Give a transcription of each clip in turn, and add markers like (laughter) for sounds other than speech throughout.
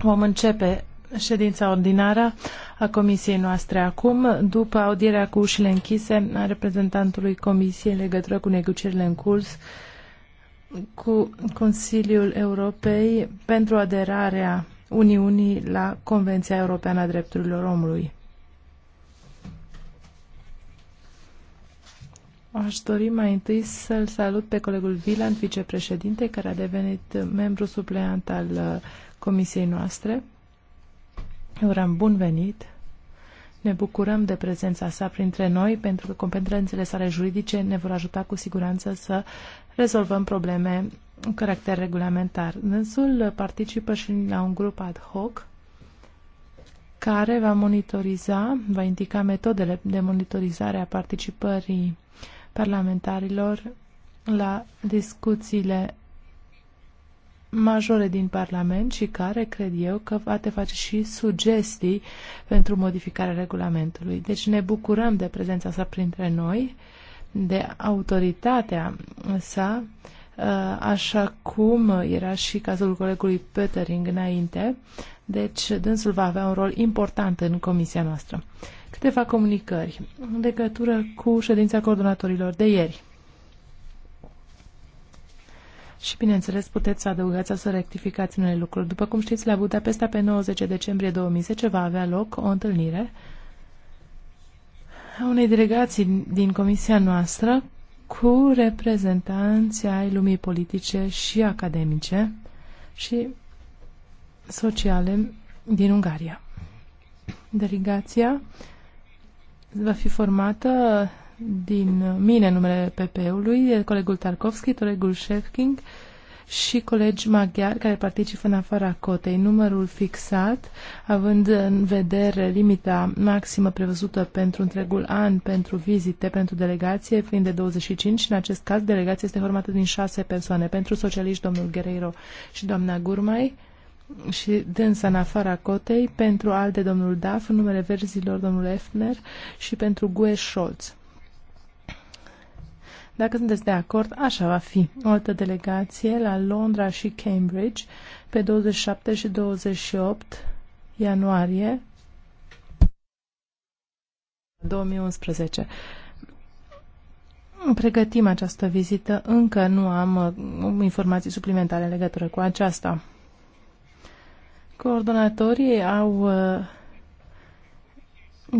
Vom începe ședința ordinară a comisiei noastre acum, după audierea cu ușile închise a reprezentantului comisiei în legătură cu negocierile în curs cu Consiliul Europei pentru aderarea Uniunii la Convenția Europeană a Drepturilor Omului. Aș dori mai întâi să-l salut pe colegul Viland, vicepreședinte, care a devenit membru supleant al uh, comisiei noastre. Uram bun venit! Ne bucurăm de prezența sa printre noi, pentru că competențele sale juridice ne vor ajuta cu siguranță să rezolvăm probleme cu caracter regulamentar. Dânsul participă și la un grup ad hoc care va monitoriza, va indica metodele de monitorizare a participării parlamentarilor la discuțiile majore din Parlament și care, cred eu, că poate face și sugestii pentru modificarea regulamentului. Deci ne bucurăm de prezența sa printre noi, de autoritatea sa, uh, așa cum era și cazul colegului Petering înainte, deci dânsul va avea un rol important în comisia noastră. Câteva comunicări în legătură cu ședința coordonatorilor de ieri. Și, bineînțeles, puteți să adăugați sau să rectificați unele lucruri. După cum știți, la Budapesta, pe 90 decembrie 2010, va avea loc o întâlnire a unei delegații din comisia noastră cu reprezentanții ai lumii politice și academice și sociale din Ungaria. Delegația va fi formată din mine numele PP-ului, colegul Tarkovski, colegul Shevking și colegi maghiari care participă în afara cotei. Numărul fixat, având în vedere limita maximă prevăzută pentru întregul an pentru vizite, pentru delegație, fiind de 25 în acest caz delegația este formată din șase persoane. Pentru socialiști, domnul Guerreiro și doamna Gurmai, și dânsa în afara cotei, pentru alte domnul Daf, în numele verzilor domnul Efner și pentru Gue Scholz. Dacă sunteți de acord, așa va fi. O altă delegație la Londra și Cambridge pe 27 și 28 ianuarie 2011. Pregătim această vizită, încă nu am uh, informații suplimentare în legătură cu aceasta. Coordonatorii au uh,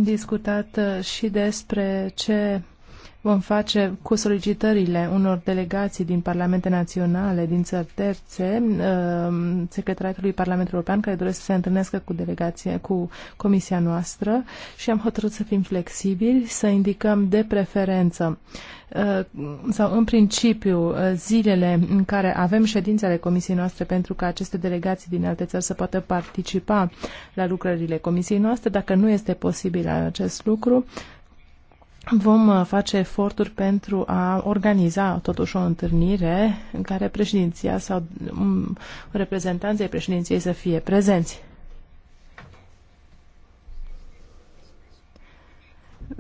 discutat uh, și despre ce vom face cu solicitările unor delegații din parlamente naționale, din țări terțe, um, Secretariatului Parlamentului European, care doresc să se întâlnească cu delegația, cu comisia noastră și am hotărât să fim flexibili, să indicăm de preferență uh, sau în principiu uh, zilele în care avem ale comisiei noastre pentru că aceste delegații din alte țări să poată participa la lucrările comisiei noastre. Dacă nu este posibil acest lucru, vom uh, face eforturi pentru a organiza totuși o întâlnire în care președinția sau um, reprezentanții președinției să fie prezenți.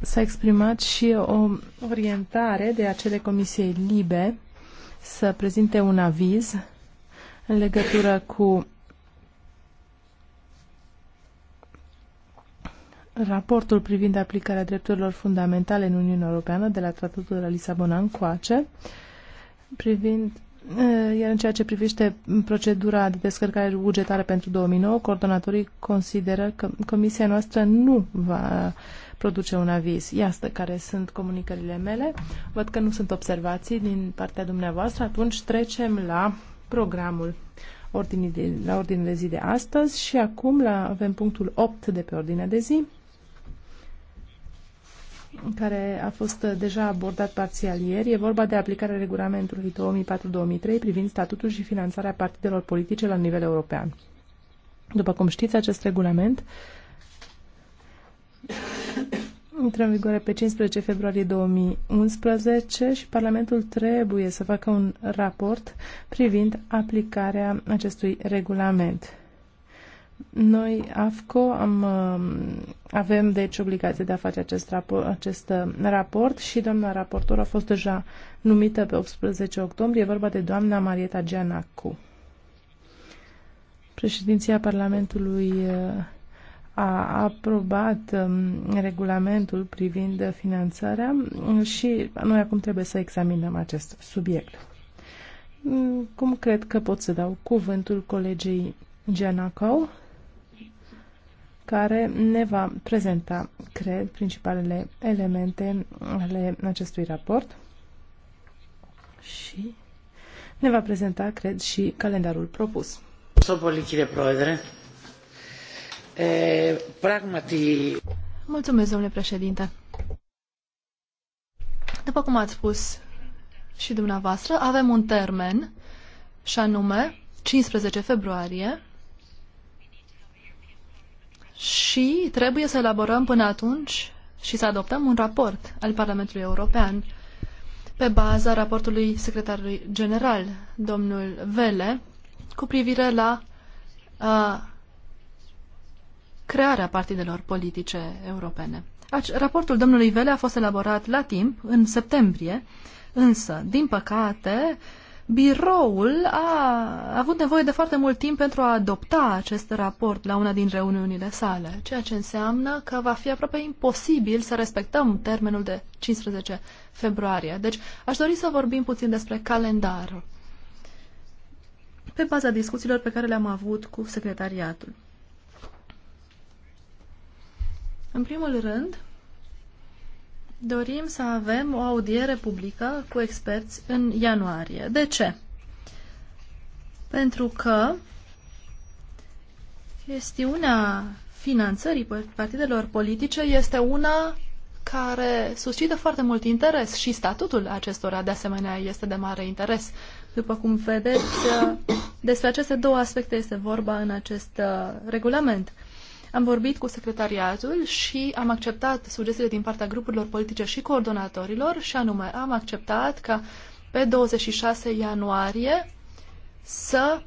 S-a exprimat și o orientare de acele comisiei libe să prezinte un aviz în legătură cu raportul privind aplicarea drepturilor fundamentale în Uniunea Europeană de la Tratatul de la Lisabona încoace, privind eh, iar în ceea ce privește procedura de descărcare bugetară pentru 2009, coordonatorii consideră că comisia noastră nu va produce un aviz. Iată care sunt comunicările mele. Văd că nu sunt observații din partea dumneavoastră. Atunci trecem la programul ordinii de, la ordine de zi de astăzi și acum la, avem punctul 8 de pe ordinea de zi care a fost deja abordat parțial ieri. E vorba de aplicarea regulamentului 2004-2003 privind statutul și finanțarea partidelor politice la nivel european. După cum știți, acest regulament intră în vigoare pe 15 februarie 2011 și Parlamentul trebuie să facă un raport privind aplicarea acestui regulament. Noi, AFCO, am, um, avem deci obligația de a face acest raport, acest uh, raport și doamna raportor a fost deja numită pe 18 octombrie, e vorba de doamna Marieta Gianacu. Președinția Parlamentului uh, a aprobat um, regulamentul privind finanțarea și noi acum trebuie să examinăm acest subiect. Mm, cum cred că pot să dau cuvântul colegei Gianacau? care ne va prezenta, cred, principalele elemente ale acestui raport și ne va prezenta, cred, și calendarul propus. Mulțumesc, domnule președinte. După cum ați spus și dumneavoastră, avem un termen și anume 15 februarie și trebuie să elaborăm până atunci și să adoptăm un raport al Parlamentului European pe baza raportului secretarului general, domnul Vele, cu privire la a, crearea partidelor politice europene. Raportul domnului Vele a fost elaborat la timp, în septembrie, însă, din păcate, uh, biroul a avut nevoie de foarte mult timp pentru a adopta acest raport la una din reuniunile sale, ceea ce înseamnă că va fi aproape imposibil să respectăm termenul de 15 februarie. Deci aș dori să vorbim puțin despre calendar pe baza discuțiilor pe care le-am avut cu secretariatul. În primul rând, dorim să avem o audiere publică cu experți în ianuarie. De ce? Pentru că chestiunea finanțării partidelor politice este una care suscită foarte mult interes și statutul acestora de asemenea este de mare interes. După cum vedeți, despre aceste două aspecte este vorba în acest uh, regulament. Am vorbit cu secretariatul și am acceptat sugestiile din partea grupurilor politice și coordonatorilor și anume am acceptat ca pe 26 ianuarie să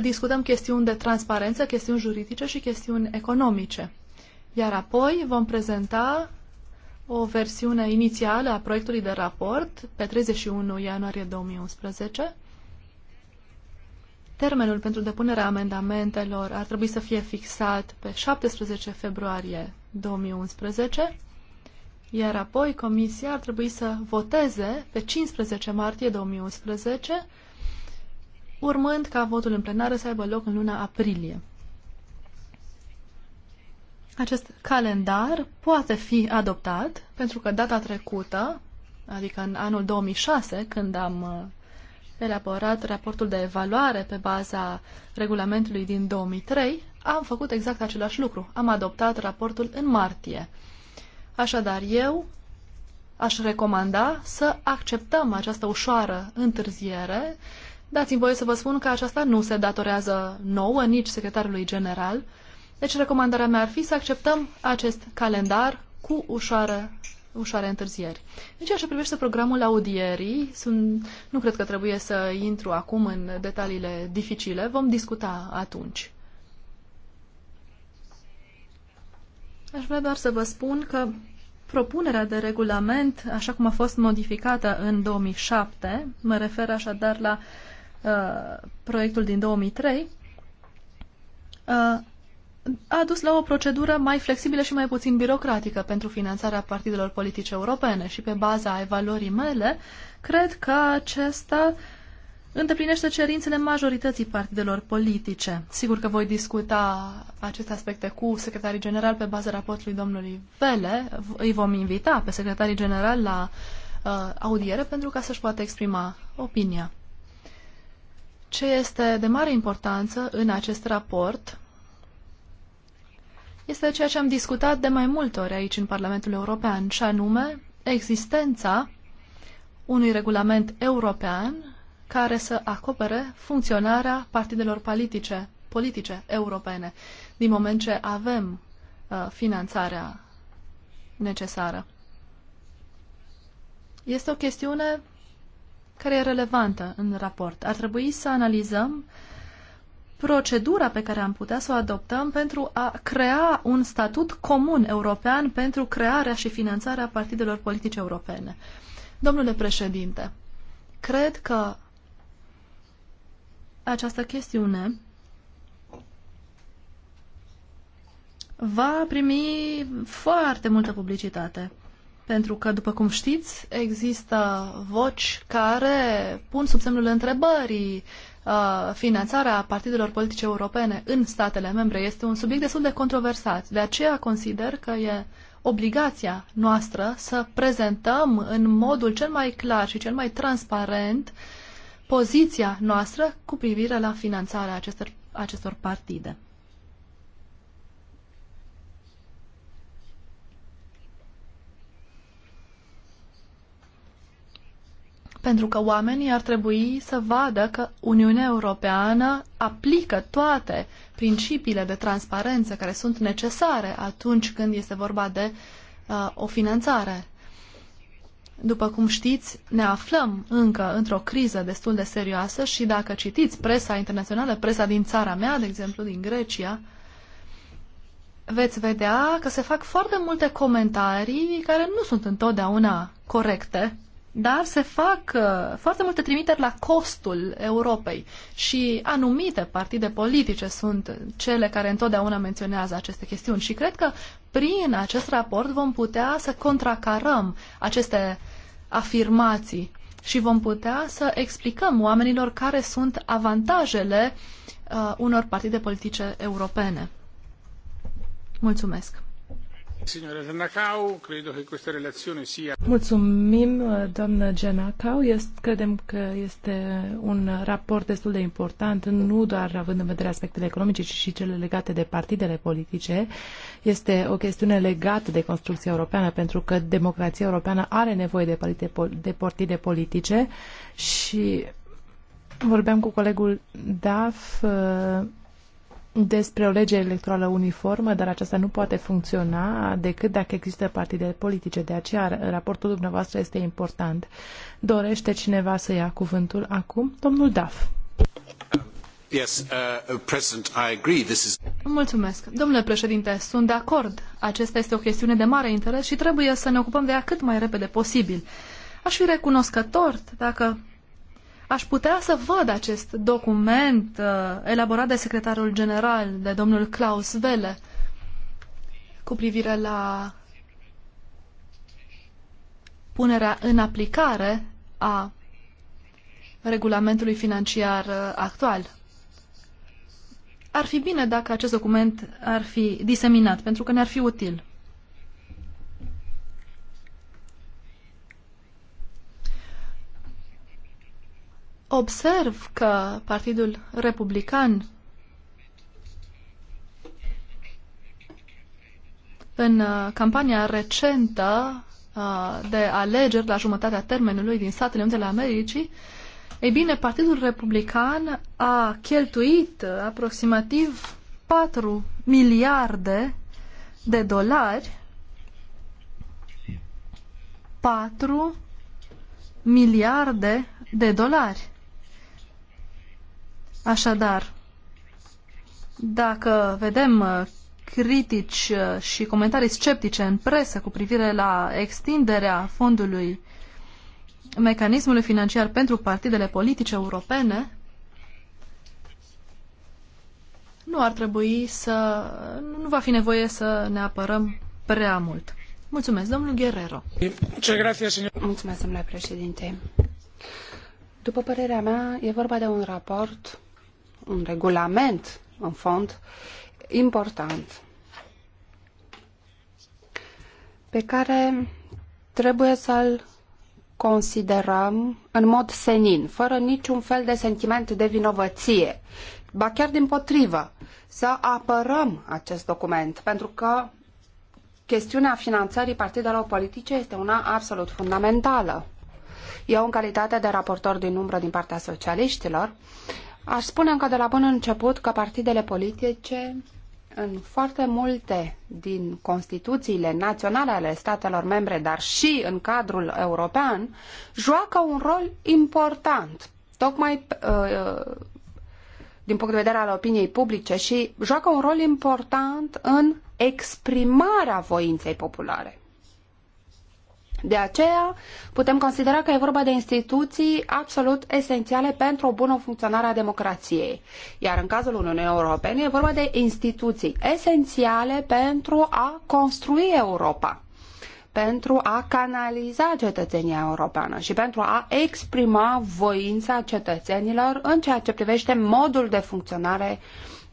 discutăm chestiuni de transparență, chestiuni juridice și chestiuni economice. Iar apoi vom prezenta o versiune inițială a proiectului de raport pe 31 ianuarie 2011 Termenul pentru depunerea amendamentelor ar trebui să fie fixat pe 17 februarie 2011, iar apoi Comisia ar trebui să voteze pe 15 martie 2011, urmând ca votul în plenară să aibă loc în luna aprilie. Acest calendar poate fi adoptat pentru că data trecută, adică în anul 2006, când am uh, elaborat raportul de evaluare pe baza regulamentului din 2003, am făcut exact același lucru. Am adoptat raportul în martie. Așadar, eu aș recomanda să acceptăm această ușoară întârziere. Dați-mi voie să vă spun că aceasta nu se datorează nouă, nici secretarului general. Deci recomandarea mea ar fi să acceptăm acest calendar cu ușoară ușoare întârzieri. În ceea ce privește programul audierii, sunt, nu cred că trebuie să intru acum în detaliile dificile, vom discuta atunci. Aș vrea doar să vă spun că propunerea de regulament, așa cum a fost modificată în 2007, mă refer așadar la uh, proiectul din 2003, uh, a dus la o procedură mai flexibilă și mai puțin birocratică pentru finanțarea partidelor politice europene și pe baza evaluării mele, cred că acesta îndeplinește cerințele majorității partidelor politice. Sigur că voi discuta aceste aspecte cu secretarii general pe baza raportului domnului Vele. Îi vom invita pe secretarii general la uh, audiere pentru ca să-și poată exprima opinia. Ce este de mare importanță în acest raport este ceea ce am discutat de mai multe ori aici în Parlamentul European, și anume existența unui regulament european care să acopere funcționarea partidelor politice, politice europene, din moment ce avem uh, finanțarea necesară. Este o chestiune care e relevantă în raport. Ar trebui să analizăm uh, procedura pe care am putea să o adoptăm pentru a crea un statut comun european pentru crearea și finanțarea partidelor politice europene. Domnule președinte, cred că această chestiune va primi foarte multă publicitate. Pentru că, după cum știți, există voci care pun sub semnul întrebării Uh, finanțarea partidelor politice europene în statele membre este un subiect destul de controversat. De aceea consider că e obligația noastră să prezentăm în modul cel mai clar și cel mai transparent poziția noastră cu privire la finanțarea acestor, acestor partide. Pentru că oamenii ar trebui să vadă că Uniunea Europeană aplică toate principiile de transparență care sunt necesare atunci când este vorba de uh, o finanțare. După cum știți, ne aflăm încă într-o criză destul de serioasă și dacă citiți presa internațională, presa din țara mea, de exemplu din Grecia, veți vedea că se fac foarte multe comentarii care nu sunt întotdeauna corecte dar se fac uh, foarte multe trimiteri la costul Europei și anumite partide politice sunt cele care întotdeauna menționează aceste chestiuni și cred că prin acest raport vom putea să contracarăm aceste afirmații și vom putea să explicăm oamenilor care sunt avantajele uh, unor partide politice europene. Mulțumesc! Mulțumim, doamnă Giannacau. Este, credem că este un raport destul de important, nu doar având în vedere aspectele economice, ci și cele legate de partidele politice. Este o chestiune legată de construcția europeană, pentru că democrația europeană are nevoie de partide, politice și vorbeam cu colegul Daf despre o lege electorală uniformă, dar aceasta nu poate funcționa decât dacă există partide politice. De aceea, raportul dumneavoastră este important. Dorește cineva să ia cuvântul acum? Domnul Daf. Yes, uh, uh, President, I agree. This is... Mulțumesc. Domnule președinte, sunt de acord. Acesta este o chestiune de mare interes și trebuie să ne ocupăm de ea cât mai repede posibil. Aș fi recunoscător dacă aș putea să văd acest document uh, elaborat de secretarul general, de domnul Klaus Welle, cu privire la punerea în aplicare a regulamentului financiar uh, actual. Ar fi bine dacă acest document ar fi diseminat, pentru că ne-ar fi util. observ că Partidul Republican în uh, campania recentă uh, de alegeri la jumătatea termenului din Statele Unite ale Americii, ei bine, Partidul Republican a cheltuit uh, aproximativ 4 miliarde de dolari 4 miliarde de dolari Așadar, dacă vedem uh, critici uh, și comentarii sceptice în presă cu privire la extinderea fondului mecanismului financiar pentru partidele politice europene, nu ar trebui să... nu va fi nevoie să ne apărăm prea mult. Mulțumesc, domnul Guerrero. Mulțumesc, domnule președinte. După părerea mea, e vorba de un raport un regulament, în fond, important pe care trebuie să-l considerăm în mod senin, fără niciun fel de sentiment de vinovăție, ba chiar din potrivă, să apărăm acest document, pentru că chestiunea finanțării partidelor politice este una absolut fundamentală. Eu, în calitate de raportor din umbră din partea socialiștilor, Aș spune încă de la bun început că partidele politice în foarte multe din constituțiile naționale ale statelor membre, dar și în cadrul european, joacă un rol important, tocmai uh, din punct de vedere al opiniei publice și joacă un rol important în exprimarea voinței populare. De aceea, putem considera că e vorba de instituții absolut esențiale pentru o bună funcționare a democrației. Iar în cazul Uniunii Europene, e vorba de instituții esențiale pentru a construi Europa pentru a canaliza cetățenia europeană și pentru a exprima voința cetățenilor în ceea ce privește modul de funcționare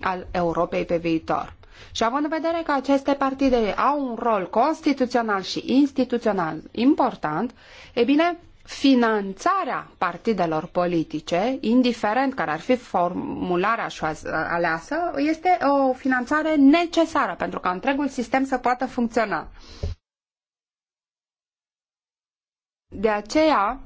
al Europei pe viitor. Și având în vedere că aceste partide au un rol constituțional și instituțional important, e bine, finanțarea partidelor politice, indiferent care ar fi formularea aleasă, este o finanțare necesară pentru ca întregul sistem să poată funcționa. De aceea,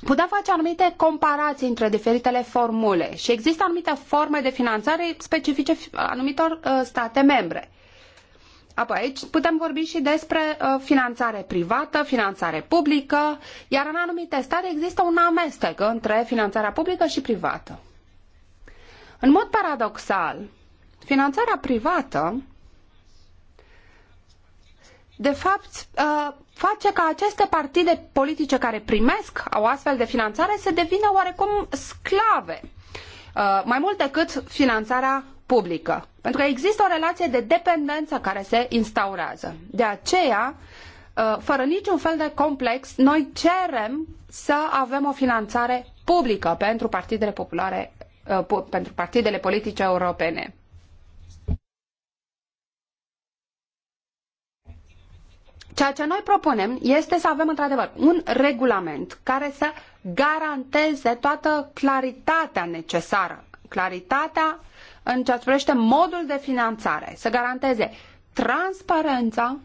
putem face anumite comparații între diferitele formule și există anumite forme de finanțare specifice anumitor uh, state membre. Apoi aici putem vorbi și despre uh, finanțare privată, finanțare publică, iar în anumite state există un amestec între finanțarea publică și privată. În mod paradoxal, finanțarea privată de fapt, uh, face ca aceste partide politice care primesc o astfel de finanțare să devină oarecum sclave, uh, mai mult decât finanțarea publică. Pentru că există o relație de dependență care se instaurează. De aceea, uh, fără niciun fel de complex, noi cerem să avem o finanțare publică pentru partidele populare, pentru partidele politice europene. Ceea ce noi propunem este să avem într-adevăr un regulament care să garanteze toată claritatea necesară, claritatea în ceea ce privește modul de finanțare, să garanteze transparența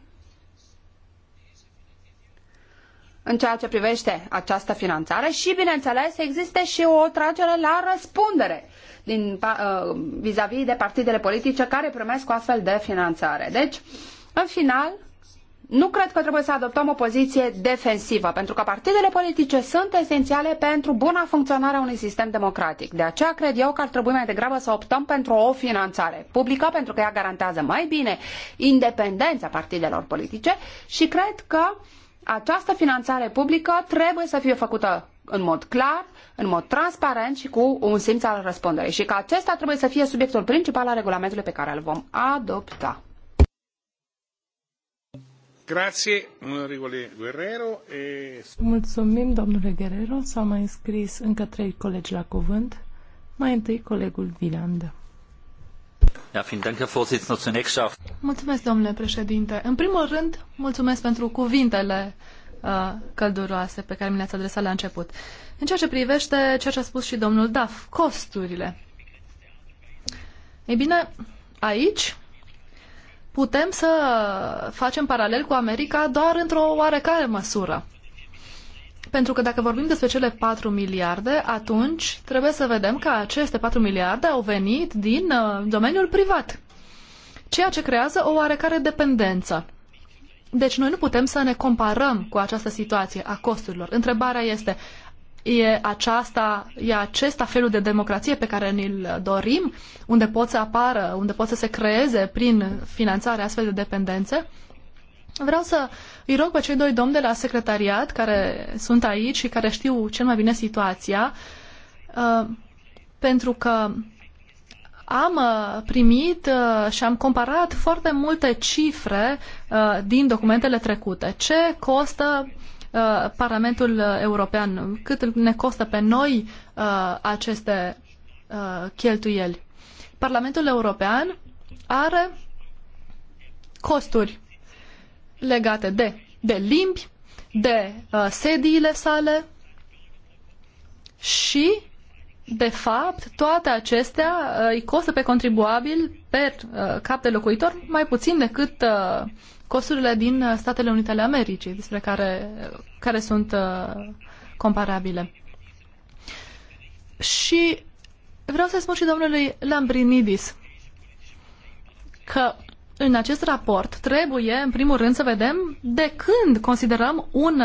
în ceea ce privește această finanțare și, bineînțeles, există și o tragere la răspundere din, uh, vis-a-vis de partidele politice care primesc o astfel de finanțare. Deci, în final, nu cred că trebuie să adoptăm o poziție defensivă, pentru că partidele politice sunt esențiale pentru buna funcționare a unui sistem democratic. De aceea cred eu că ar trebui mai degrabă să optăm pentru o finanțare publică, pentru că ea garantează mai bine independența partidelor politice și cred că această finanțare publică trebuie să fie făcută în mod clar, în mod transparent și cu un simț al răspunderii. Și că acesta trebuie să fie subiectul principal al regulamentului pe care îl vom adopta. Grazie, onorevole Guerrero. E... Mulțumim, domnule Guerrero. S-au mai înscris încă trei colegi la cuvânt. Mai întâi colegul Viland. Mulțumesc, domnule președinte. În primul rând, mulțumesc pentru cuvintele uh, călduroase pe care mi le-ați adresat la început. În ceea ce privește ceea ce a spus și domnul Daf, costurile. Ei bine, aici putem să facem paralel cu America doar într-o oarecare măsură. Pentru că dacă vorbim despre cele 4 miliarde, atunci trebuie să vedem că aceste 4 miliarde au venit din uh, domeniul privat, ceea ce creează o oarecare dependență. Deci noi nu putem să ne comparăm cu această situație a costurilor. Întrebarea este, E, aceasta, e acesta felul de democrație pe care ni-l dorim, unde pot să apară, unde pot să se creeze prin finanțare astfel de dependențe? Vreau să îi rog pe cei doi domni de la secretariat care sunt aici și care știu cel mai bine situația, uh, pentru că am uh, primit uh, și am comparat foarte multe cifre din documentele trecute. Ce costă Uh, Parlamentul European, cât ne costă pe noi uh, aceste uh, cheltuieli. Parlamentul European are costuri legate de, de limbi, de uh, sediile sale și, de fapt, toate acestea uh, îi costă pe contribuabil per uh, cap de locuitor mai puțin decât uh, costurile din uh, Statele Unite ale Americii, despre care, uh, care sunt uh, comparabile. Și vreau să spun și domnului Lambrinidis că în acest raport trebuie, în primul rând, să vedem de când considerăm un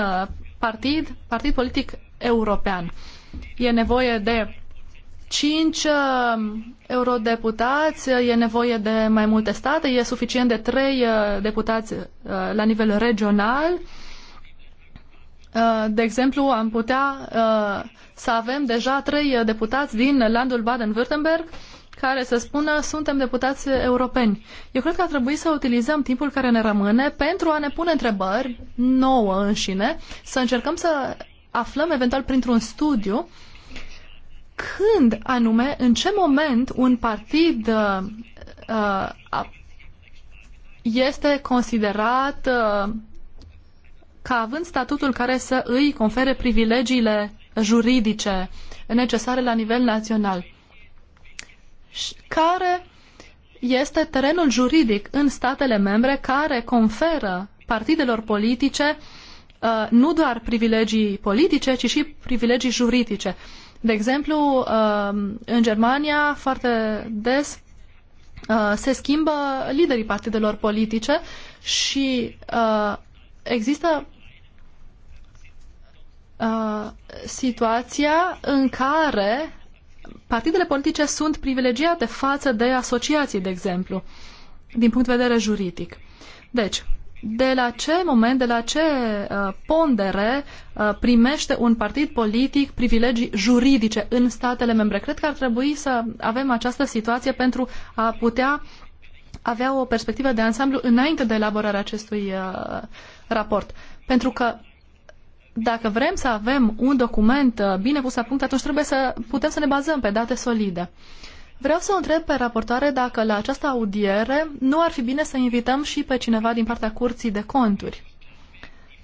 partid, partid politic european. E nevoie de cinci uh, eurodeputați, uh, e nevoie de mai multe state, e suficient de trei uh, deputați la nivel regional. De exemplu, am putea să avem deja trei deputați din landul Baden-Württemberg care să spună suntem deputați europeni. Eu cred că ar trebui să utilizăm timpul care ne rămâne pentru a ne pune întrebări nouă înșine, să încercăm să aflăm eventual printr-un studiu uh, când anume, în ce moment un partid uh, uh, este considerat uh, ca având statutul care să îi confere privilegiile juridice necesare la nivel național. Care este terenul juridic în statele membre care conferă partidelor politice uh, nu doar privilegii politice, ci și privilegii juridice. Uh, de exemplu, um, în Germania foarte des uh, se schimbă liderii partidelor politice și uh, există uh, situația în care partidele politice sunt privilegiate față de asociații, de exemplu, din punct de vedere juridic. Deci, de la ce moment, de la ce uh, pondere uh, primește un partid politic privilegii juridice în statele membre. Cred că ar trebui să avem această situație pentru a putea avea o perspectivă de ansamblu înainte de elaborarea acestui uh, raport. Pentru că dacă vrem să avem un document uh, bine pus la punct, atunci trebuie să putem să ne bazăm pe date solide. Uh, Vreau să întreb pe raportoare dacă la această audiere nu ar fi bine să invităm și pe cineva din partea Curții de Conturi.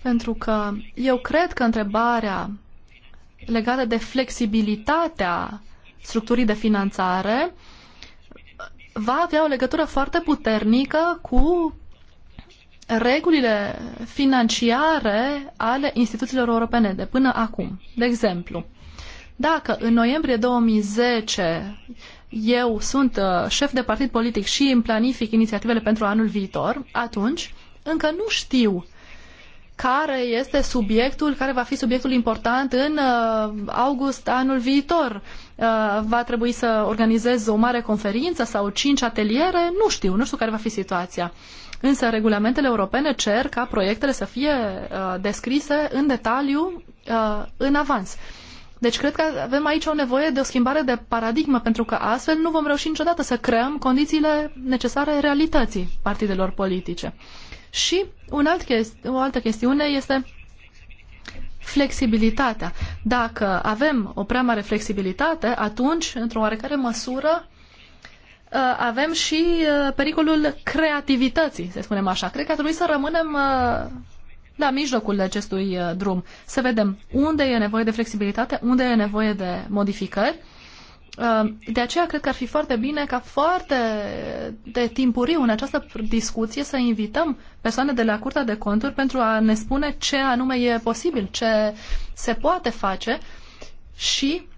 Pentru că eu cred că întrebarea legată de flexibilitatea structurii de finanțare va avea o legătură foarte puternică cu regulile financiare ale instituțiilor europene de până acum. De exemplu, dacă în noiembrie 2010 eu sunt uh, șef de partid politic și îmi planific inițiativele pentru anul viitor, atunci încă nu știu care este subiectul, care va fi subiectul important în uh, august anul viitor. Uh, va trebui să organizez o mare conferință sau cinci ateliere, nu știu, nu știu care va fi situația. Însă regulamentele europene cer ca proiectele să fie descrise în detaliu în avans. Deci cred că avem aici o nevoie de o schimbare de paradigmă, pentru că astfel nu vom reuși niciodată să creăm condițiile necesare realității partidelor politice. Și un alt chesti- o altă chestiune este flexibilitatea. Dacă avem o prea mare flexibilitate, atunci, într-o oarecare măsură, uh, avem și uh, pericolul creativității, să spunem așa. Cred că trebuie să rămânem uh, la mijlocul acestui uh, drum, să vedem unde e nevoie de flexibilitate, unde e nevoie de modificări. Uh, de aceea cred că ar fi foarte bine ca foarte de timpuriu în această discuție să invităm persoane de la Curtea de Conturi pentru a ne spune ce anume e posibil, ce se poate face și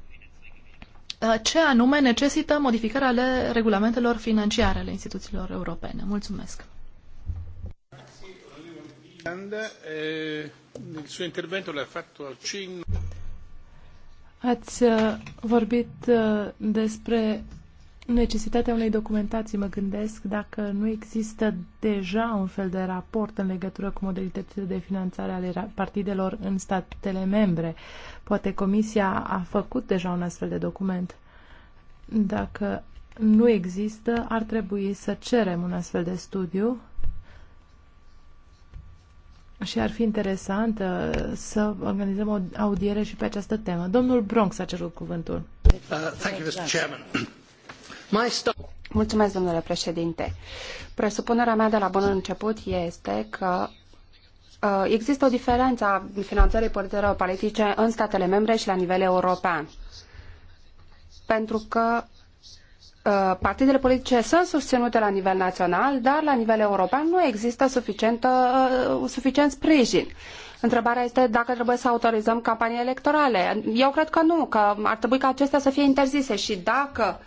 uh, ce anume necesită modificarea ale regulamentelor financiare ale instituțiilor europene. Mulțumesc! Nel eh, suo intervento fatto Ați eh, vorbit eh, despre necesitatea unei documentații. Mă gândesc dacă nu există deja un fel de raport în legătură cu modalitățile de finanțare ale partidelor în statele membre. Poate Comisia a făcut deja un astfel de document. Dacă nu există, ar trebui să cerem un astfel de studiu și ar fi interesant uh, să organizăm o audiere și pe această temă. Domnul Bronx a cerut cuvântul. Uh, (clears throat) Mulțumesc, domnule președinte. Presupunerea mea de la bun început este că uh, există o diferență a finanțării politice în statele membre și la nivel european. Pentru că Uh, partidele politice sunt susținute la nivel național, dar la nivel european nu există suficient, uh, suficient sprijin. Întrebarea este dacă trebuie să autorizăm campanii electorale. Eu cred că nu, că ar trebui ca acestea să fie interzise și dacă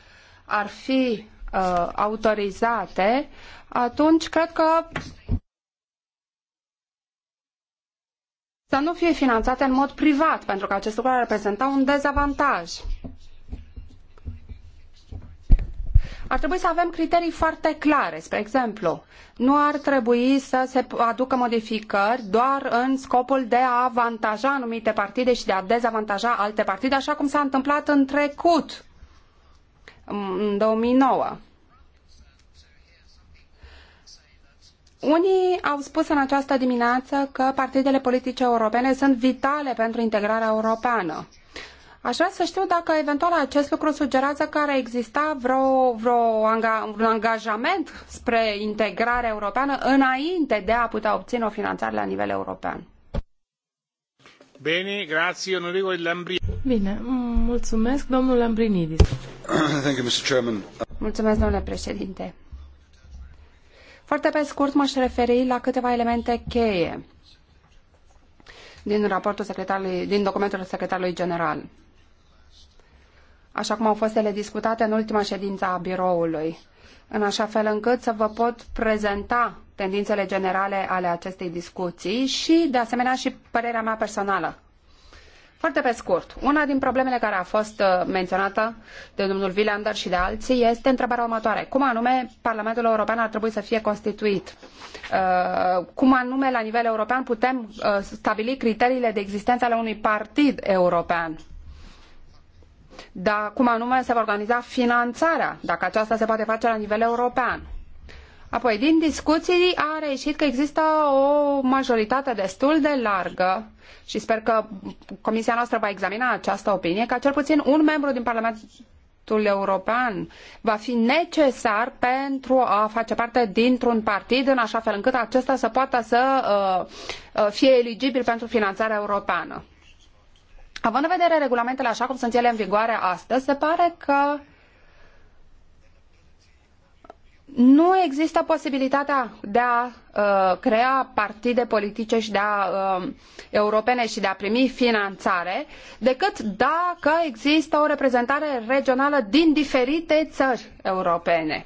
ar fi uh, autorizate, atunci cred că să nu fie finanțate în mod privat, pentru că acest lucru ar reprezenta un dezavantaj ar trebui să avem criterii foarte clare. Spre exemplu, nu ar trebui să se aducă modificări doar în scopul de a avantaja anumite partide și de a dezavantaja alte partide, așa cum s-a întâmplat în trecut, în 2009. Unii au spus în această dimineață că partidele politice europene sunt vitale pentru integrarea europeană. Aș vrea să știu dacă eventual acest lucru sugerează că ar exista vreo, vreo anga, un angajament spre integrare europeană înainte de a putea obține o finanțare la nivel european. Bine, grazie, onorevole Lambrini. Bine, mulțumesc, domnul Lambrinidis. (clears throat) Thank you, Mr. Chairman. Mulțumesc, domnule președinte. Foarte pe scurt m-aș referi la câteva elemente cheie din raportul secretarului, din documentul secretarului general așa cum au fost ele discutate în ultima ședință a biroului, în așa fel încât să vă pot prezenta tendințele generale ale acestei discuții și, de asemenea, și părerea mea personală. Foarte pe scurt, una din problemele care a fost uh, menționată de domnul Vilander și de alții este întrebarea următoare. Cum anume Parlamentul European ar trebui să fie constituit? Uh, cum anume la nivel european putem uh, stabili criteriile de existență ale unui partid european? dar cum anume se va organiza finanțarea, dacă aceasta se poate face la nivel european. Apoi, din discuții a reieșit că există o majoritate destul de largă și sper că Comisia noastră va examina această opinie, că cel puțin un membru din Parlamentul European va fi necesar pentru a face parte dintr-un partid în așa fel încât acesta să poată să uh, uh fie eligibil pentru finanțarea europeană. Având în vedere regulamentele așa cum sunt ele în vigoare astăzi, se pare că nu există posibilitatea de a uh, crea partide politice și de a, uh, europene și de a primi finanțare decât dacă există o reprezentare regională din diferite țări europene.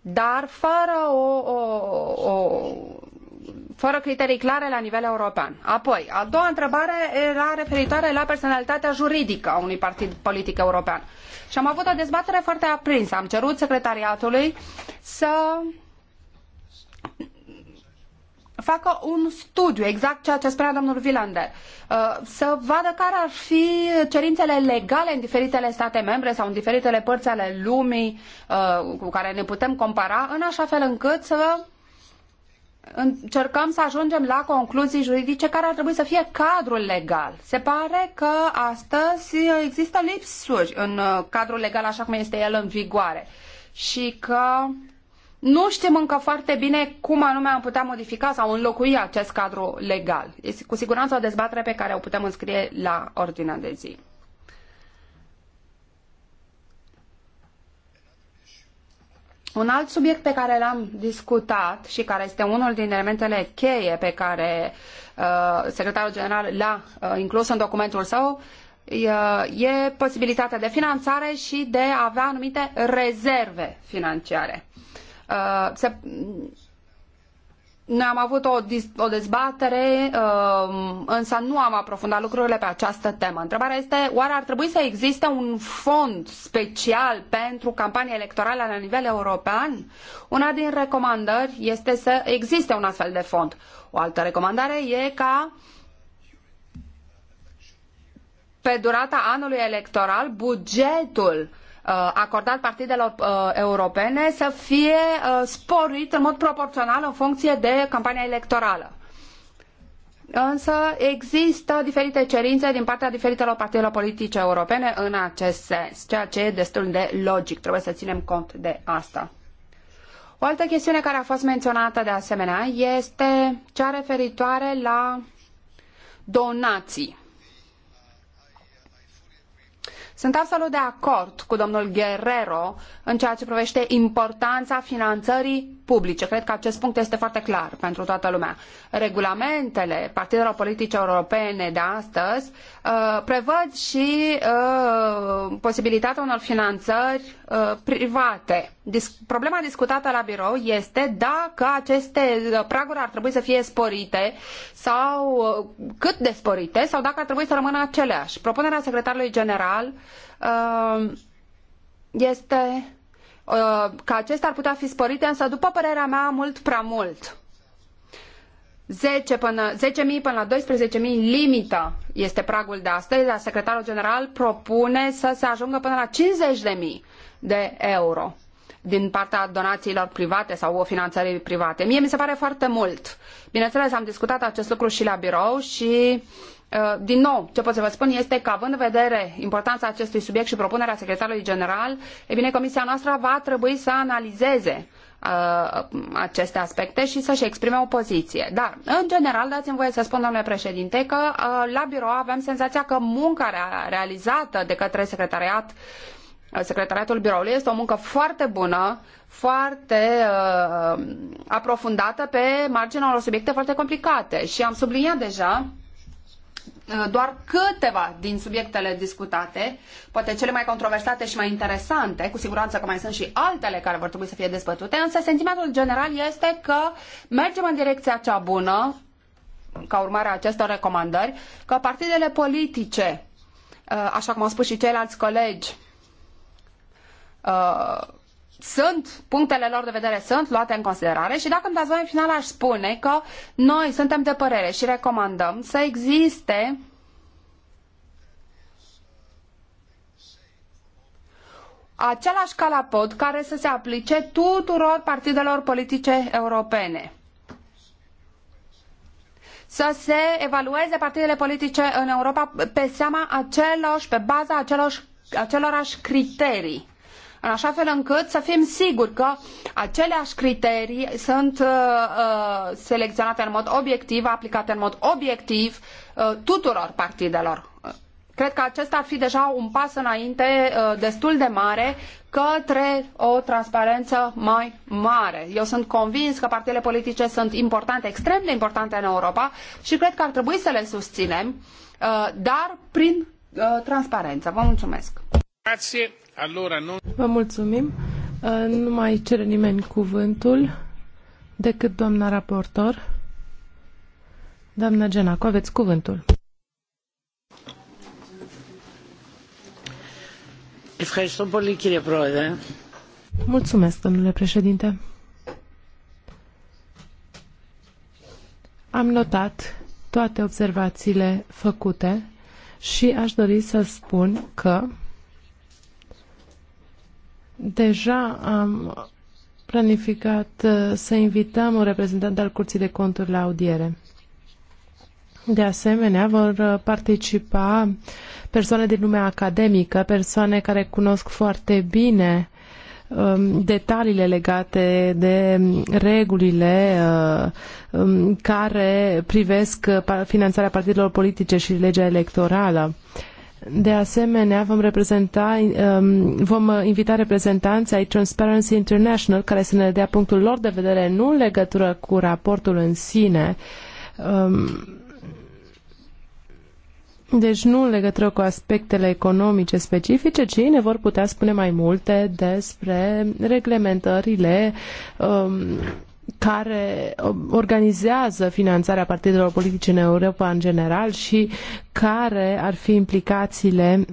Dar fără o, o, o fără criterii clare la nivel european. Apoi, a doua întrebare era referitoare la personalitatea juridică a unui partid politic european. Și am avut o dezbatere foarte aprinsă. Am cerut secretariatului să facă un studiu, exact ceea ce spunea domnul Vilander, uh, să vadă care ar fi cerințele legale în diferitele state membre sau în diferitele părți ale lumii uh, cu care ne putem compara, în așa fel încât să încercăm să ajungem la concluzii juridice care ar trebui să fie cadrul legal. Se pare că astăzi există lipsuri în uh, cadrul legal așa cum este el în vigoare și că nu știm încă foarte bine cum anume am putea modifica sau înlocui acest cadru legal. Este cu siguranță o dezbatere pe care o putem înscrie la ordinea de zi. Un alt subiect pe care l-am discutat și care este unul din elementele cheie pe care uh, secretarul general l-a uh, inclus în documentul său uh, e posibilitatea de finanțare și de a avea anumite rezerve financiare. Uh, se, noi am avut o, o dezbatere, uh, însă nu am aprofundat lucrurile pe această temă. Întrebarea este, oare ar trebui să existe un fond special pentru campanii electorale la nivel european? Una din recomandări este să existe un astfel de fond. O altă recomandare e ca pe durata anului electoral bugetul uh, Uh, acordat partidelor uh, europene să fie uh, sporit în mod proporțional în funcție de campania electorală. Însă există diferite cerințe din partea diferitelor partidelor politice europene în acest sens, ceea ce e destul de logic. Trebuie să ținem cont de asta. O altă chestiune care a fost menționată de asemenea este cea referitoare la donații. Sunt absolut de acord cu domnul Guerrero în ceea ce privește importanța finanțării publice. Cred că acest punct este foarte clar pentru toată lumea. Regulamentele partidelor politice europene de astăzi uh, prevăd și uh, posibilitatea unor finanțări uh, private problema discutată la birou este dacă aceste uh, praguri ar trebui să fie sporite sau uh, cât de sporite sau dacă ar trebui să rămână aceleași. Propunerea secretarului general uh, este că acestea ar putea fi sporite, însă după părerea mea mult prea mult. 10.000 până, 10 până la 12.000 limită este pragul de astăzi, dar secretarul general propune să se ajungă până la 50.000 de euro din partea donațiilor private sau o finanțării private. Mie mi se pare foarte mult. Bineînțeles, am discutat acest lucru și la birou și uh, din nou, ce pot să vă spun este că, având în vedere importanța acestui subiect și propunerea secretarului general, e bine, comisia noastră va trebui să analizeze uh, aceste aspecte și să-și exprime o poziție. Dar, în general, dați-mi voie să spun, domnule președinte, că uh, la birou avem senzația că munca realizată de către secretariat uh, secretariatul biroului. Este o muncă foarte bună, foarte uh, aprofundată pe marginea unor subiecte foarte complicate și am subliniat deja uh, doar câteva din subiectele discutate, poate cele mai controversate și mai interesante, cu siguranță că mai sunt și altele care vor trebui să fie dezbătute, însă sentimentul general este că mergem în direcția cea bună, ca urmare a acestor recomandări, că partidele politice, uh, așa cum au spus și ceilalți colegi, Uh, sunt, punctele lor de vedere sunt luate în considerare și dacă îmi dați voi în final aș spune că noi suntem de părere și recomandăm să existe același calapod care să se aplice tuturor partidelor politice europene. Să se evalueze partidele politice în Europa pe seama aceloși, pe baza acelor acelorași criterii în așa fel încât să fim siguri că aceleași criterii sunt uh, uh, selecționate în mod obiectiv, aplicate în mod obiectiv uh, tuturor partidelor. Cred că acesta ar fi deja un pas înainte uh, destul de mare către o transparență mai mare. Eu sunt convins că partidele politice sunt importante, extrem de importante în Europa și cred că ar trebui să le susținem, uh, dar prin uh, transparență. Vă mulțumesc! Vă mulțumim. Uh, nu mai cere nimeni cuvântul decât doamna raportor. Doamna Genaco, aveți cuvântul. Mulțumesc, domnule președinte. Am notat toate observațiile făcute și aș dori să spun că Deja am planificat uh, să invităm un reprezentant al Curții de Conturi la audiere. De asemenea, vor uh, participa persoane din lumea academică, persoane care cunosc foarte bine um, detaliile legate de regulile uh, um, care privesc finanțarea partidelor politice și legea electorală. De asemenea, vom, reprezenta, um, vom invita reprezentanții ai Transparency International care să ne dea punctul lor de vedere, nu în legătură cu raportul în sine, um, deci nu în legătură cu aspectele economice specifice, ci ne vor putea spune mai multe despre reglementările um, care um, organizează finanțarea partidelor politice în Europa în general și care ar fi implicațiile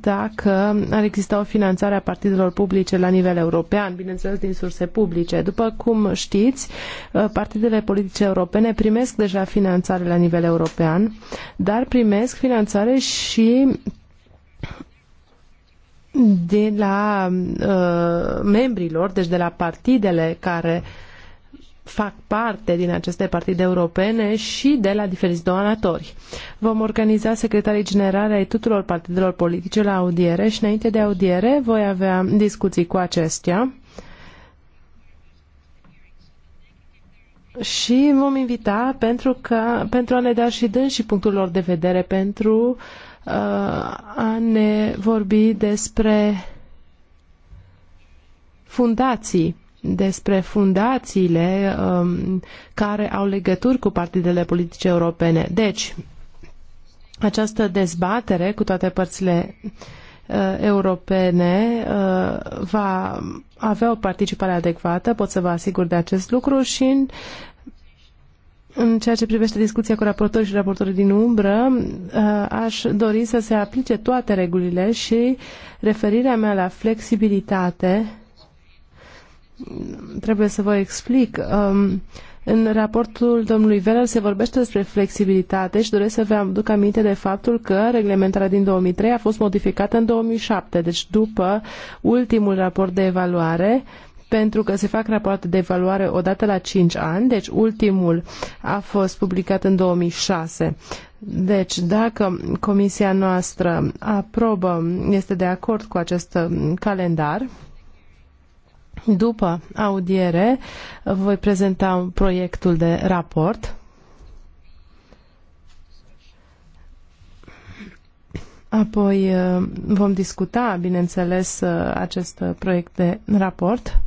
dacă ar exista o finanțare a partidelor publice la nivel european, bineînțeles din surse publice. După cum știți, uh, partidele politice europene primesc deja finanțare la nivel european, dar primesc finanțare și de la uh, membrilor, deci de la partidele care uh, fac parte din aceste partide europene și de la diferiți donatori. Vom organiza secretarii generale ai tuturor partidelor politice la audiere și înainte de audiere voi avea discuții cu acestea. Și vom invita pentru, că, pentru a ne da și dâns și punctul lor de vedere, pentru uh, a ne vorbi despre fundații despre fundațiile um, care au legături cu partidele politice europene. Deci, această dezbatere cu toate părțile uh, europene uh, va avea o participare adecvată, pot să vă asigur de acest lucru și în, în ceea ce privește discuția cu raportorii și raportorii din umbră, uh, aș dori să se aplice toate regulile și referirea mea la flexibilitate trebuie să vă explic. Um, în raportul domnului Veller se vorbește despre flexibilitate și doresc să vă aduc aminte de faptul că reglementarea din 2003 a fost modificată în 2007, deci după ultimul raport de evaluare, pentru că se fac rapoarte de evaluare odată la 5 ani, deci ultimul a fost publicat în 2006. Deci, dacă comisia noastră aprobă, este de acord cu acest calendar, după audiere voi prezenta proiectul de raport. Apoi uh, vom discuta, bineînțeles, uh, acest proiect de raport.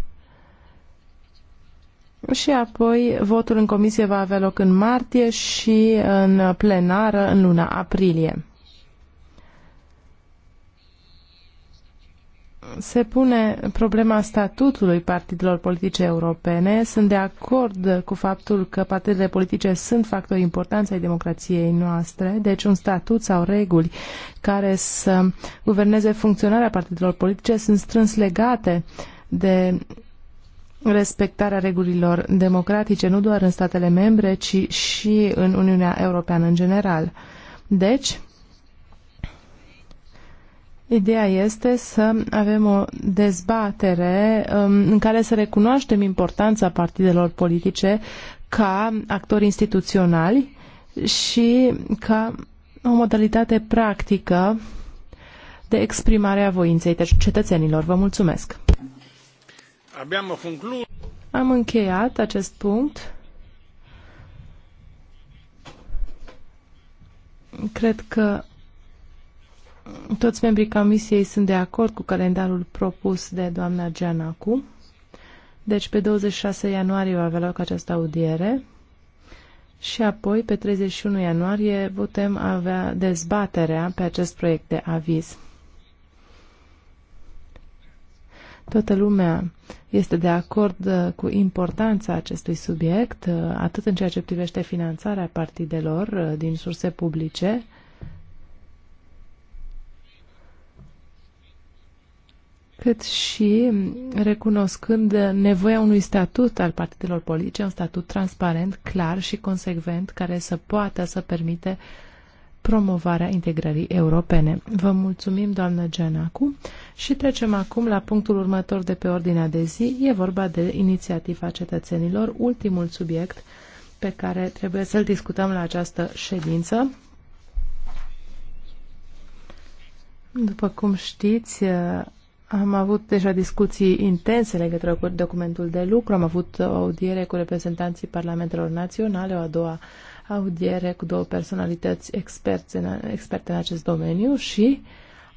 Și apoi votul în comisie va avea loc în martie și în plenară în luna aprilie. se pune problema statutului partidelor politice europene. Sunt de acord cu faptul că partidele politice sunt factori importanți ai democrației noastre, deci un statut sau reguli care să guverneze funcționarea partidelor politice sunt strâns legate de respectarea regulilor democratice, nu doar în statele membre, ci și în Uniunea Europeană în general. Deci, Ideea este să avem o dezbatere um, în care să recunoaștem importanța partidelor politice ca actori instituționali și ca o modalitate practică de exprimare a voinței deci cetățenilor. Vă mulțumesc! Am încheiat acest punct. Cred că toți membrii comisiei sunt de acord cu calendarul propus de doamna Gianacu. Deci pe 26 ianuarie va avea loc această audiere și apoi pe 31 ianuarie putem avea dezbaterea pe acest proiect de aviz. Toată lumea este de acord uh, cu importanța acestui subiect, uh, atât în ceea ce privește finanțarea partidelor uh, din surse publice, cât și recunoscând nevoia unui statut al partidelor politice, un statut transparent, clar și consecvent, care să poată să permite promovarea integrării europene. Vă mulțumim, doamnă Genacu, și trecem acum la punctul următor de pe ordinea de zi. E vorba de inițiativa cetățenilor, ultimul subiect pe care trebuie să-l discutăm la această ședință. După cum știți, am avut deja discuții intense legătură cu documentul de lucru, am avut o audiere cu reprezentanții parlamentelor naționale, o a doua audiere cu două personalități experte în, experte în acest domeniu și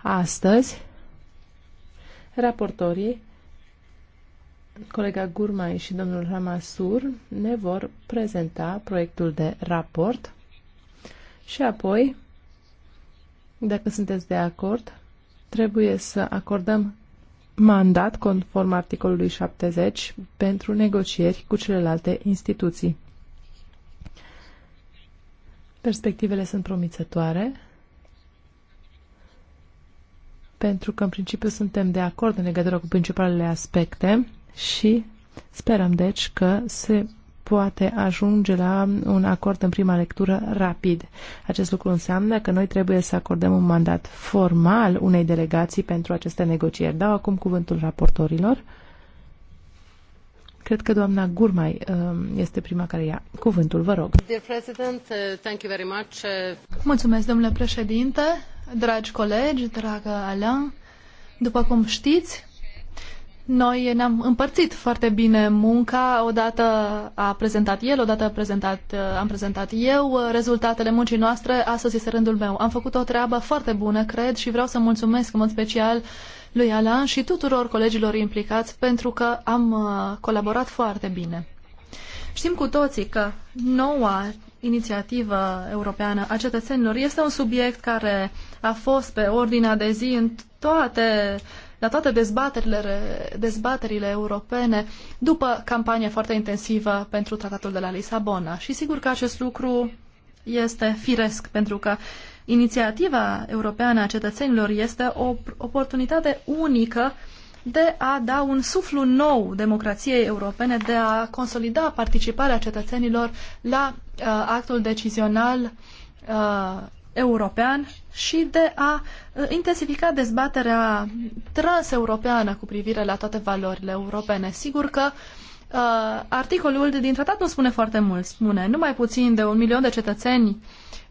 astăzi raportorii, colega Gurmai și domnul Ramasur, ne vor prezenta proiectul de raport și apoi, dacă sunteți de acord, trebuie să acordăm mandat conform articolului 70 pentru negocieri cu celelalte instituții. Perspectivele sunt promițătoare pentru că în principiu suntem de acord în legătură cu principalele aspecte și sperăm deci că se poate ajunge la un acord în prima lectură rapid. Acest lucru înseamnă că noi trebuie să acordăm un mandat formal unei delegații pentru aceste negocieri. Dau acum cuvântul raportorilor. Cred că doamna Gurmai um, este prima care ia cuvântul. Vă rog. Uh, uh, Mulțumesc, domnule președinte, dragi colegi, dragă Alain. După cum știți, noi ne-am împărțit foarte bine munca, odată a prezentat el, odată a prezentat, uh, am prezentat eu uh, rezultatele muncii noastre, astăzi este rândul meu. Am făcut o treabă foarte bună, cred, și vreau să mulțumesc în mod special lui Alan și tuturor colegilor implicați pentru că am uh, colaborat foarte bine. Știm cu toții că noua inițiativă europeană a cetățenilor este un subiect care a fost pe ordinea de zi în toate la toate dezbaterile, dezbaterile europene după campania foarte intensivă pentru tratatul de la Lisabona. Și sigur că acest lucru este firesc, pentru că inițiativa europeană a cetățenilor este o oportunitate unică de a da un suflu nou democrației europene, de a consolida participarea cetățenilor la uh, actul decizional uh, european și de a uh, intensifica dezbaterea transeuropeană cu privire la toate valorile europene. Sigur că uh, articolul din tratat nu spune foarte mult, spune numai puțin de un milion de cetățeni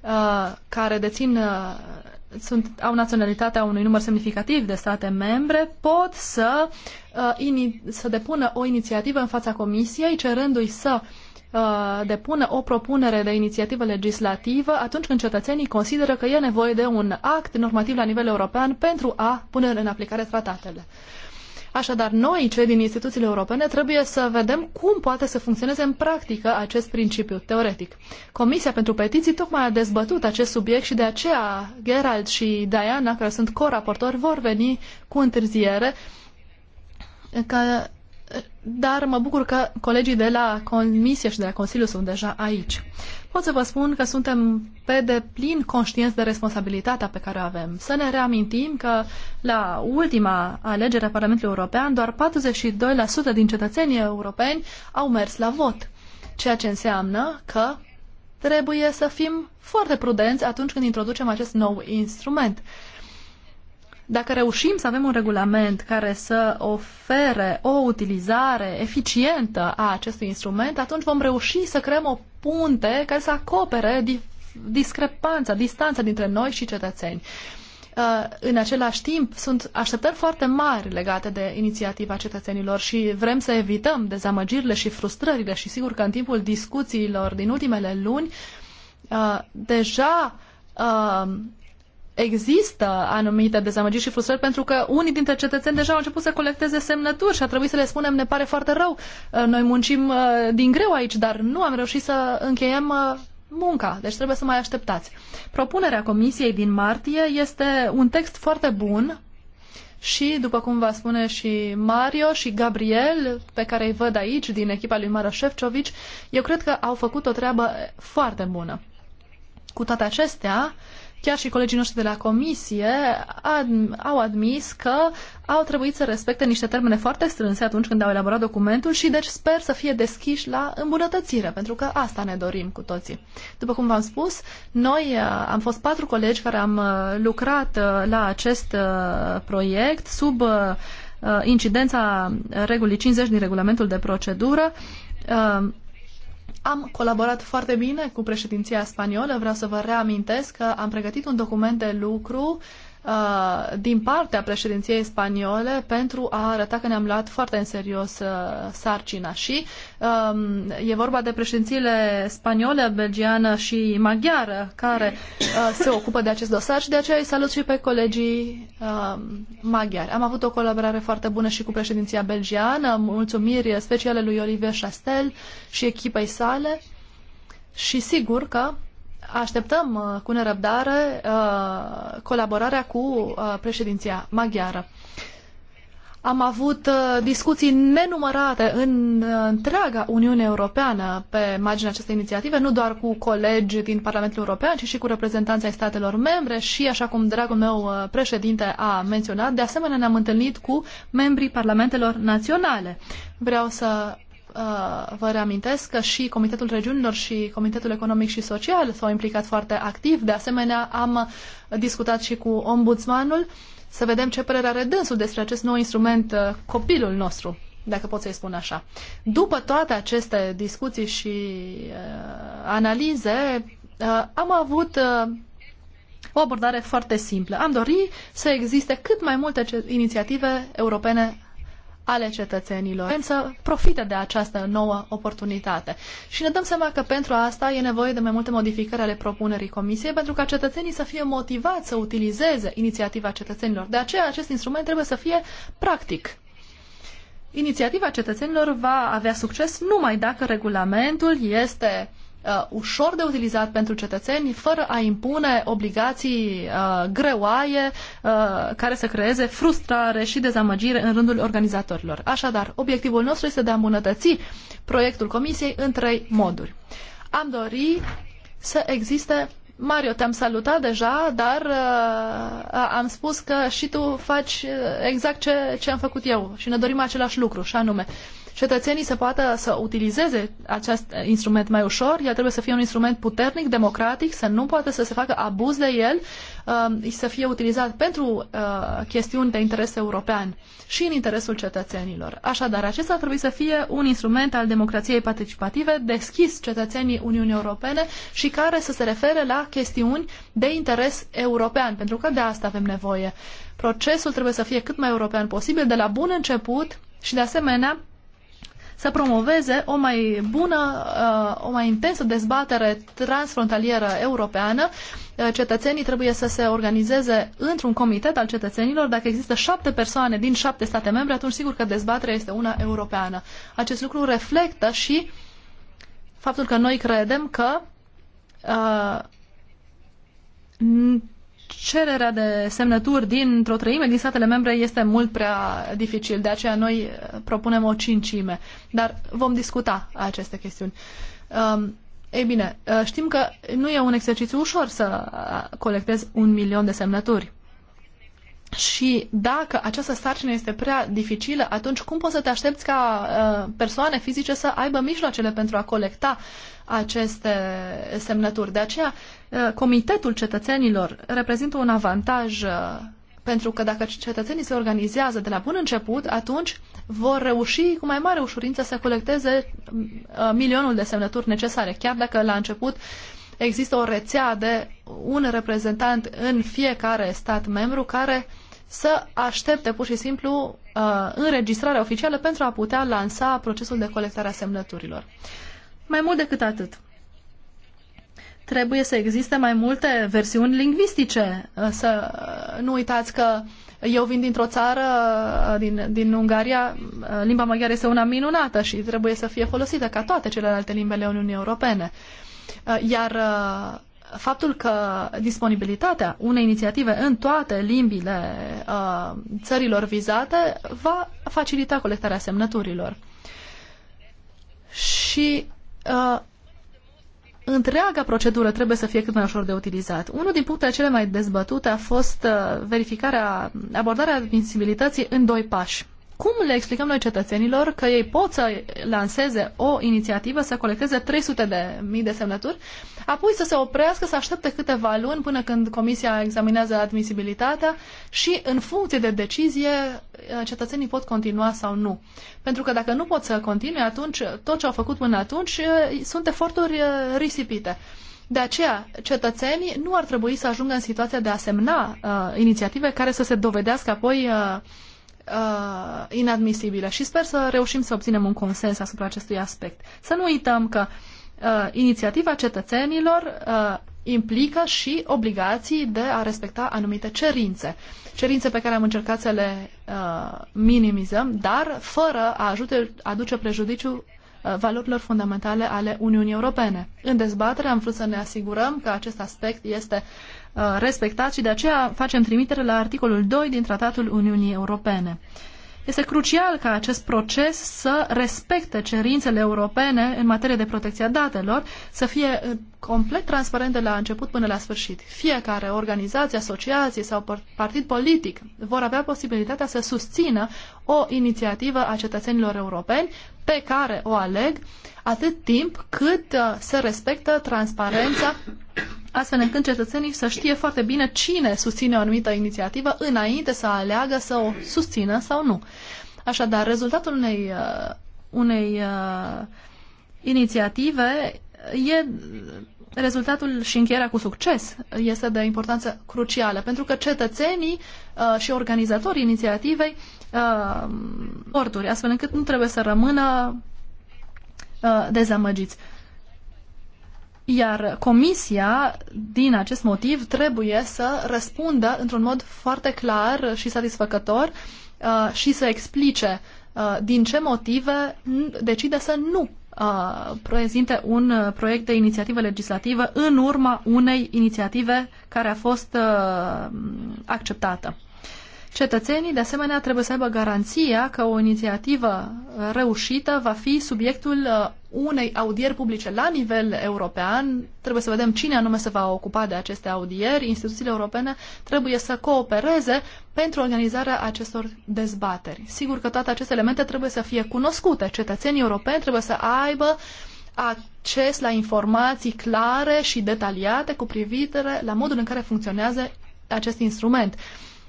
uh, care dețin uh, sunt, au naționalitatea unui număr semnificativ de state membre pot să, uh, ini, să depună o inițiativă în fața Comisiei cerându-i să uh, Uh, depună o propunere de inițiativă legislativă atunci când cetățenii consideră că e nevoie de un act normativ la nivel european pentru a pune în aplicare tratatele. Așadar, noi, cei din instituțiile europene, trebuie să vedem cum poate să funcționeze în practică acest principiu teoretic. Comisia pentru Petiții tocmai a dezbătut acest subiect și de aceea Gerald și Diana, care sunt co-raportori, vor veni cu întârziere, că dar mă bucur că colegii de la Comisie și de la Consiliu sunt deja aici. Pot să vă spun că suntem pe deplin conștienți de responsabilitatea pe care o avem. Să ne reamintim că la ultima alegere a Parlamentului European, doar 42% din cetățenii europeni au mers la vot, ceea ce înseamnă că trebuie să fim foarte prudenți atunci când introducem acest nou instrument. Dacă reușim să avem un regulament care să ofere o utilizare eficientă a acestui instrument, atunci vom reuși să creăm o punte care să acopere discrepanța, distanța dintre noi și cetățeni. Uh, în același timp, sunt așteptări foarte mari legate de inițiativa cetățenilor și vrem să evităm dezamăgirile și frustrările și sigur că în timpul discuțiilor din ultimele luni uh, deja uh, există anumite dezamăgiri și frustrări pentru că unii dintre cetățeni deja au început să colecteze semnături și a trebuit să le spunem ne pare foarte rău, ă, noi muncim ă, din greu aici, dar nu am reușit să încheiem ă, munca, deci trebuie să mai așteptați. Propunerea comisiei din martie este un text foarte bun și, după cum va spune și Mario și Gabriel, pe care îi văd aici, din echipa lui Mara Șefcovici, eu cred că au făcut o treabă foarte bună. Cu toate acestea, chiar și colegii noștri de la comisie ad, au admis că au trebuit să respecte niște termene foarte strânse atunci când au elaborat documentul și deci sper să fie deschiși la îmbunătățire, pentru că asta ne dorim cu toții. După cum v-am spus, noi uh, am fost patru colegi care am uh, lucrat uh, la acest proiect sub incidența regulii 50 din regulamentul de procedură am colaborat foarte bine cu președinția spaniolă. Vreau să vă reamintesc că am pregătit un document de lucru Uh, din partea președinției spaniole pentru a arăta că ne-am luat foarte în serios uh, sarcina și um, e vorba de președințiile spaniolă, belgiană și maghiară care uh, se ocupă de acest dosar și de aceea îi salut și pe colegii uh, maghiari. Am avut o colaborare foarte bună și cu președinția belgiană, mulțumiri speciale lui Olivier Chastel și echipei sale și sigur că așteptăm uh, cu nerăbdare uh, colaborarea cu uh, președinția maghiară. Am avut discuții nenumărate în întreaga Uniune Europeană pe marginea acestei inițiative, nu doar cu colegi din Parlamentul European, ci și cu reprezentanții statelor membre și, așa cum dragul meu președinte a menționat, de asemenea ne-am întâlnit cu membrii Parlamentelor Naționale. Vreau să Uh, vă reamintesc că și Comitetul Regiunilor și Comitetul Economic și Social s-au implicat foarte activ. De asemenea, am discutat și cu ombudsmanul să vedem ce părere are dânsul despre acest nou instrument, uh, copilul nostru, dacă pot să-i spun așa. După toate aceste discuții și uh, analize, uh, am avut uh, o abordare foarte simplă. Am dorit să existe cât mai multe inițiative europene ale cetățenilor. să profite de această nouă oportunitate. Și ne dăm seama că pentru asta e nevoie de mai multe modificări ale propunerii Comisiei pentru ca cetățenii să fie motivați să utilizeze inițiativa cetățenilor. De aceea acest instrument trebuie să fie practic. Inițiativa cetățenilor va avea succes numai dacă regulamentul este uh, uh, ușor de utilizat pentru cetățeni, fără a impune obligații uh, greoaie uh, care să creeze frustrare și dezamăgire în rândul organizatorilor. Așadar, obiectivul nostru este de a îmbunătăți proiectul Comisiei în trei moduri. Am dori să existe Mario, te-am salutat deja, dar uh, am spus că și tu faci uh, exact ce, ce am făcut eu și ne dorim același lucru, și anume cetățenii să poată să utilizeze acest instrument mai ușor. El trebuie să fie un instrument puternic, democratic, să nu poată să se facă abuz de el, și uh, să fie utilizat pentru uh, chestiuni de interes european și în interesul cetățenilor. Așadar, acesta trebuie să fie un instrument al democrației participative deschis cetățenii Uniunii Europene și care să se refere la chestiuni de interes european, pentru că de asta avem nevoie. Procesul trebuie să fie cât mai european posibil de la bun început și, de asemenea, să promoveze o mai bună, uh, o mai intensă dezbatere transfrontalieră europeană. Uh, cetățenii trebuie să se organizeze într-un comitet al cetățenilor. Dacă există șapte persoane din șapte state membre, atunci sigur că dezbaterea este una europeană. Acest lucru reflectă și faptul că noi credem că uh, cererea de semnături dintr-o treime din statele membre este mult prea dificil, de aceea noi eh, propunem o cincime. Dar vom discuta aceste chestiuni. Um, ei bine, eh, știm că nu e un exercițiu ușor să eh, colectezi un milion de semnături. Și dacă această sarcină este prea dificilă, atunci cum poți să te aștepți ca uh, persoane fizice să aibă mijloacele pentru a colecta aceste semnături? De aceea, uh, Comitetul Cetățenilor reprezintă un avantaj uh, pentru că dacă cetățenii se organizează de la bun început, atunci vor reuși cu mai mare ușurință să colecteze uh, milionul de semnături necesare, chiar dacă la început există o rețea de un reprezentant în fiecare stat membru care uh, să aștepte pur și simplu uh, înregistrarea oficială pentru a putea lansa procesul de colectare a semnăturilor. Mai mult decât atât, trebuie să existe mai multe versiuni lingvistice. Uh, să uh, nu uitați că eu vin dintr-o țară, uh, din, din Ungaria, limba maghiară este una minunată și trebuie să fie folosită ca toate celelalte limbele Uniunii Europene. Iar faptul că disponibilitatea unei inițiative în toate limbile uh, țărilor vizate va facilita colectarea semnăturilor. Și uh, întreaga procedură trebuie să fie cât mai ușor de utilizat. Unul din punctele cele mai dezbătute a fost uh, verificarea, abordarea admisibilității în doi pași cum le explicăm noi cetățenilor că ei pot să lanseze o inițiativă, să colecteze 300 de mii de semnături, apoi să se oprească, să aștepte câteva luni până când comisia examinează admisibilitatea și în funcție de decizie cetățenii pot continua sau nu. Pentru că dacă nu pot să continue, atunci tot ce au făcut până atunci sunt eforturi risipite. De aceea, cetățenii nu ar trebui să ajungă în situația de a semna uh, inițiative care să se dovedească apoi uh, uh, inadmisibile și sper să reușim să obținem un consens asupra acestui aspect. Să nu uităm că uh, inițiativa cetățenilor uh, implică și obligații de a respecta anumite cerințe. Cerințe pe care am încercat să le uh, minimizăm, dar fără a ajute, aduce prejudiciu uh, valorilor fundamentale ale Uniunii Europene. În dezbatere am vrut să ne asigurăm că acest aspect este Uh, respectat și de aceea facem trimitere la articolul 2 din Tratatul Uniunii Europene. Este crucial ca acest proces să respecte cerințele europene în materie de protecția datelor, să fie uh, complet transparent de la început până la sfârșit. Fiecare organizație, asociație sau partid politic vor avea posibilitatea să susțină o inițiativă a cetățenilor europeni pe care o aleg atât timp cât uh, se respectă transparența astfel încât cetățenii să știe foarte bine cine susține o anumită inițiativă înainte să aleagă să o susțină sau nu. Așadar, rezultatul unei, uh, unei uh, inițiative e rezultatul și încheierea cu succes este de importanță crucială, pentru că cetățenii uh, și organizatorii inițiativei uh, orturi, astfel încât nu trebuie să rămână uh, dezamăgiți. Iar comisia, din acest motiv, trebuie să răspundă într-un mod foarte clar și satisfăcător uh, și să explice uh, din ce motive decide să nu uh, prezinte un proiect de inițiativă legislativă în urma unei inițiative care a fost acceptată. Cetățenii, de asemenea, trebuie să aibă garanția că o inițiativă reușită va fi subiectul uh, unei audieri publice la nivel european. Trebuie să vedem cine anume se va ocupa de aceste audieri. Instituțiile europene trebuie să coopereze pentru organizarea acestor dezbateri. Sigur că toate aceste elemente trebuie să fie cunoscute. Cetățenii europeni trebuie să aibă acces la informații clare și detaliate cu privire la modul în care funcționează acest instrument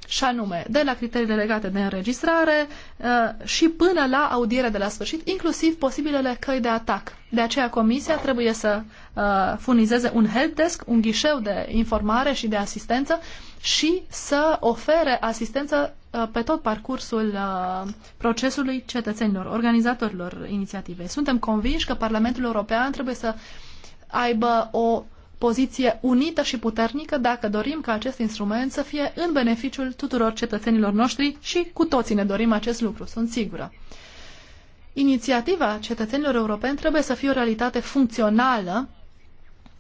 și anume de la criteriile legate de înregistrare uh, și până la audiere de la sfârșit, inclusiv posibilele căi de atac. De aceea comisia trebuie să uh, furnizeze un helpdesk, un ghișeu de informare și de asistență și să ofere asistență uh, pe tot parcursul procesului cetățenilor, organizatorilor inițiativei. Suntem convinși că Parlamentul European trebuie să aibă o poziție unită și puternică dacă dorim ca acest instrument să fie în beneficiul tuturor cetățenilor noștri și cu toții ne dorim acest lucru, sunt sigură. Inițiativa cetățenilor europeni trebuie să fie o realitate funcțională.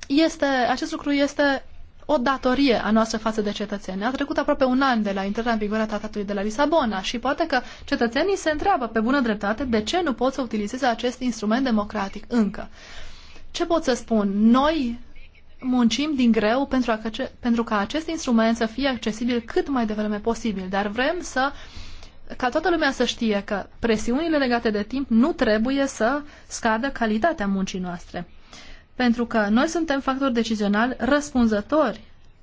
Este, acest lucru este o datorie a noastră față de cetățeni. A trecut aproape un an de la intrarea în vigoare a tratatului de la Lisabona și poate că cetățenii se întreabă pe bună dreptate de ce nu pot să utilizeze acest instrument democratic încă. Ce pot să spun? Noi, muncim din greu pentru, a, pentru ca acest instrument să fie accesibil cât mai devreme posibil, dar vrem să ca toată lumea să știe că presiunile legate de timp nu trebuie să scadă calitatea muncii noastre. Pentru că noi suntem factori decizionali răspunzători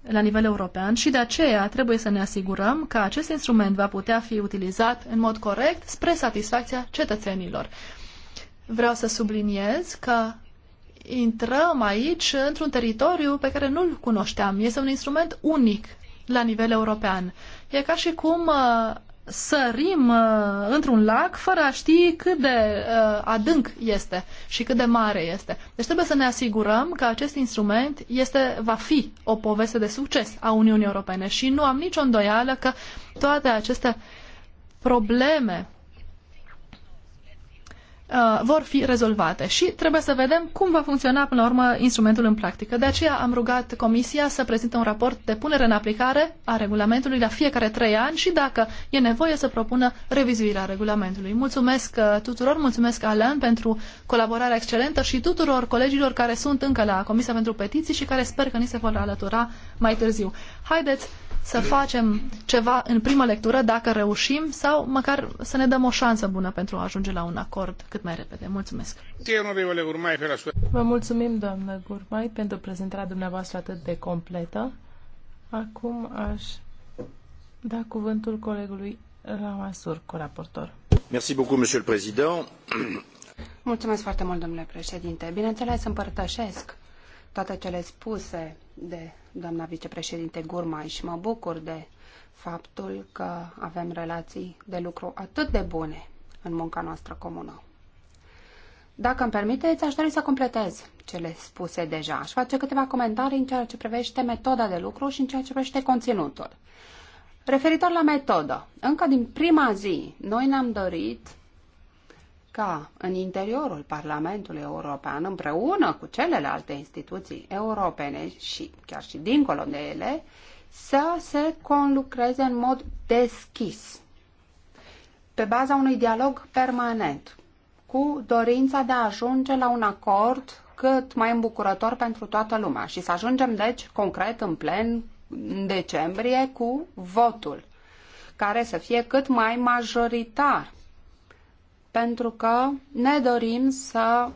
la nivel european și de aceea trebuie să ne asigurăm că acest instrument va putea fi utilizat în mod corect spre satisfacția cetățenilor. Vreau să subliniez că intrăm aici într-un teritoriu pe care nu-l cunoșteam. Este un instrument unic la nivel european. E ca și cum uh, sărim uh, într-un lac fără a ști cât de uh, adânc este și cât de mare este. Deci trebuie să ne asigurăm că acest instrument este, va fi o poveste de succes a Uniunii Europene și nu am nicio îndoială că toate aceste probleme Uh, vor fi rezolvate și trebuie să vedem cum va funcționa până la urmă instrumentul în practică. De aceea am rugat Comisia să prezinte un raport de punere în aplicare a regulamentului la fiecare trei ani și dacă e nevoie să propună revizuirea regulamentului. Mulțumesc uh, tuturor, mulțumesc Alan pentru colaborarea excelentă și tuturor colegilor care sunt încă la Comisia pentru Petiții și care sper că ni se vor alătura mai târziu. Haideți să facem ceva în primă lectură dacă reușim sau măcar să ne dăm o șansă bună pentru a ajunge la un acord cât mai repede. Mulțumesc! Vă mulțumim, doamnă Gurmai, pentru prezentarea dumneavoastră atât de completă. Acum aș da cuvântul colegului Ramasur, cu raportor. Merci beaucoup, monsieur le président. Mulțumesc foarte mult, domnule președinte. Bineînțeles, împărtășesc toate cele spuse de doamna vicepreședinte Gurmai și mă bucur de faptul că avem relații de lucru atât de bune în munca noastră comună. Dacă îmi permiteți, aș dori să completez cele spuse deja. Aș face câteva comentarii în ceea ce privește metoda de lucru și în ceea ce privește conținutul. Referitor la metodă, încă din prima zi, noi ne-am dorit ca în interiorul Parlamentului European, împreună cu celelalte instituții europene și chiar și dincolo de ele, să se conlucreze în mod deschis, pe baza unui dialog permanent, cu dorința de a ajunge la un acord cât mai îmbucurător pentru toată lumea și să ajungem, deci, concret, în plen, în decembrie, cu votul, care să fie cât mai majoritar pentru că ne dorim să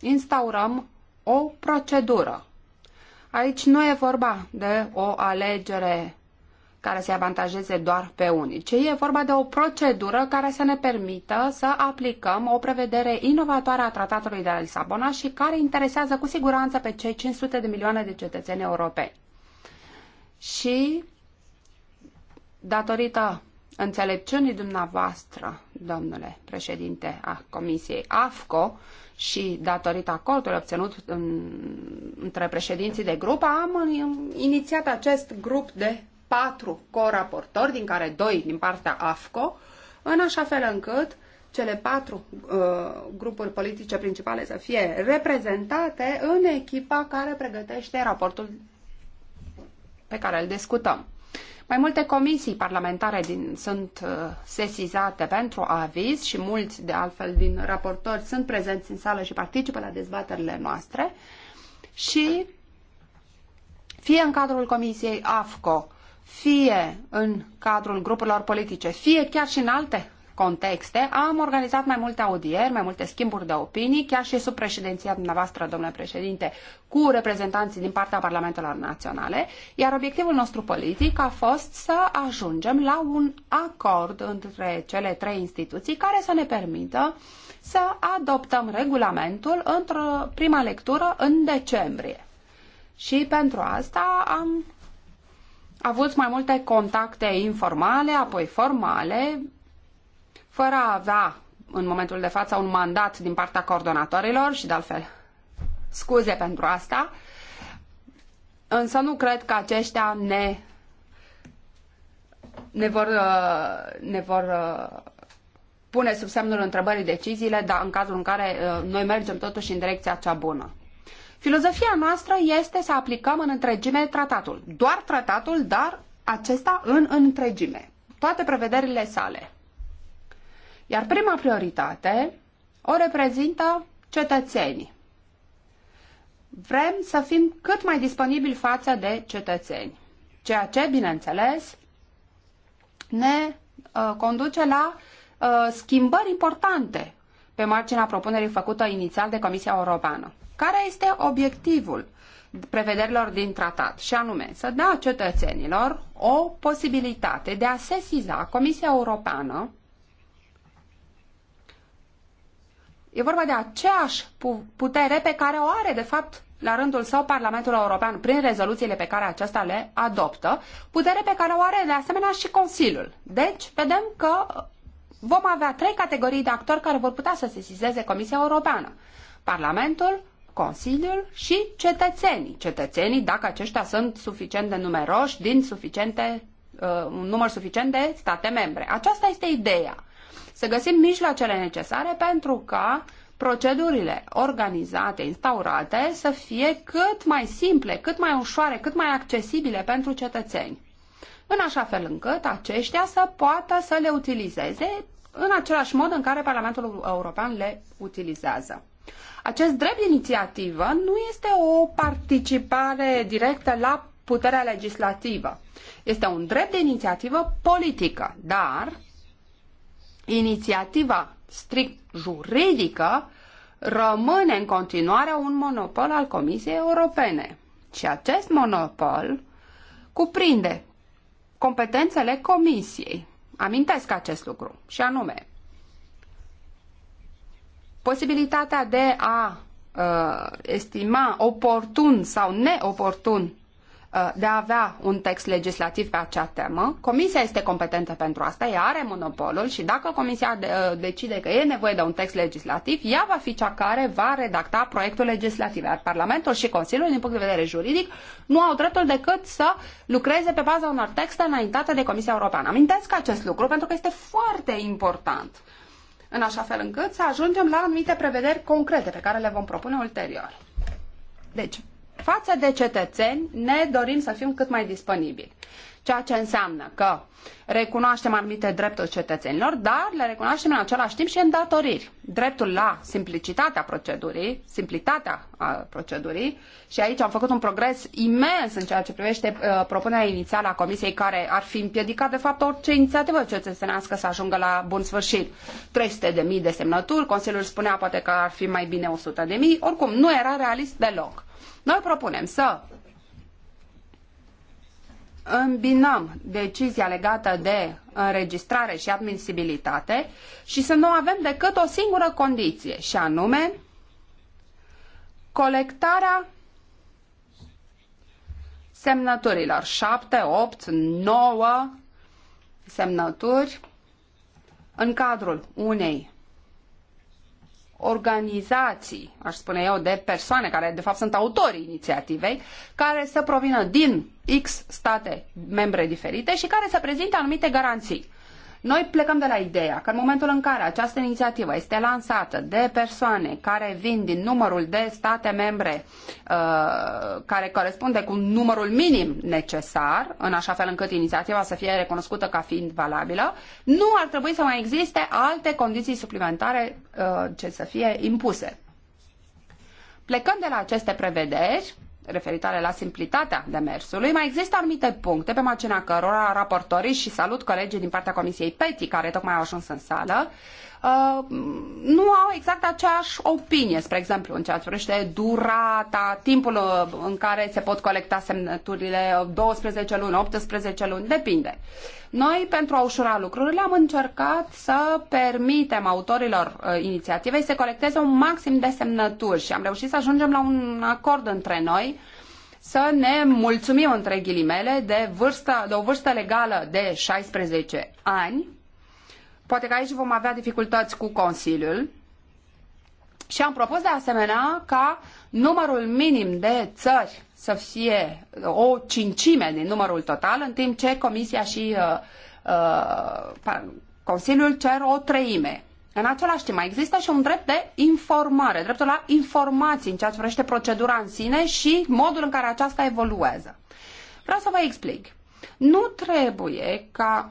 instaurăm o procedură. Aici nu e vorba de o alegere care să-i avantajeze doar pe unii, ci e vorba de o procedură care să ne permită să aplicăm o prevedere inovatoare a Tratatului de la Lisabona și care interesează cu siguranță pe cei 500 de milioane de cetățeni europeni. Și datorită înțelepciunii dumneavoastră domnule președinte a Comisiei AFCO și datorită acordului obținut în, între președinții de grup, am inițiat acest grup de patru coraportori, din care doi din partea AFCO, în așa fel încât cele patru uh, grupuri politice principale să fie reprezentate în echipa care pregătește raportul pe care îl discutăm. Mai multe comisii parlamentare din, sunt uh, sesizate pentru aviz și mulți de altfel din raportori sunt prezenți în sală și participă la dezbaterile noastre și fie în cadrul comisiei AFCO, fie în cadrul grupurilor politice, fie chiar și în alte contexte, am organizat mai multe audieri, mai multe schimburi de opinii, chiar și sub președinția dumneavoastră, domnule președinte, cu reprezentanții din partea Parlamentelor Naționale, iar obiectivul nostru politic a fost să ajungem la un acord între cele trei instituții care să ne permită să adoptăm regulamentul într-o prima lectură în decembrie. Și pentru asta am avut mai multe contacte informale, apoi formale, fără a avea în momentul de față un mandat din partea coordonatorilor și de altfel scuze pentru asta, însă nu cred că aceștia ne, ne vor, uh, ne vor uh, pune sub semnul întrebării deciziile, dar în cazul în care uh, noi mergem totuși în direcția cea bună. Filozofia noastră este să aplicăm în întregime tratatul. Doar tratatul, dar acesta în întregime. Toate prevederile sale. Iar prima prioritate o reprezintă cetățenii. Vrem să fim cât mai disponibili față de cetățeni, ceea ce, bineînțeles, ne uh, conduce la uh, schimbări importante pe marginea propunerii făcută inițial de Comisia Europeană. Care este obiectivul prevederilor din tratat? Și anume, să dea cetățenilor o posibilitate de a sesiza Comisia Europeană E vorba de aceeași putere pe care o are, de fapt, la rândul său Parlamentul European prin rezoluțiile pe care acesta le adoptă, putere pe care o are de asemenea și Consiliul. Deci, vedem că vom avea trei categorii de actori care vor putea să se sesizeze Comisia Europeană. Parlamentul, Consiliul și cetățenii. Cetățenii, dacă aceștia sunt suficient de numeroși, din suficiente, uh, un număr suficient de state membre. Aceasta este ideea să găsim mijloacele necesare pentru ca procedurile organizate, instaurate, să fie cât mai simple, cât mai ușoare, cât mai accesibile pentru cetățeni. În așa fel încât aceștia să poată să le utilizeze în același mod în care Parlamentul European le utilizează. Acest drept de inițiativă nu este o participare directă la puterea legislativă. Este un drept de inițiativă politică, dar inițiativa strict juridică rămâne în continuare un monopol al Comisiei Europene. Și acest monopol cuprinde competențele Comisiei. Amintesc acest lucru și anume posibilitatea de a uh, estima oportun sau neoportun Uh, de a avea un text legislativ pe acea temă. Comisia este competentă pentru asta, ea are monopolul și dacă Comisia uh, decide că e nevoie de un text legislativ, ea va fi cea care va redacta proiectul legislativ. Iar Parlamentul și Consiliul, din punct de vedere juridic, nu au dreptul decât să lucreze pe baza unor texte înaintate de Comisia Europeană. Amintesc acest lucru pentru că este foarte important în așa fel încât să ajungem la anumite prevederi concrete pe care le vom propune ulterior. Deci, Față de cetățeni, ne dorim să fim cât mai disponibili. Ceea ce înseamnă că recunoaștem anumite drepturi cetățenilor, dar le recunoaștem în același timp și datoriri. Dreptul la simplicitatea procedurii, simplitatea procedurii și aici am făcut un progres imens în ceea ce privește uh, propunerea inițială a Comisiei care ar fi împiedicat de fapt orice inițiativă cetățenească să ajungă la bun sfârșit. 300 de mii de semnături, Consiliul spunea poate că ar fi mai bine 100 de mii, oricum nu era realist deloc. Noi propunem să îmbinăm decizia legată de înregistrare și admisibilitate și să nu avem decât o singură condiție, și anume colectarea semnăturilor. 7, 8, 9 semnături în cadrul unei organizații, aș spune eu, de persoane care de fapt sunt autorii inițiativei, care să provină din X state membre diferite și care să prezinte anumite garanții. Noi plecăm de la ideea că în momentul în care această inițiativă este lansată de persoane care vin din numărul de state membre uh, care corespunde cu numărul minim necesar, în așa fel încât inițiativa să fie recunoscută ca fiind valabilă, nu ar trebui să mai existe alte condiții suplimentare uh, ce să fie impuse. Plecând de la aceste prevederi, referitoare la simplitatea demersului, mai există anumite puncte pe marginea cărora raportorii și salut colegii din partea Comisiei PETI, care tocmai au ajuns în sală, Uh, nu au exact aceeași opinie, spre exemplu, în ceea ce privește durata, timpul uh, în care se pot colecta semnăturile, 12 luni, 18 luni, depinde. Uh, noi, pentru a ușura lucrurile, am încercat să permitem autorilor uh, inițiativei să colecteze un maxim de semnături și am reușit să ajungem la un acord între noi să ne mulțumim între ghilimele de, vârstă, de o vârstă legală de 16 ani. Poate că aici vom avea dificultăți cu Consiliul, și am propus de asemenea ca numărul minim de țări să fie o cincime din numărul total, în timp ce Comisia și uh, uh, Consiliul cer o treime. În același timp, mai există și un drept de informare, dreptul la informații în ceea ce vrește procedura în sine și modul în care aceasta evoluează. Vreau să vă explic. Nu trebuie ca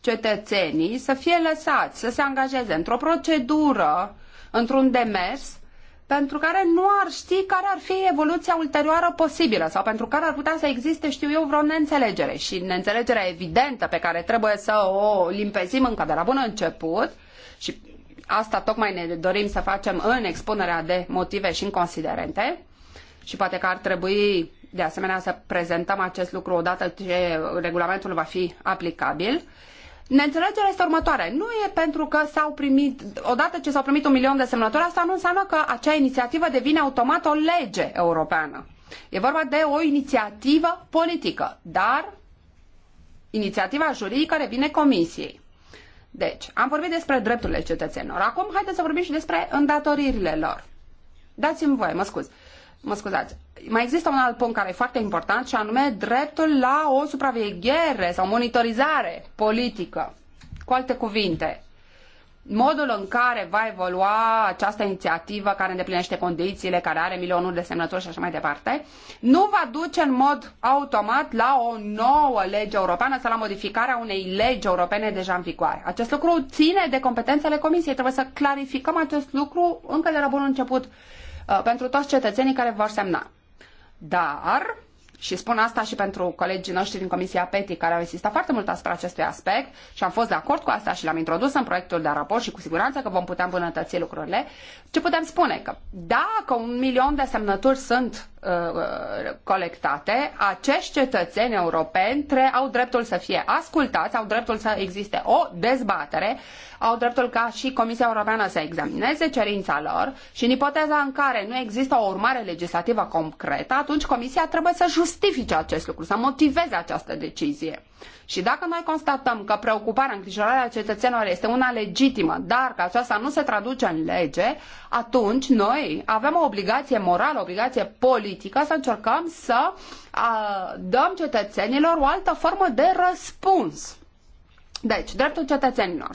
cetățenii să fie lăsați să se angajeze într-o procedură, într-un demers, pentru care nu ar ști care ar fi evoluția ulterioară posibilă sau pentru care ar putea să existe, știu eu, vreo neînțelegere. Și neînțelegerea evidentă pe care trebuie să o limpezim încă de la bun început și asta tocmai ne dorim să facem în expunerea de motive și în considerente și poate că ar trebui de asemenea să prezentăm acest lucru odată ce regulamentul va fi aplicabil. Uh, Neînțelegerea este următoarea. Nu e pentru că s-au primit, odată ce s-au primit un milion de semnături, asta nu înseamnă că acea inițiativă devine automat o lege europeană. E vorba de o inițiativă politică, dar inițiativa juridică revine comisiei. Deci, am vorbit despre drepturile cetățenilor. Acum, haideți să vorbim și despre îndatoririle lor. Dați-mi voie, mă scuz. Mă scuzați mai există un alt punct care e foarte important și anume dreptul la o supraveghere sau monitorizare politică. Cu alte cuvinte, modul în care va evolua această inițiativă care îndeplinește condițiile, care are milionul de semnături și așa mai departe, nu va duce în mod automat la o nouă lege europeană sau la modificarea unei legi europene deja în vigoare. Acest lucru ține de competențele Comisiei. Trebuie să clarificăm acest lucru încă de la bun început uh, pentru toți cetățenii care vor semna. Dar, și spun asta și pentru colegii noștri din Comisia PETI care au insistat foarte mult asupra acestui aspect și am fost de acord cu asta și l-am introdus în proiectul de raport și cu siguranță că vom putea îmbunătăți lucrurile, ce putem spune? Că dacă un milion de semnături sunt Uh, colectate, acești cetățeni europeni tre- au dreptul să fie ascultați, au dreptul să existe o dezbatere, au dreptul ca și Comisia Europeană să examineze cerința lor și în ipoteza în care nu există o urmare legislativă concretă, atunci Comisia trebuie să justifice acest lucru, să motiveze această decizie. Și dacă noi constatăm că preocuparea, îngrijorarea cetățenilor este una legitimă, dar că aceasta nu se traduce în lege, atunci noi avem o obligație morală, o obligație politică să încercăm să a, dăm cetățenilor o altă formă de răspuns. Deci, dreptul cetățenilor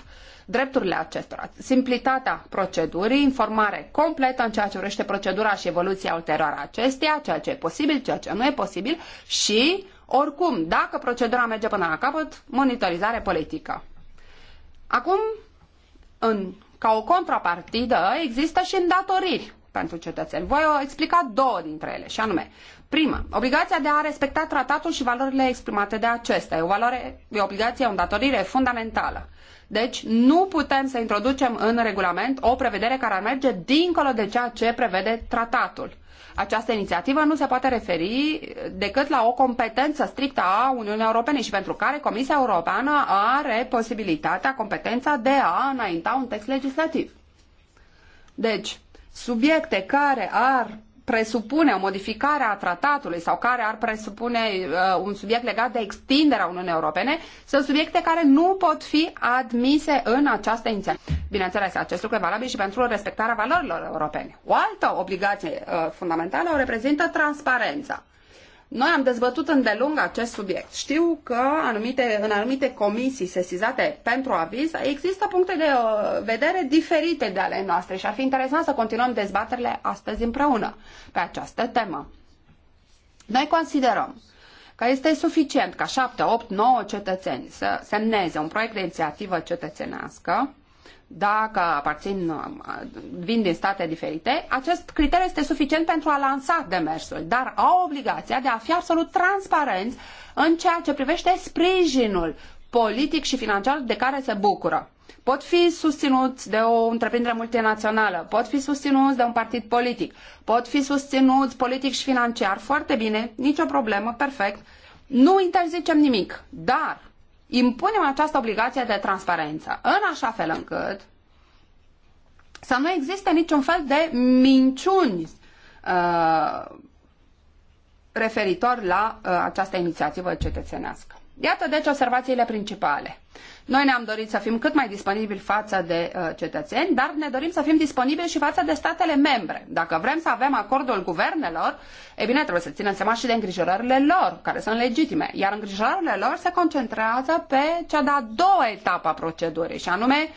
drepturile acestora, simplitatea procedurii, informare completă în ceea ce vrește procedura și evoluția ulterioară a acesteia, ceea ce e posibil, ceea ce nu e posibil și oricum, dacă procedura merge până la capăt, monitorizare politică. Acum, în, ca o contrapartidă, există și îndatoriri pentru cetățeni. Voi explica două dintre ele, și anume, prima, obligația de a respecta tratatul și valorile exprimate de acesta. E o, valoare, e o obligație, o îndatorire fundamentală. Deci nu putem să introducem în regulament o prevedere care ar merge dincolo de ceea ce prevede tratatul. Această inițiativă nu se poate referi decât la o competență strictă a Uniunii Europene și pentru care Comisia Europeană are posibilitatea, competența de a înainta un text legislativ. Deci, subiecte care ar presupune o modificare a tratatului sau care ar presupune uh, un subiect legat de extinderea Uniunii Europene, sunt subiecte care nu pot fi admise în această inițiativă. Bineînțeles, acest lucru e valabil și pentru respectarea valorilor europene. O altă obligație uh, fundamentală o reprezintă transparența. Noi am dezbătut îndelung acest subiect. Știu că anumite, în anumite comisii sesizate pentru aviz există puncte de uh, vedere diferite de ale noastre și ar fi interesant să continuăm dezbaterile astăzi împreună pe această temă. Noi considerăm că este suficient ca 7, 8, 9 cetățeni să semneze un proiect de inițiativă cetățenească dacă aparțin, vin din state diferite, acest criteriu este suficient pentru a lansa demersul, dar au obligația de a fi absolut transparenți în ceea ce privește sprijinul politic și financiar de care se bucură. Pot fi susținuți de o întreprindere multinațională, pot fi susținuți de un partid politic, pot fi susținuți politic și financiar, foarte bine, nicio problemă, perfect. Nu interzicem nimic, dar impunem această obligație de transparență în așa fel încât să nu existe niciun fel de minciuni uh, referitor la uh, această inițiativă cetățenească. Iată deci observațiile principale. Noi ne-am dorit să fim cât mai disponibili față de uh, cetățeni, dar ne dorim să fim disponibili și față de statele membre. Dacă vrem să avem acordul guvernelor, e bine, trebuie să ținem seama și de îngrijorările lor, care sunt legitime. Iar îngrijorările lor se concentrează pe cea de-a doua etapă a procedurii, și anume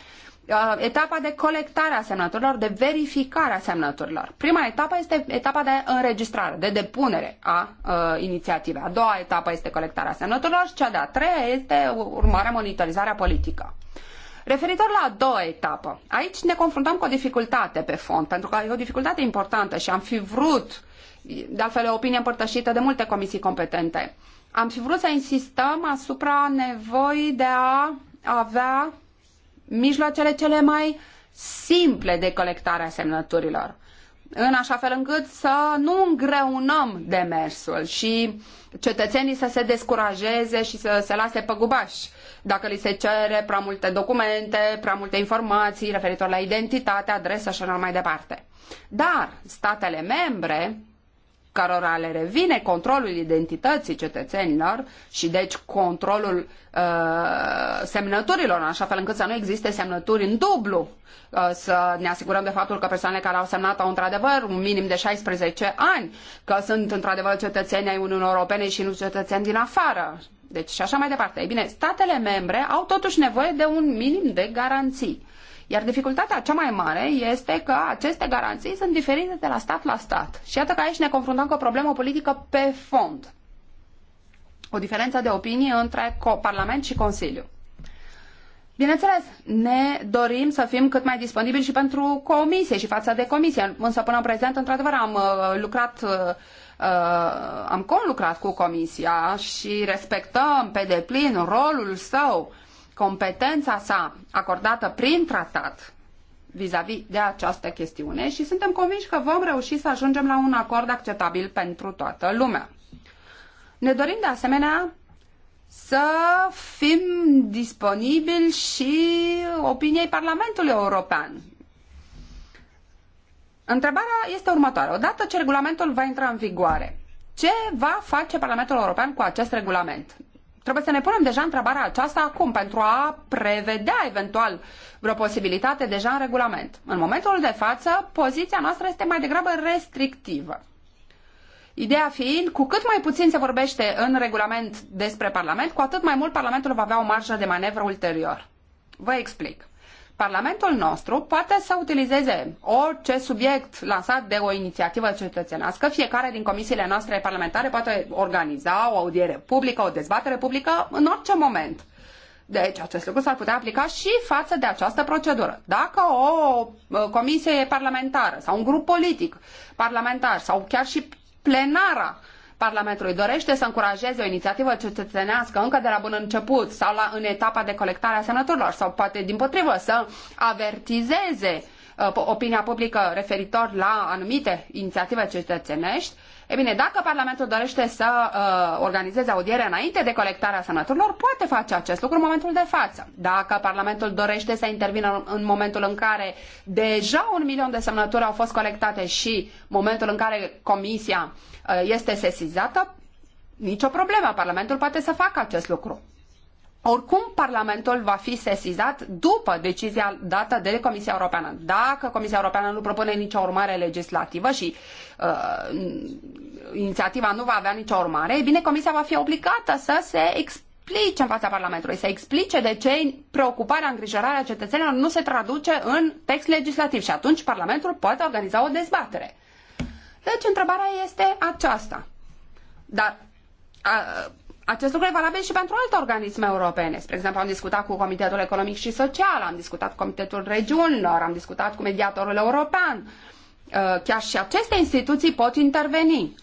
Uh, etapa de colectare a semnăturilor, de verificare a semnăturilor. Prima etapă este etapa de înregistrare, de depunere a uh, inițiativei. A doua etapă este colectarea semnăturilor și cea de-a treia este urmarea monitorizarea politică. Referitor la a doua etapă, aici ne confruntăm cu o dificultate pe fond, pentru că e o dificultate importantă și am fi vrut, de altfel o opinie împărtășită de multe comisii competente, am fi vrut să insistăm asupra nevoii de a avea mijloacele cele mai simple de colectare a semnăturilor în așa fel încât să nu îngreunăm demersul și cetățenii să se descurajeze și să se lase păgubași dacă li se cere prea multe documente, prea multe informații referitor la identitate, adresă și așa mai departe. Dar statele membre cărora le revine controlul identității cetățenilor și deci controlul uh, semnăturilor, în așa fel încât să nu existe semnături în dublu, uh, să ne asigurăm de faptul că persoanele care au semnat au într-adevăr un minim de 16 ani, că sunt într-adevăr cetățeni ai Uniunii Europene și nu cetățeni din afară. Deci și așa mai departe. Ei bine, statele membre au totuși nevoie de un minim de garanții. Iar dificultatea cea mai mare este că aceste garanții sunt diferite de la stat la stat. Și iată că aici ne confruntăm cu o problemă politică pe fond. O diferență de opinie între Parlament și Consiliu. Bineînțeles, ne dorim să fim cât mai disponibili și pentru comisie și față de comisie. Însă până în prezent, într-adevăr, am uh, lucrat, uh, uh, am conlucrat cu comisia și respectăm pe deplin rolul său competența sa acordată prin tratat vis-a-vis -vis de această chestiune și suntem convinși că vom reuși să ajungem la un acord acceptabil pentru toată lumea. Ne dorim de asemenea să fim disponibili și opiniei Parlamentului European. Întrebarea este următoare. Odată ce regulamentul va intra în vigoare, ce va face Parlamentul European cu acest regulament? trebuie să ne punem deja întrebarea aceasta acum pentru a prevedea eventual vreo posibilitate deja în regulament. În momentul de față, poziția noastră este mai degrabă restrictivă. Ideea fiind, cu cât mai puțin se vorbește în regulament despre Parlament, cu atât mai mult Parlamentul va avea o marjă de manevră ulterior. Vă explic. Parlamentul nostru poate să utilizeze orice subiect lansat de o inițiativă cetățenească. Fiecare din comisiile noastre parlamentare poate organiza o audiere publică, o dezbatere publică în orice moment. Deci acest lucru s-ar putea aplica și față de această procedură. Dacă o uh, comisie parlamentară sau un grup politic parlamentar sau chiar și plenara uh, Parlamentului dorește să încurajeze o inițiativă cetățenească încă de la bun început sau la, în etapa de colectare a semnăturilor sau poate din potrivă să avertizeze uh, opinia publică referitor la anumite inițiative cetățenești, E bine, dacă Parlamentul dorește să uh, organizeze audiere înainte de colectarea semnăturilor, poate face acest lucru în momentul de față. Dacă Parlamentul dorește să intervină în, în momentul în care deja un milion de semnături au fost colectate și momentul în care Comisia uh, este sesizată, nicio problemă. Parlamentul poate să facă acest lucru. Oricum, Parlamentul va fi sesizat după decizia dată de Comisia Europeană. Dacă Comisia Europeană nu propune nicio urmare legislativă și uh, inițiativa nu va avea nicio urmare, bine, Comisia va fi obligată să se explice în fața Parlamentului, să explice de ce preocuparea, îngrijorarea cetățenilor nu se traduce în text legislativ și atunci Parlamentul poate organiza o dezbatere. Deci, întrebarea este aceasta. Dar... Uh, acest lucru e valabil și pentru alte organisme europene. Spre exemplu, am discutat cu Comitetul Economic și Social, am discutat cu Comitetul Regiunilor, am discutat cu Mediatorul European. Uh, chiar și aceste instituții pot interveni.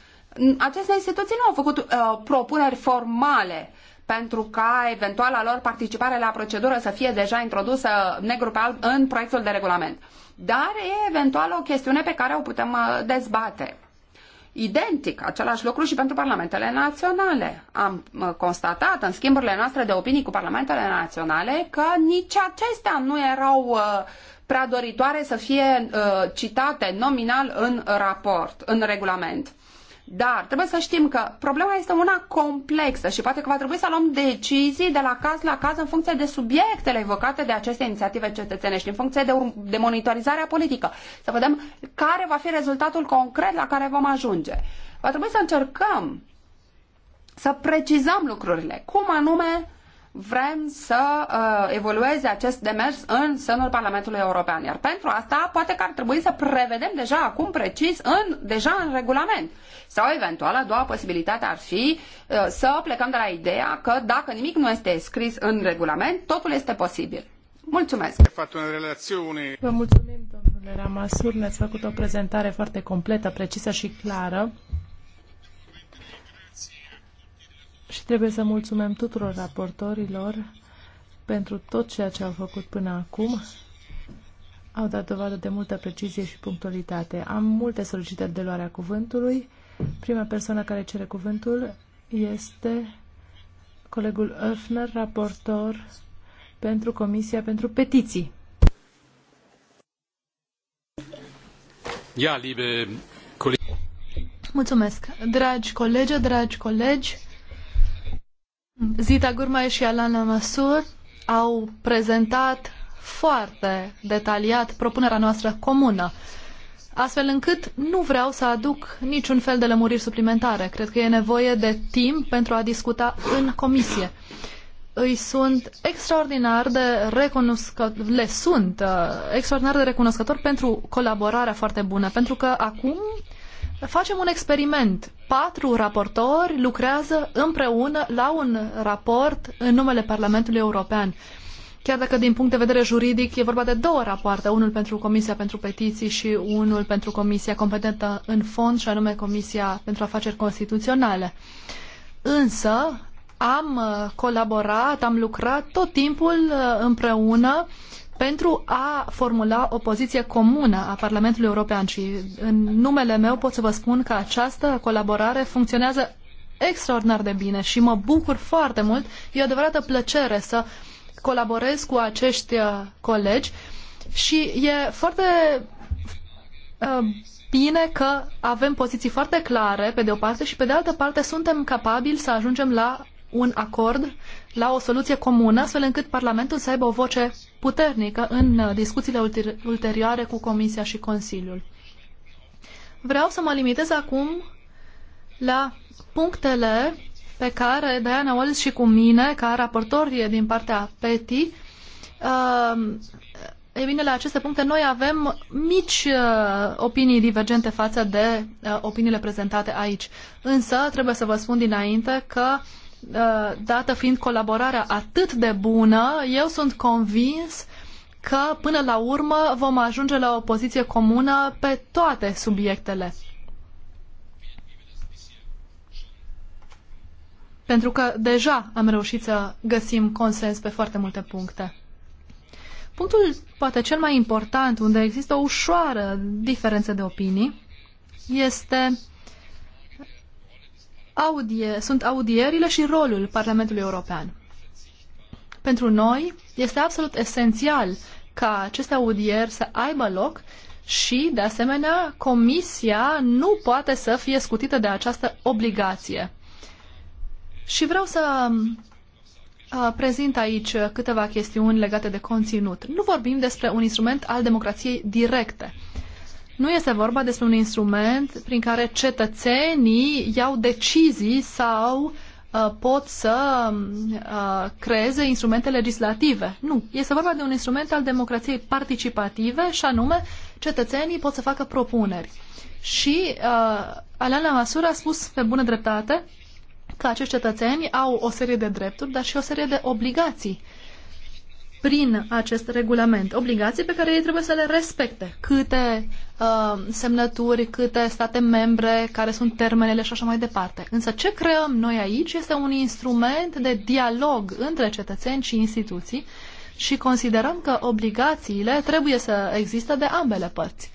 Aceste instituții nu au făcut uh, propuneri formale pentru ca eventuala lor participare la procedură să fie deja introdusă negru pe alb în proiectul de regulament. Dar e eventual o chestiune pe care o putem uh, dezbate identic, același lucru și pentru parlamentele naționale. Am uh, constatat în schimburile noastre de opinii cu parlamentele naționale că nici acestea nu erau uh, prea doritoare să fie uh, citate nominal în raport, în regulament. Dar trebuie să știm că problema este una complexă și poate că va trebui să luăm decizii de la caz la caz în funcție de subiectele evocate de aceste inițiative cetățenești, în funcție de, de monitorizarea politică. Să vedem care va fi rezultatul concret la care vom ajunge. Va trebui să încercăm să precizăm lucrurile. Cum anume vrem să uh, evolueze acest demers în sânul Parlamentului European. Iar pentru asta, poate că ar trebui să prevedem deja acum precis, în, deja în regulament. Sau, eventual, a doua posibilitate ar fi uh, să plecăm de la ideea că dacă nimic nu este scris în regulament, totul este posibil. Mulțumesc! Vă mulțumim, domnule Ramasur, ne-ați făcut o prezentare foarte completă, precisă și clară. Și trebuie să mulțumim tuturor raportorilor pentru tot ceea ce au făcut până acum. Au dat dovadă de multă precizie și punctualitate. Am multe solicitări de luarea cuvântului. Prima persoană care cere cuvântul este colegul Öfner, raportor pentru Comisia pentru Petiții. Ja, liebe Mulțumesc. Dragi colegi, dragi colegi, Zita Gurmai și Alana Masur au prezentat foarte detaliat propunerea noastră comună astfel încât nu vreau să aduc niciun fel de lămuriri suplimentare. Cred că e nevoie de timp pentru a discuta în comisie. Îi sunt extraordinar de recunoscător, le sunt uh, extraordinar de recunoscător pentru colaborarea foarte bună, pentru că acum facem un experiment. Patru raportori lucrează împreună la un raport în numele Parlamentului European. Uh, chiar dacă din punct de vedere juridic e vorba de două rapoarte, unul pentru Comisia pentru Petiții și unul pentru Comisia competentă în fond, și anume Comisia pentru Afaceri Constituționale. Însă am uh, colaborat, am lucrat tot timpul uh, împreună pentru a formula o poziție comună a Parlamentului European și în numele meu pot să vă spun că această colaborare funcționează extraordinar de bine și mă bucur foarte mult. E o adevărată plăcere să uh, colaborez cu acești uh, colegi și e foarte uh, bine că avem poziții foarte clare, pe de o parte, și pe de altă parte suntem capabili să ajungem la un acord, la o soluție comună, astfel încât Parlamentul să aibă o voce puternică în uh, discuțiile ulterioare cu Comisia și Consiliul. Vreau să mă limitez acum la punctele pe care Diana Wallis și cu mine, ca raportorie din partea PETI, uh, ei bine, la aceste puncte noi avem mici uh, opinii divergente față de uh, opiniile prezentate aici. Însă, trebuie să vă spun dinainte că, uh, dată fiind colaborarea atât de bună, eu sunt convins că, până la urmă, vom ajunge la o poziție comună pe toate subiectele. pentru că deja am reușit să găsim consens pe foarte multe puncte. Punctul poate cel mai important, unde există o ușoară diferență de opinii, este audie, sunt audierile și rolul Parlamentului European. Pentru noi este absolut esențial ca aceste audieri să aibă loc și, de asemenea, Comisia nu poate să fie scutită de această obligație. Și vreau să uh, prezint aici câteva chestiuni legate de conținut. Nu vorbim despre un instrument al democrației directe. Nu este vorba despre un instrument prin care cetățenii iau decizii sau uh, pot să uh, creeze instrumente legislative. Nu. Este vorba de un instrument al democrației participative și anume cetățenii pot să facă propuneri. Și uh, Alana Masura a spus pe bună dreptate că acești cetățeni au o serie de drepturi, dar și o serie de obligații prin acest regulament. Obligații pe care ei trebuie să le respecte. Câte uh, semnături, câte state membre, care sunt termenele și așa mai departe. Însă ce creăm noi aici este un instrument de dialog între cetățeni și instituții și considerăm că obligațiile trebuie să existe de ambele părți.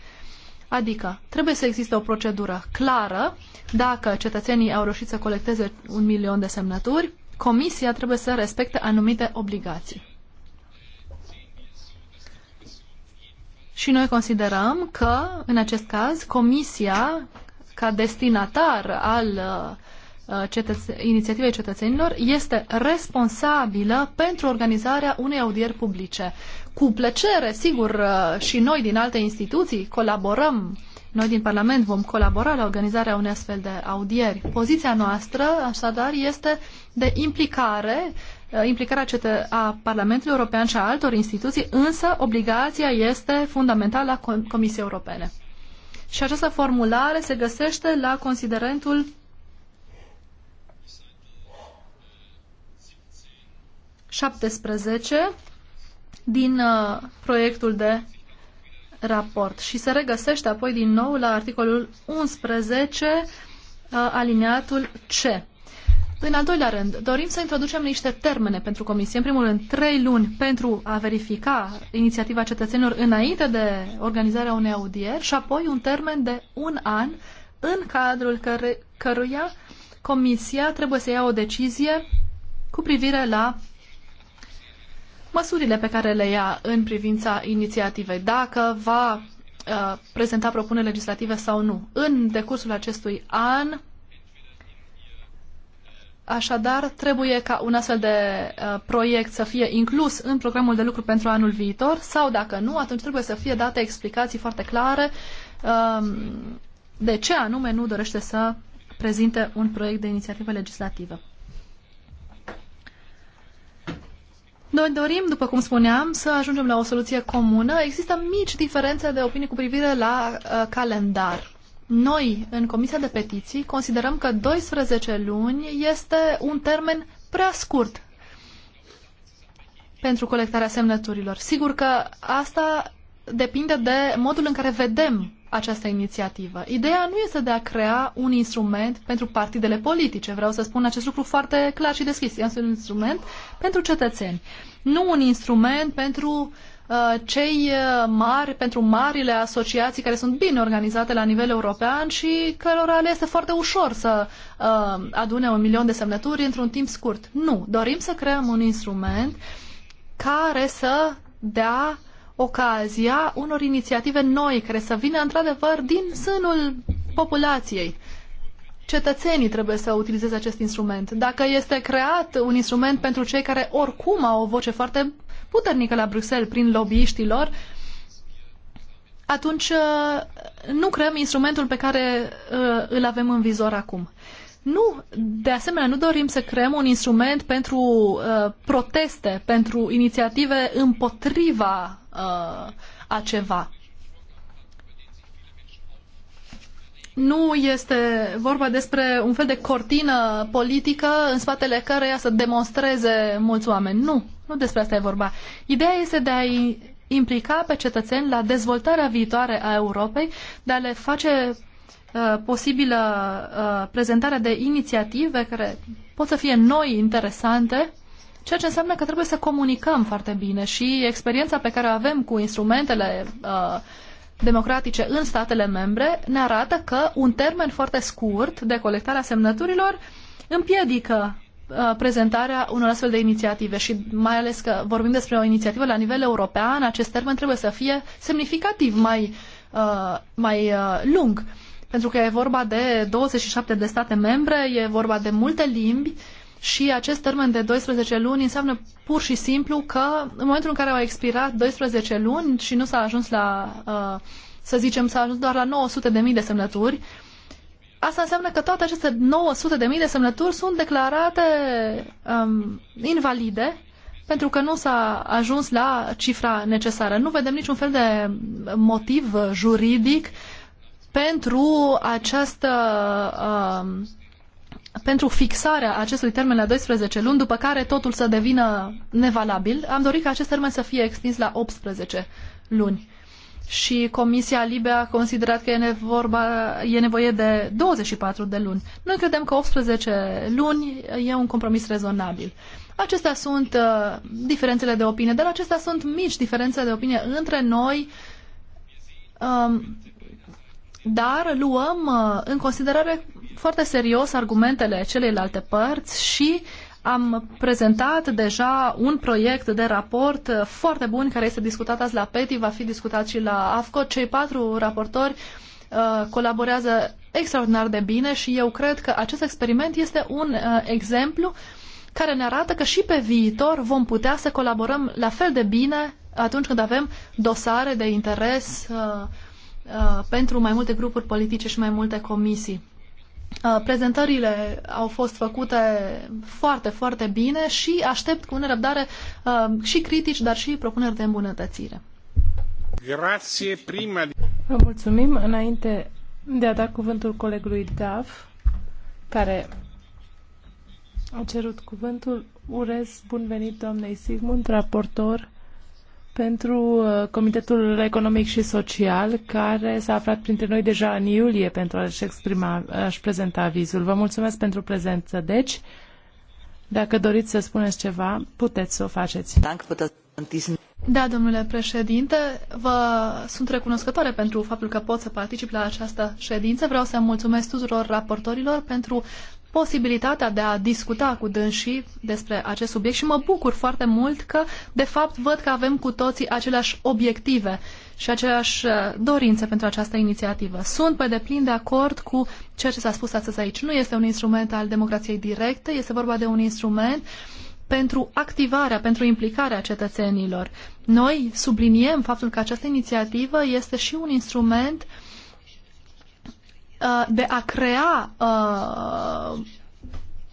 Adică trebuie să existe o procedură clară. Dacă cetățenii au reușit să colecteze un milion de semnături, comisia trebuie să respecte anumite obligații. Și noi considerăm că, în acest caz, comisia, ca destinatar al uh, Uh, cetăț inițiativei cetățenilor este responsabilă pentru organizarea unei audieri publice. Cu plăcere, sigur, uh, și noi din alte instituții colaborăm, noi din Parlament vom colabora la organizarea unei astfel de audieri. Poziția noastră, așadar, este de implicare uh, implicarea a Parlamentului European și a altor instituții, însă obligația este fundamentală a Comisiei Europene. Și această formulare se găsește la considerentul 17 din uh, proiectul de raport și se regăsește apoi din nou la articolul 11 uh, aliniatul C. În al doilea rând, dorim să introducem niște termene pentru comisie. În primul rând, trei luni pentru a verifica inițiativa cetățenilor înainte de organizarea unei audieri și apoi un termen de un an în cadrul căruia comisia trebuie să ia o decizie cu privire la măsurile pe care le ia în privința inițiativei, dacă va uh, prezenta propuneri legislative sau nu. În decursul acestui an, așadar, trebuie ca un astfel de uh, proiect să fie inclus în programul de lucru pentru anul viitor sau, dacă nu, atunci trebuie să fie date explicații foarte clare uh, de ce anume nu dorește să prezinte un proiect de inițiativă legislativă. Noi dorim, după cum spuneam, să ajungem la o soluție comună. Există mici diferențe de opinie cu privire la uh, calendar. Noi, în Comisia de Petiții, considerăm că 12 luni este un termen prea scurt pentru colectarea semnăturilor. Sigur că asta depinde de modul în care vedem această inițiativă. Ideea nu este de a crea un instrument pentru partidele politice. Vreau să spun acest lucru foarte clar și deschis. Este un instrument pentru cetățeni. Nu un instrument pentru uh, cei uh, mari, pentru marile asociații care sunt bine organizate la nivel european și cărora le este foarte ușor să uh, adune un milion de semnături într-un timp scurt. Nu. Dorim să creăm un instrument care să dea ocazia unor inițiative noi care să vină într-adevăr din sânul populației. Cetățenii trebuie să utilizeze acest instrument. Dacă este creat un instrument pentru cei care oricum au o voce foarte puternică la Bruxelles prin lobbyiștilor, atunci uh, nu creăm instrumentul pe care uh, îl avem în vizor acum. Nu, de asemenea, nu dorim să creăm un instrument pentru uh, proteste, pentru inițiative împotriva uh, a ceva. Nu este vorba despre un fel de cortină politică în spatele căreia să demonstreze mulți oameni. Nu, nu despre asta e vorba. Ideea este de a implica pe cetățeni la dezvoltarea viitoare a Europei, de a le face uh, posibilă uh, prezentarea de inițiative care pot să fie noi interesante uh, Ceea ce înseamnă că trebuie să comunicăm foarte bine și experiența pe care o avem cu instrumentele uh, democratice în statele membre ne arată că un termen foarte scurt de colectare a semnăturilor împiedică uh, prezentarea unor astfel de inițiative și mai ales că vorbim despre o inițiativă la nivel european, acest termen trebuie să fie semnificativ mai, uh, mai uh, lung, pentru că e vorba de 27 de state membre, e vorba de multe limbi și acest termen de 12 luni înseamnă pur și simplu că în momentul în care au expirat 12 luni și nu s-a ajuns la, uh, să zicem, s-a ajuns doar la 900.000 de semnături, Asta înseamnă că toate aceste 900.000 de semnături sunt declarate um, invalide pentru că nu s-a ajuns la cifra necesară. Nu vedem niciun fel de motiv juridic pentru această um, pentru fixarea acestui termen la 12 luni, după care totul să devină nevalabil, am dorit ca acest termen să fie extins la 18 luni. Și Comisia Libe a considerat că e, nevorba, e nevoie de 24 de luni. Noi credem că 18 luni e un compromis rezonabil. Acestea sunt uh, diferențele de opinie, dar acestea sunt mici diferențe de opinie între noi. Um, dar luăm uh, în considerare foarte serios argumentele celelalte părți și am prezentat deja un proiect de raport foarte bun care este discutat azi la PETI, va fi discutat și la AFCO. Cei patru raportori uh, colaborează extraordinar de bine și eu cred că acest experiment este un uh, exemplu care ne arată că și pe viitor vom putea să colaborăm la fel de bine atunci când avem dosare de interes uh, uh pentru mai multe grupuri politice și mai multe comisii. Uh, prezentările au fost făcute foarte, foarte bine și aștept cu nerăbdare uh, și critici, dar și propuneri de îmbunătățire. Grație, prima... Vă mulțumim. Înainte de a da cuvântul colegului Daf, care a cerut cuvântul, urez bun venit doamnei Sigmund, raportor pentru uh, Comitetul Economic și Social, care s-a aflat printre noi deja în iulie pentru a-și exprima, a-și prezenta avizul. Vă mulțumesc pentru prezență. Deci, dacă doriți să spuneți ceva, puteți să o faceți. Da, domnule președinte, vă sunt recunoscătoare pentru faptul că pot să particip la această ședință. Vreau să mulțumesc tuturor raportorilor pentru posibilitatea de a discuta cu dânsii despre acest subiect și mă bucur foarte mult că, de fapt, văd că avem cu toții aceleași obiective și aceleași uh, dorințe pentru această inițiativă. Sunt pe deplin de acord cu ceea ce s-a spus astăzi aici. Nu este un instrument al democrației directe, este vorba de un instrument pentru activarea, pentru implicarea cetățenilor. Noi subliniem faptul că această inițiativă este și un instrument uh, Uh, de a crea uh,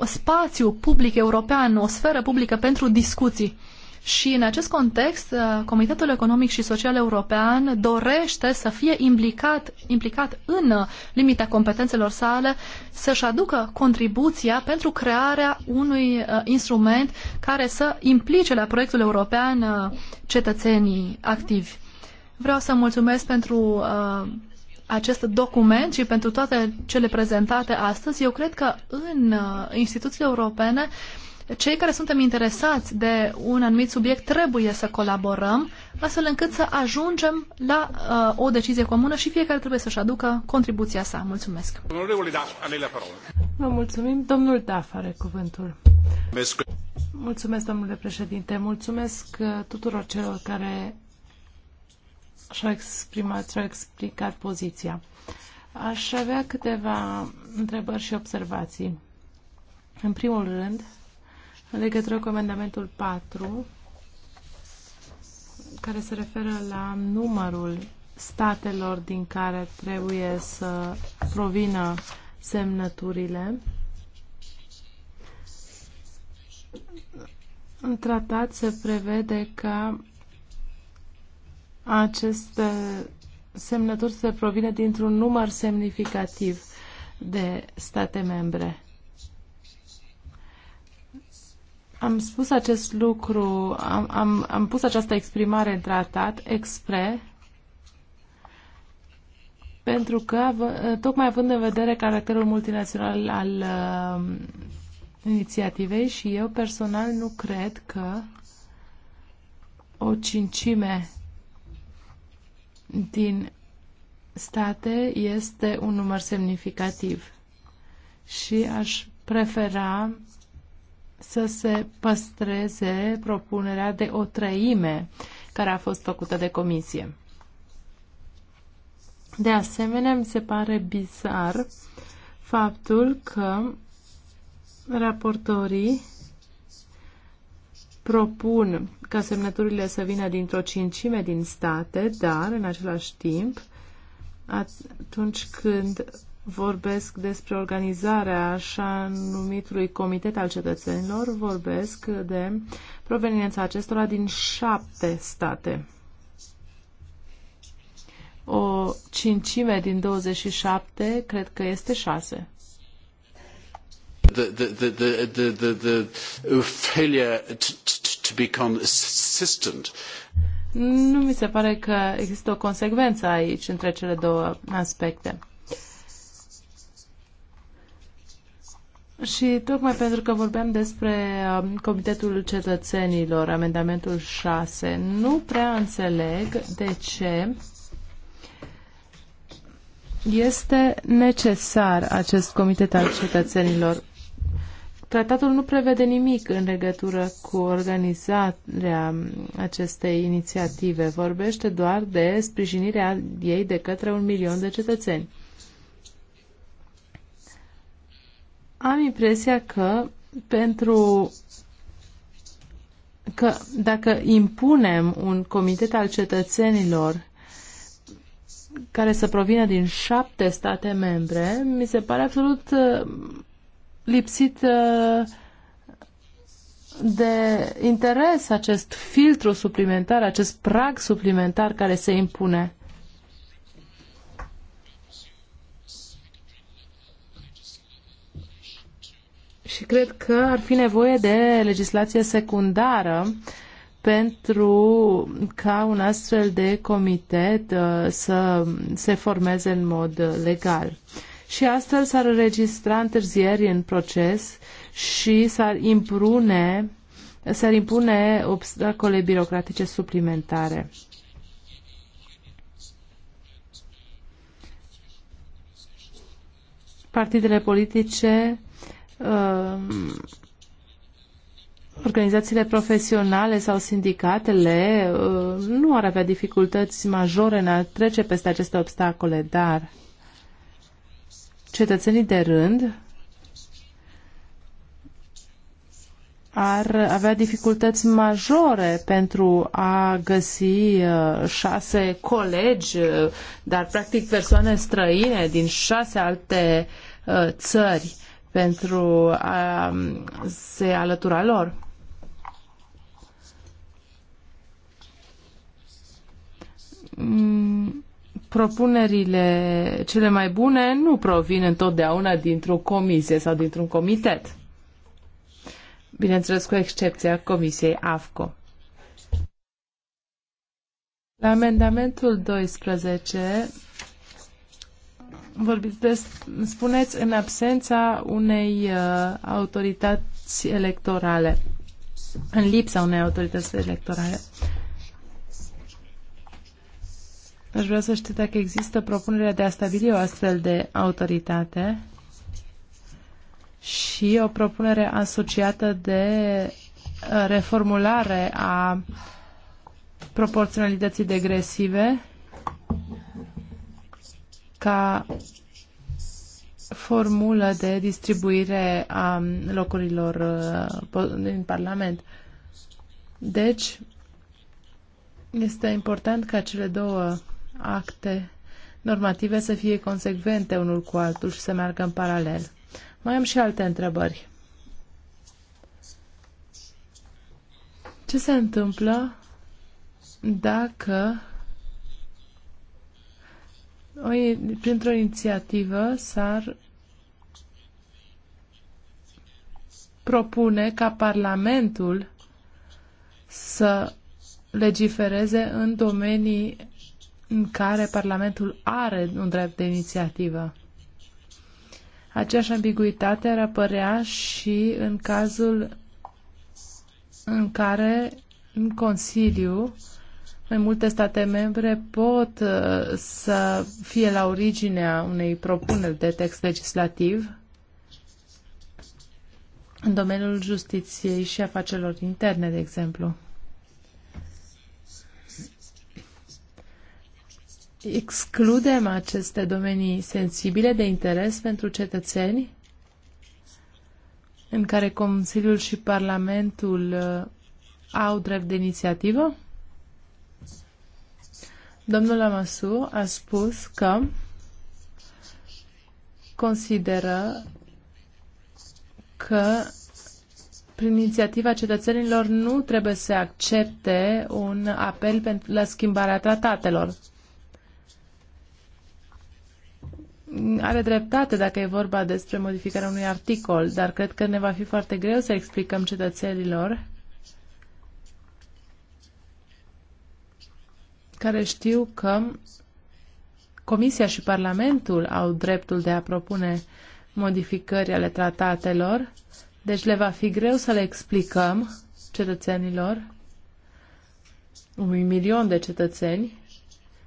spațiu public european, o sferă publică pentru discuții. Și în acest context, uh, Comitetul Economic și Social European dorește să fie implicat, implicat în limita competențelor sale, să-și aducă contribuția pentru crearea unui instrument care să implice la proiectul european cetățenii activi. Vreau să mulțumesc pentru acest document și pentru toate cele prezentate astăzi, eu cred că în uh, instituțiile europene cei care suntem interesați de un anumit subiect trebuie să colaborăm astfel încât să ajungem la uh, o decizie comună și fiecare trebuie să-și aducă contribuția sa. Mulțumesc! Da, Vă mulțumim. Domnul Daf are cuvântul. Mulțumesc, domnule președinte. Mulțumesc uh, tuturor celor care și-au exprimat, și explicat poziția. Aș avea câteva întrebări și observații. În primul rând, în legătură cu amendamentul 4, care se referă la numărul statelor din care trebuie să provină semnăturile. În tratat se prevede că aceste semnături se provine dintr-un număr semnificativ de state membre. Am spus acest lucru, am, am, am pus această exprimare în tratat expre pentru că, tocmai având în vedere caracterul multinațional al uh, inițiativei și eu personal nu cred că o cincime din state este un număr semnificativ și aș prefera să se păstreze propunerea de o treime care a fost făcută de comisie. De asemenea, mi se pare bizar faptul că raportorii propun ca semnăturile să vină dintr-o cincime din state, dar în același timp, atunci când vorbesc despre organizarea așa numitului Comitet al Cetățenilor, vorbesc de proveniența acestora din șapte state. O cincime din 27 cred că este șase the, the, the failure to be consistent. Nu mi se pare că există o consecvență aici între cele două aspecte. Și tocmai pentru că vorbeam despre um, Comitetul Cetățenilor, amendamentul 6, nu prea înțeleg de ce este necesar acest Comitet al Cetățenilor. Tratatul nu prevede nimic în legătură cu organizarea acestei inițiative. Vorbește doar de sprijinirea ei de către un milion de cetățeni. Am impresia că pentru că dacă impunem un comitet al cetățenilor care să provină din șapte state membre, mi se pare absolut lipsit uh, de interes acest filtru suplimentar, acest prag suplimentar care se impune. Și cred că ar fi nevoie de legislație secundară pentru ca un astfel de comitet uh, să se formeze în mod legal și astfel s-ar înregistra întârzieri în proces și s-ar impune, s-ar impune obstacole birocratice suplimentare. Partidele politice uh, organizațiile profesionale sau sindicatele uh, nu ar avea dificultăți majore în a trece peste aceste obstacole, dar cetățenii de rând ar avea dificultăți majore pentru a găsi uh, șase colegi, uh, dar practic persoane străine din șase alte uh, țări pentru a um, se alătura lor. Mm propunerile cele mai bune nu provin întotdeauna dintr-o comisie sau dintr-un comitet. Bineînțeles, cu excepția Comisiei AFCO. La amendamentul 12 vorbiți de, spuneți în absența unei uh, autorități electorale, în lipsa unei autorități electorale. Uh, Aș vrea să știu dacă există propunerea de a stabili o astfel de autoritate și o propunere asociată de uh, reformulare a proporționalității degresive ca formulă de distribuire a locurilor uh, din Parlament. Deci, este important ca cele două acte normative să fie consecvente unul cu altul și să meargă în paralel. Mai am și alte întrebări. Ce se întâmplă dacă printr-o inițiativă s-ar propune ca Parlamentul să legifereze în domenii în care Parlamentul are un drept de inițiativă. Aceeași ambiguitate ar apărea și în cazul în care în Consiliu mai multe state membre pot uh, să fie la originea unei propuneri de text legislativ în domeniul justiției și afacerilor interne, de exemplu. excludem aceste domenii sensibile de interes pentru cetățeni, în care Consiliul și Parlamentul uh, au drept de inițiativă? Domnul Lamassu a spus că consideră că prin inițiativa cetățenilor nu trebuie să accepte un apel la schimbarea tratatelor. are dreptate dacă e vorba despre modificarea unui articol, dar cred că ne va fi foarte greu să explicăm cetățenilor care știu că Comisia și Parlamentul au dreptul de a propune modificări ale tratatelor, deci le va fi greu să le explicăm cetățenilor, unui milion de cetățeni,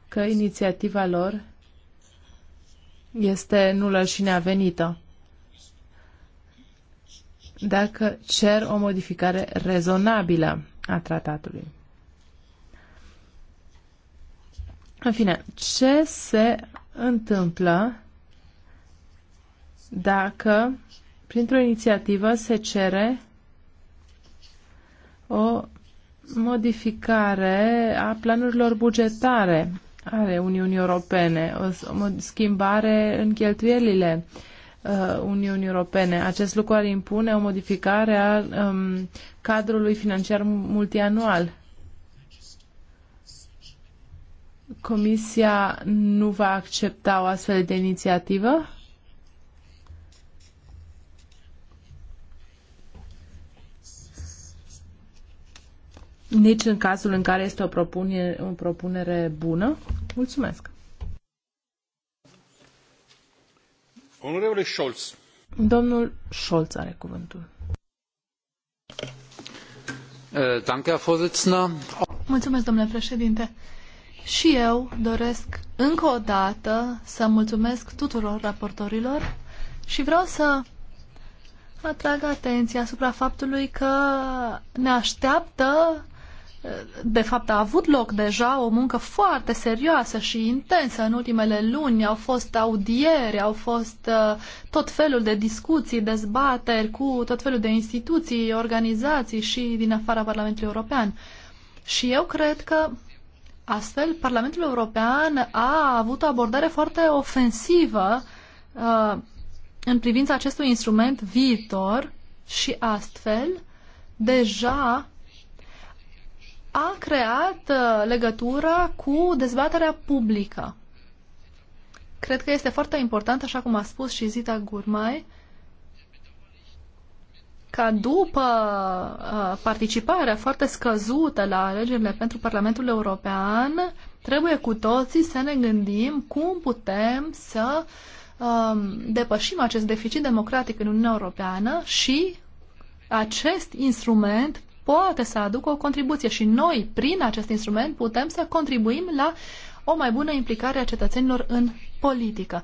că inițiativa lor este nulă și neavenită dacă cer o modificare rezonabilă a tratatului. În fine, ce se întâmplă dacă printr-o inițiativă se cere o modificare a planurilor bugetare ale Uniunii Europene, o schimbare în cheltuielile uh, Uniunii Europene. Acest lucru ar impune o modificare a um, cadrului financiar multianual. Comisia nu va accepta o astfel de inițiativă? nici în cazul în care este o propunere, o propunere bună. Mulțumesc. Onorevole Scholz. Domnul Scholz are cuvântul. Eh, mulțumesc, domnule președinte. Și eu doresc încă o dată să mulțumesc tuturor raportorilor și vreau să atrag atenția asupra faptului că ne așteaptă de fapt a avut loc deja o muncă foarte serioasă și intensă în ultimele luni. Au fost audieri, au fost uh, tot felul de discuții, dezbateri cu tot felul de instituții, organizații și din afara Parlamentului European. Și eu cred că astfel Parlamentul European a avut o abordare foarte ofensivă uh, în privința acestui instrument viitor și astfel deja a creat uh, legătura cu dezbaterea publică. Cred că este foarte important, așa cum a spus și Zita Gurmai, ca după uh, participarea foarte scăzută la alegerile pentru Parlamentul European, trebuie cu toții să ne gândim cum putem să um, depășim acest deficit democratic în Uniunea Europeană și acest instrument poate să aducă o contribuție și noi, prin acest instrument, putem să contribuim la o mai bună implicare a cetățenilor în politică.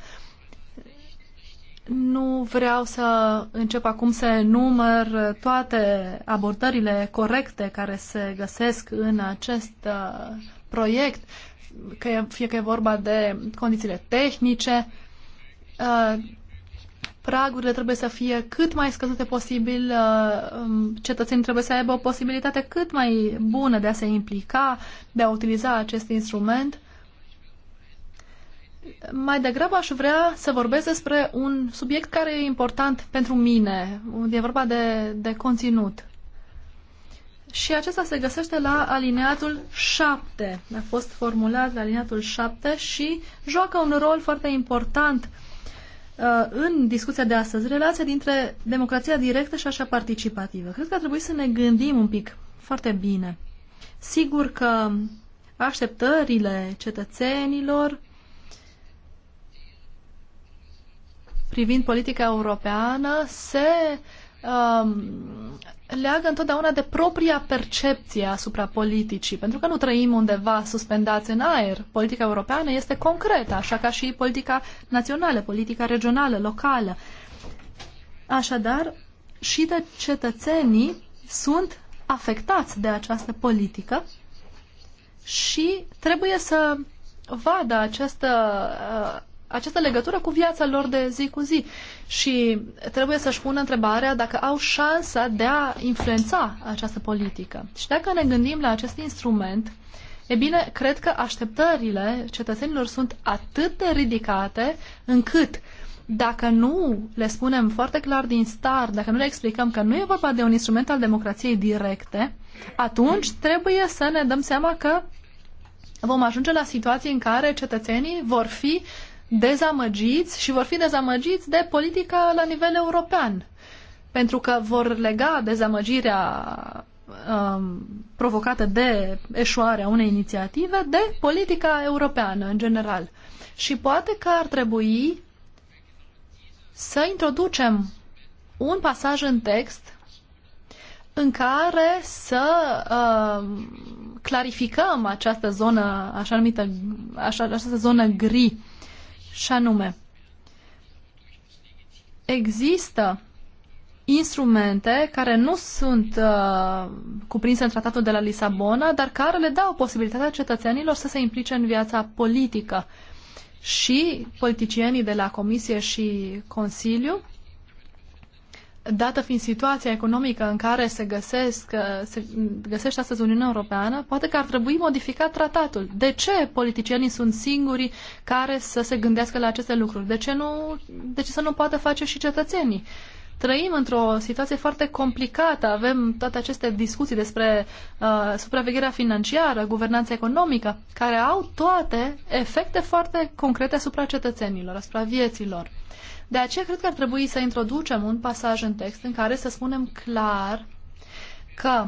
Nu vreau să încep acum să număr toate abordările corecte care se găsesc în acest uh, proiect, fie că e vorba de condițiile tehnice, uh, pragurile trebuie să fie cât mai scăzute posibil, uh, um, cetățenii trebuie să aibă o posibilitate cât mai bună de a se implica, de a utiliza acest instrument. Mai degrabă aș vrea să vorbesc despre un subiect care e important pentru mine, e vorba de, de conținut. Și acesta se găsește la alineatul 7. A fost formulat la alineatul 7 și joacă un rol foarte important Uh, în discuția de astăzi relația dintre democrația directă și așa participativă. Cred că ar trebui să ne gândim un pic foarte bine. Sigur că așteptările cetățenilor privind politica europeană se um, leagă întotdeauna de propria percepție asupra politicii, pentru că nu trăim undeva suspendați în aer. Politica europeană este concretă, așa ca și politica națională, politica regională, locală. Așadar, și de cetățenii sunt afectați de această politică și trebuie să vadă această această legătură cu viața lor de zi cu zi și trebuie să-și pună întrebarea dacă au șansa de a influența această politică. Și dacă ne gândim la acest instrument, e bine, cred că așteptările cetățenilor sunt atât de ridicate încât dacă nu le spunem foarte clar din start, dacă nu le explicăm că nu e vorba de un instrument al democrației directe, atunci trebuie să ne dăm seama că vom ajunge la situații în care cetățenii vor fi dezamăgiți și vor fi dezamăgiți de politica la nivel european. Pentru că vor lega dezamăgirea um, provocată de eșoarea unei inițiative de politica europeană în general. Și poate că ar trebui să introducem un pasaj în text în care să uh, clarificăm această zonă, așa numită, așa, această zonă gri și anume, există instrumente care nu sunt uh, cuprinse în tratatul de la Lisabona, dar care le dau posibilitatea cetățenilor să se implice în viața politică. Și politicienii de la Comisie și Consiliu dată fiind situația economică în care se, găsesc, uh, se găsește astăzi Uniunea Europeană, poate că ar trebui modificat tratatul. De ce politicienii sunt singurii care să se gândească la aceste lucruri? De ce, nu, de ce să nu poată face și cetățenii? Trăim într-o situație foarte complicată, avem toate aceste discuții despre uh, supravegherea financiară, guvernanța economică, care au toate efecte foarte concrete asupra cetățenilor, asupra vieților. De aceea cred că ar trebui să introducem un pasaj în text în care să spunem clar că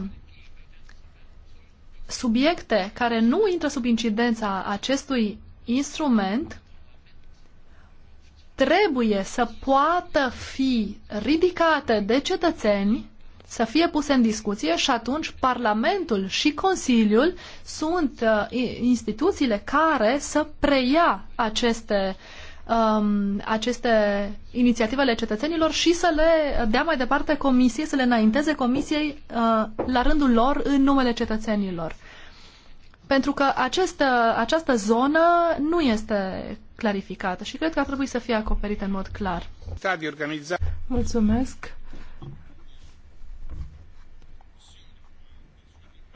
subiecte care nu intră sub incidența acestui instrument trebuie să poată fi ridicate de cetățeni, să fie puse în discuție și atunci Parlamentul și Consiliul sunt uh, instituțiile care să preia aceste uh, um, aceste inițiativele cetățenilor și să le dea mai departe comisiei, să le înainteze comisiei uh, la rândul lor în numele cetățenilor. Pentru că această, această zonă nu este clarificată și cred că ar trebui să fie acoperită în mod clar. Mulțumesc.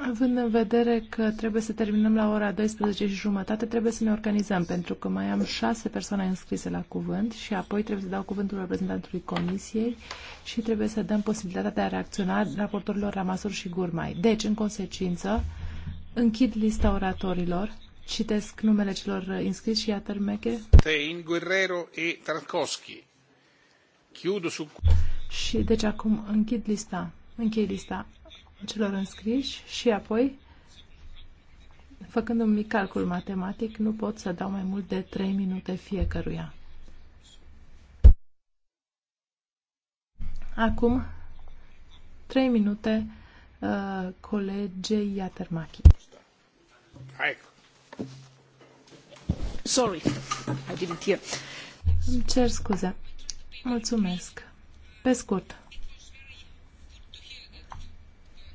Având în vedere că trebuie să terminăm la ora 12 și jumătate, trebuie să ne organizăm, pentru că mai am șase persoane înscrise la cuvânt și apoi trebuie să dau cuvântul reprezentantului comisiei și trebuie să dăm posibilitatea de a reacționa raportorilor Ramasur și Gurmai. Deci, în consecință, închid lista oratorilor, citesc numele celor înscriși și iată Meche. Tein, Guerrero e Tarkovski. Chiudo su... Și deci acum închid lista. Închei lista celor înscriși și apoi, făcând un mic calcul matematic, nu pot să dau mai mult de 3 minute fiecăruia. Acum, 3 minute uh, colegei Iatermachi. Hai. Sorry, I didn't hear. Îmi cer scuze. Mulțumesc. Pe scurt,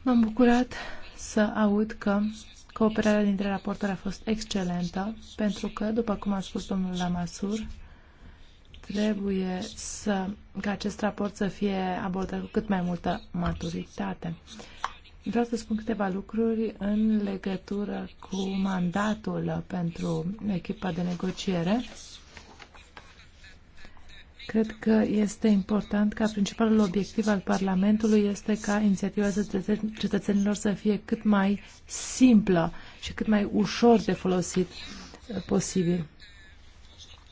M-am bucurat să aud că cooperarea dintre raportori a fost excelentă, pentru că, după cum a spus domnul Lamasur, trebuie să, ca acest raport să fie abordat cu cât mai multă maturitate. Vreau să spun câteva lucruri în legătură cu mandatul pentru echipa de negociere Cred că este important ca principalul obiectiv al Parlamentului este ca inițiativa cetățenilor să fie cât mai simplă și cât mai ușor de folosit uh, posibil.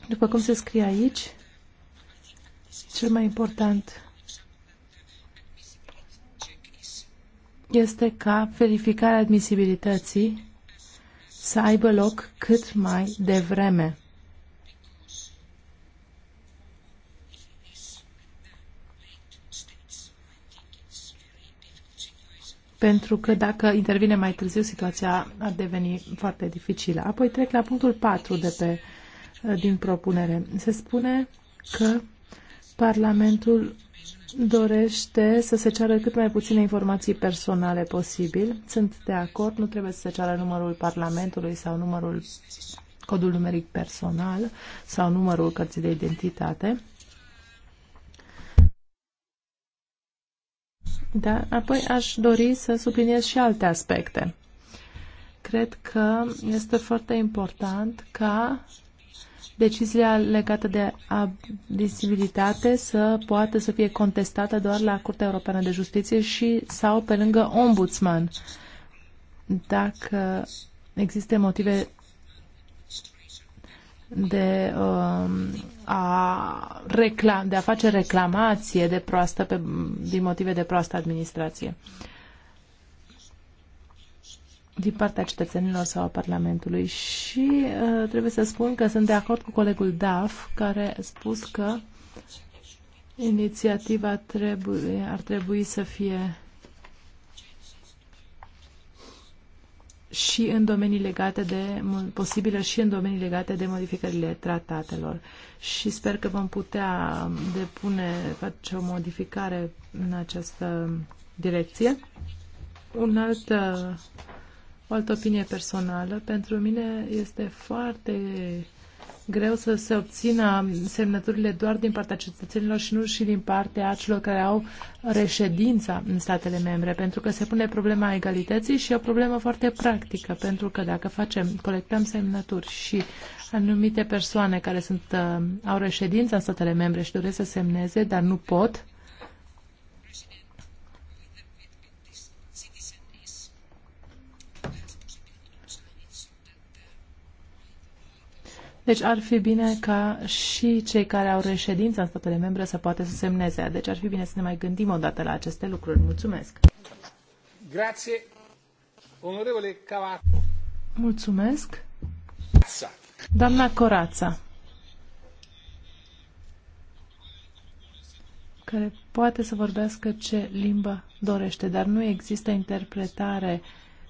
După cum se scrie aici, cel mai important este ca verificarea admisibilității să aibă loc cât mai devreme. pentru că dacă intervine mai târziu, situația ar deveni foarte dificilă. Apoi trec la punctul 4 de pe, uh, din propunere. Se spune că Parlamentul dorește să se ceară cât mai puține informații personale posibil. Sunt de acord, nu trebuie să se ceară numărul Parlamentului sau numărul codul numeric personal sau numărul cărții de identitate. Da, apoi aș dori să subliniez și alte aspecte. Cred că este foarte important ca decizia legată de admisibilitate să poată să fie contestată doar la Curtea Europeană de Justiție și sau pe lângă ombudsman. Dacă există motive de, um, a reclam, de a face reclamație de proastă pe, din motive de proastă administrație din partea cetățenilor sau a Parlamentului. Și uh, trebuie să spun că sunt de acord cu colegul Daf, care a spus că inițiativa trebuie, ar trebui să fie și în domenii legate de, posibilă și în domenii legate de modificările tratatelor. Și sper că vom putea depune, face o modificare în această direcție. Un alt, uh, o altă opinie personală, pentru mine este foarte greu să se obțină semnăturile doar din partea cetățenilor și nu și din partea celor care au reședința în statele membre, pentru că se pune problema egalității și o problemă foarte practică, pentru că dacă facem, colectăm semnături și anumite persoane care sunt, uh, au reședința în statele membre și doresc să semneze, dar nu pot, Deci ar fi bine ca și cei care au reședință în statele membre să poată să semneze. Deci ar fi bine să ne mai gândim o dată la aceste lucruri. Mulțumesc! Grazie, onorevole Mulțumesc! Doamna Corața, care poate să vorbească ce limbă dorește, dar nu există interpretare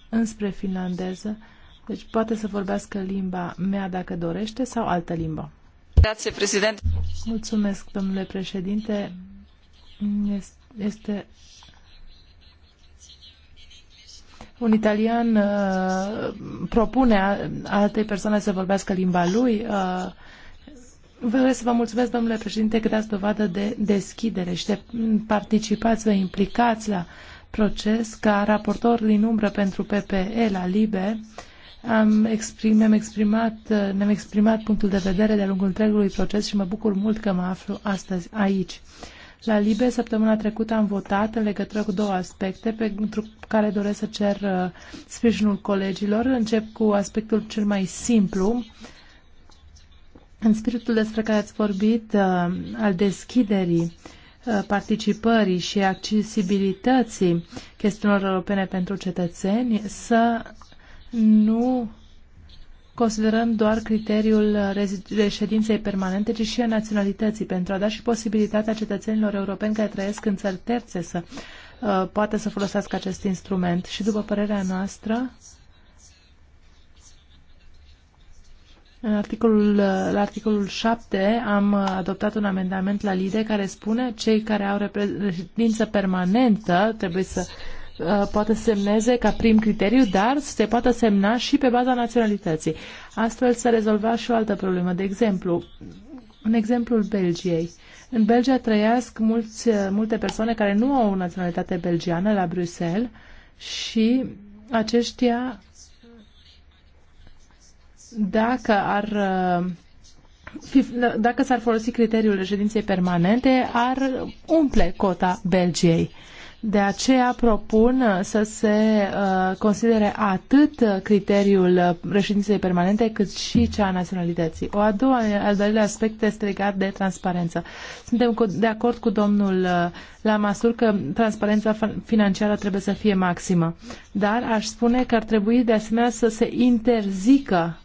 înspre finlandeză, deci poate să vorbească limba mea dacă dorește sau altă limbă. Mulțumesc, domnule președinte. Este un italian uh, propune altei persoane să vorbească limba lui. Uh, Vreau să vă mulțumesc, domnule președinte, că dați dovadă de deschidere și de participați, vă implicați la proces ca raportor din umbră pentru PPE la LIBE. Uh, am exprim, am exprimat, ne-am exprimat punctul de vedere de-a lungul întregului proces și mă bucur mult că mă aflu astăzi aici. La Libe, săptămâna trecută am votat în legătură cu două aspecte pentru care doresc să cer uh, sprijinul colegilor. Încep cu aspectul cel mai simplu. În spiritul despre care ați vorbit, uh, al deschiderii, uh, participării și accesibilității chestiunilor europene pentru cetățeni, să nu considerăm doar criteriul reședinței permanente, ci și a naționalității, pentru a da și posibilitatea cetățenilor europeni care trăiesc în țări terțe să poate uh, poată să folosească acest instrument. Și după părerea noastră, În articolul, la articolul 7 am adoptat un amendament la LIDE care spune cei care au reședință permanentă trebuie să Uh, poate semneze ca prim criteriu, dar se poate semna și pe baza naționalității. Astfel se rezolva și o altă problemă. De exemplu, în exemplul Belgiei. În Belgia trăiesc mulți, uh, multe persoane care nu au o naționalitate belgiană la Bruxelles și aceștia, dacă ar uh, fi, dacă s-ar folosi criteriul reședinței permanente, ar umple cota Belgiei. De aceea propun uh, să se uh, considere atât criteriul uh, reședinței permanente cât și cea a naționalității. O a doua, al doilea aspect este legat de transparență. Suntem de acord cu domnul uh, Lamasur că transparența financiară trebuie să fie maximă, dar aș spune că ar trebui de asemenea să se interzică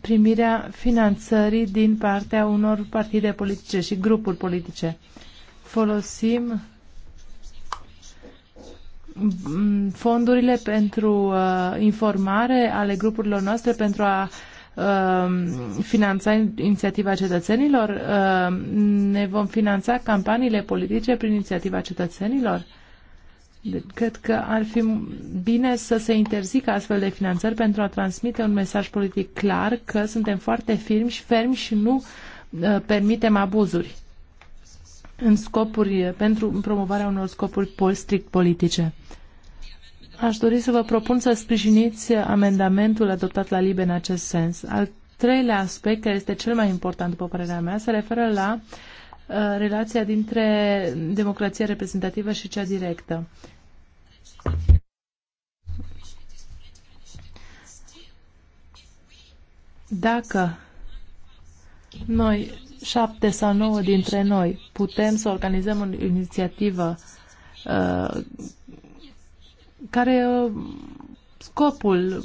primirea finanțării din partea unor partide politice și grupuri politice. Folosim fondurile pentru uh, informare ale grupurilor noastre pentru a uh, finanța inițiativa cetățenilor? Uh, ne vom finanța campaniile politice prin inițiativa cetățenilor? Deci, cred că ar fi bine să se interzică astfel de finanțări pentru a transmite un mesaj politic clar că suntem foarte firmi și fermi și nu uh, permitem abuzuri în scopuri, pentru promovarea unor scopuri strict politice. Aș dori să vă propun să sprijiniți amendamentul adoptat la LIBE în acest sens. Al treilea aspect, care este cel mai important, după părerea mea, se referă la uh, relația dintre democrația reprezentativă și cea directă. Dacă noi șapte sau nouă dintre noi putem să organizăm o inițiativă uh, care uh, scopul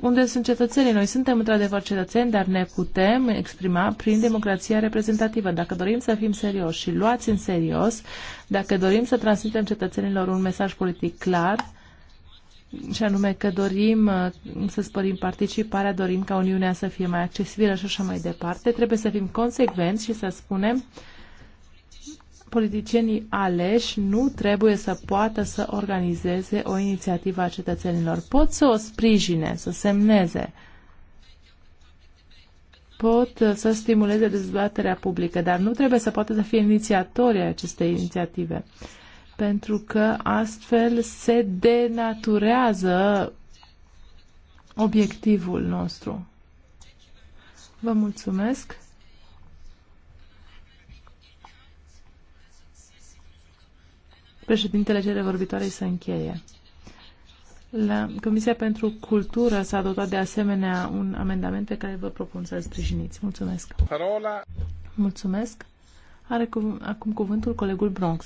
unde sunt cetățenii. Noi suntem într-adevăr cetățeni, dar ne putem exprima prin democrația reprezentativă. Dacă dorim să fim serioși și luați în serios, dacă dorim să transmitem cetățenilor un mesaj politic clar, și anume că dorim uh, să sporim participarea, dorim ca Uniunea să fie mai accesibilă și așa mai departe, trebuie să fim consecvenți și să spunem politicienii aleși nu trebuie să poată să organizeze o inițiativă a cetățenilor. Pot să o sprijine, să semneze, pot să stimuleze dezbaterea publică, dar nu trebuie să poată să fie inițiatorii acestei inițiative pentru că astfel se denaturează obiectivul nostru. Vă mulțumesc! Președintele cele vorbitoarei să încheie. La Comisia pentru Cultură s-a adoptat de asemenea un amendament pe care vă propun să-l sprijiniți. Mulțumesc! Parola. Mulțumesc! Are acum cuvântul colegul Bronx.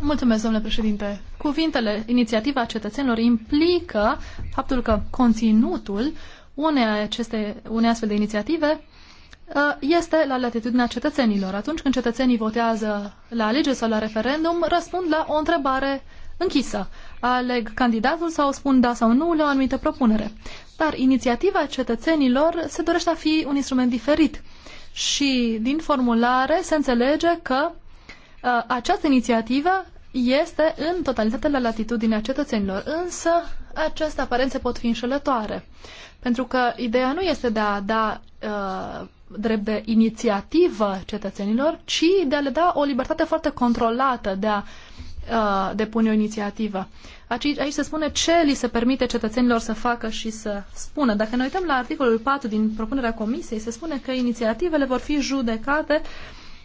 Mulțumesc, domnule președinte. Cuvintele inițiativa cetățenilor implică faptul că conținutul unei, aceste, unei astfel de inițiative uh, este la latitudinea cetățenilor. Atunci când cetățenii votează la alegeri sau la referendum, răspund la o întrebare închisă. Aleg candidatul sau spun da sau nu la o anumită propunere. Dar inițiativa cetățenilor se dorește a fi un instrument diferit și din formulare se înțelege că uh, această inițiativă este în totalitate la latitudinea cetățenilor, însă aceste aparențe pot fi înșelătoare. Pentru că ideea nu este de a da uh, drept de inițiativă cetățenilor, ci de a le da o libertate foarte controlată de a uh, depune o inițiativă. Aici, aici se spune ce li se permite cetățenilor să facă și să spună. Dacă ne uităm la articolul 4 din propunerea comisiei, se spune că inițiativele vor fi judecate,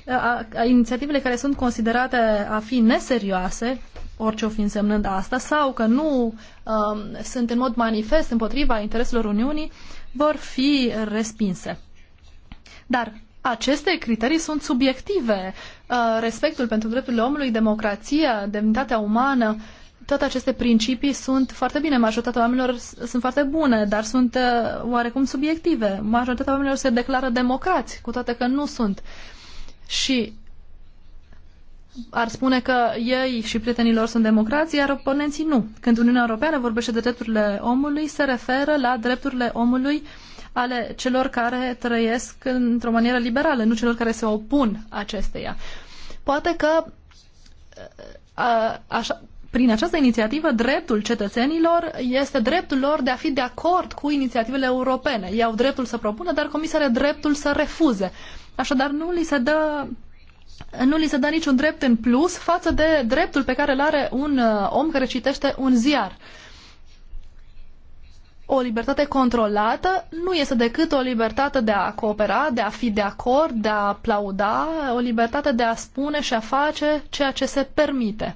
a, a, inițiativele care sunt considerate a fi neserioase, orice o fi însemnând asta, sau că nu um, sunt în mod manifest împotriva intereselor Uniunii, vor fi respinse. Dar aceste criterii sunt subiective. Uh, respectul pentru drepturile omului, democrația, demnitatea umană, uh, toate aceste principii sunt foarte bine, majoritatea oamenilor sunt foarte bune, dar sunt uh, oarecum subiective. Majoritatea oamenilor se declară democrați, cu toate că nu sunt. Și ar spune că ei și prietenii lor sunt democrați, iar oponenții nu. Când Uniunea Europeană vorbește de drepturile omului, se referă la drepturile omului ale celor care trăiesc într-o manieră liberală, nu celor care se opun acesteia. Poate că a, uh, uh, așa, prin această inițiativă, dreptul cetățenilor este dreptul lor de a fi de acord cu inițiativele europene. Ei au dreptul să propună, dar Comisia are dreptul să refuze. Așadar, nu li se dă nu li se dă niciun drept în plus față de dreptul pe care îl are un uh, om care citește un ziar. O libertate controlată nu este decât o libertate de a coopera, de a fi de acord, de a aplauda, o libertate de a spune și a face ceea ce se permite.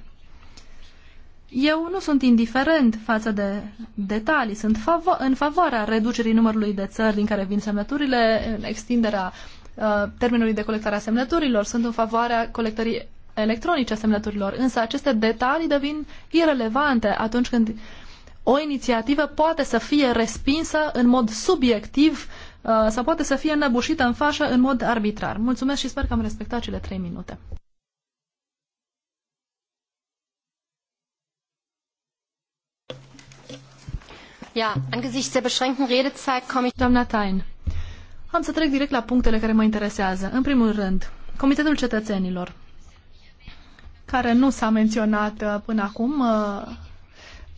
Eu nu sunt indiferent față de detalii, sunt favo- în favoarea reducerii numărului de țări din care vin semnăturile, extinderea uh, termenului de colectare a semnăturilor, sunt în favoarea colectării electronice a semnăturilor, însă aceste detalii devin irelevante atunci când o inițiativă poate să fie respinsă în mod subiectiv uh, sau poate să fie înăbușită în fașă în mod arbitrar. Mulțumesc și sper că am respectat cele trei minute. Ja, angesichts der beschränkten Redezeit komme ich... Doamna Tain, am să trec direct la punctele care mă interesează. În primul rând, Comitetul Cetățenilor, care nu s-a menționat uh, până acum, uh,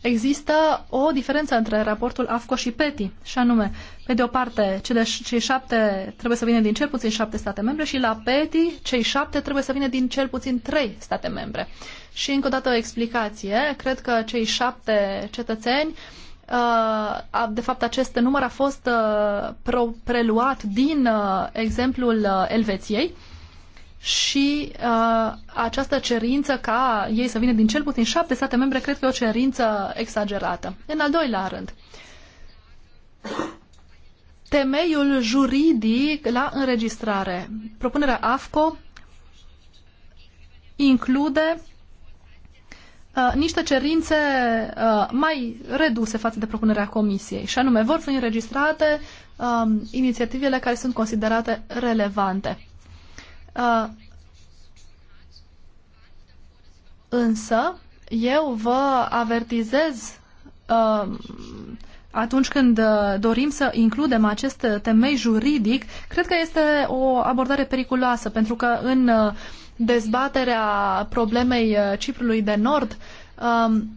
există o diferență între raportul AFCO și PETI, și anume, pe de o parte, cele, cei șapte trebuie să vină din cel puțin șapte state membre și la PETI cei șapte trebuie să vină din cel puțin trei state membre. Și încă o dată o explicație, cred că cei șapte cetățeni uh, Uh, de fapt acest număr a fost uh, preluat din uh, exemplul Elveției și uh, această cerință ca ei să vină din cel puțin șapte state membre, cred că e o cerință exagerată. În al doilea rând, temeiul juridic la înregistrare. Propunerea AFCO include Uh, niște cerințe uh, mai reduse față de propunerea Comisiei. Și anume, vor fi înregistrate um, inițiativele care sunt considerate relevante. Uh, însă, eu vă avertizez uh, atunci când uh, dorim să includem acest temei juridic, cred că este o abordare periculoasă, pentru că în uh, dezbaterea problemei uh, Ciprului de Nord, um,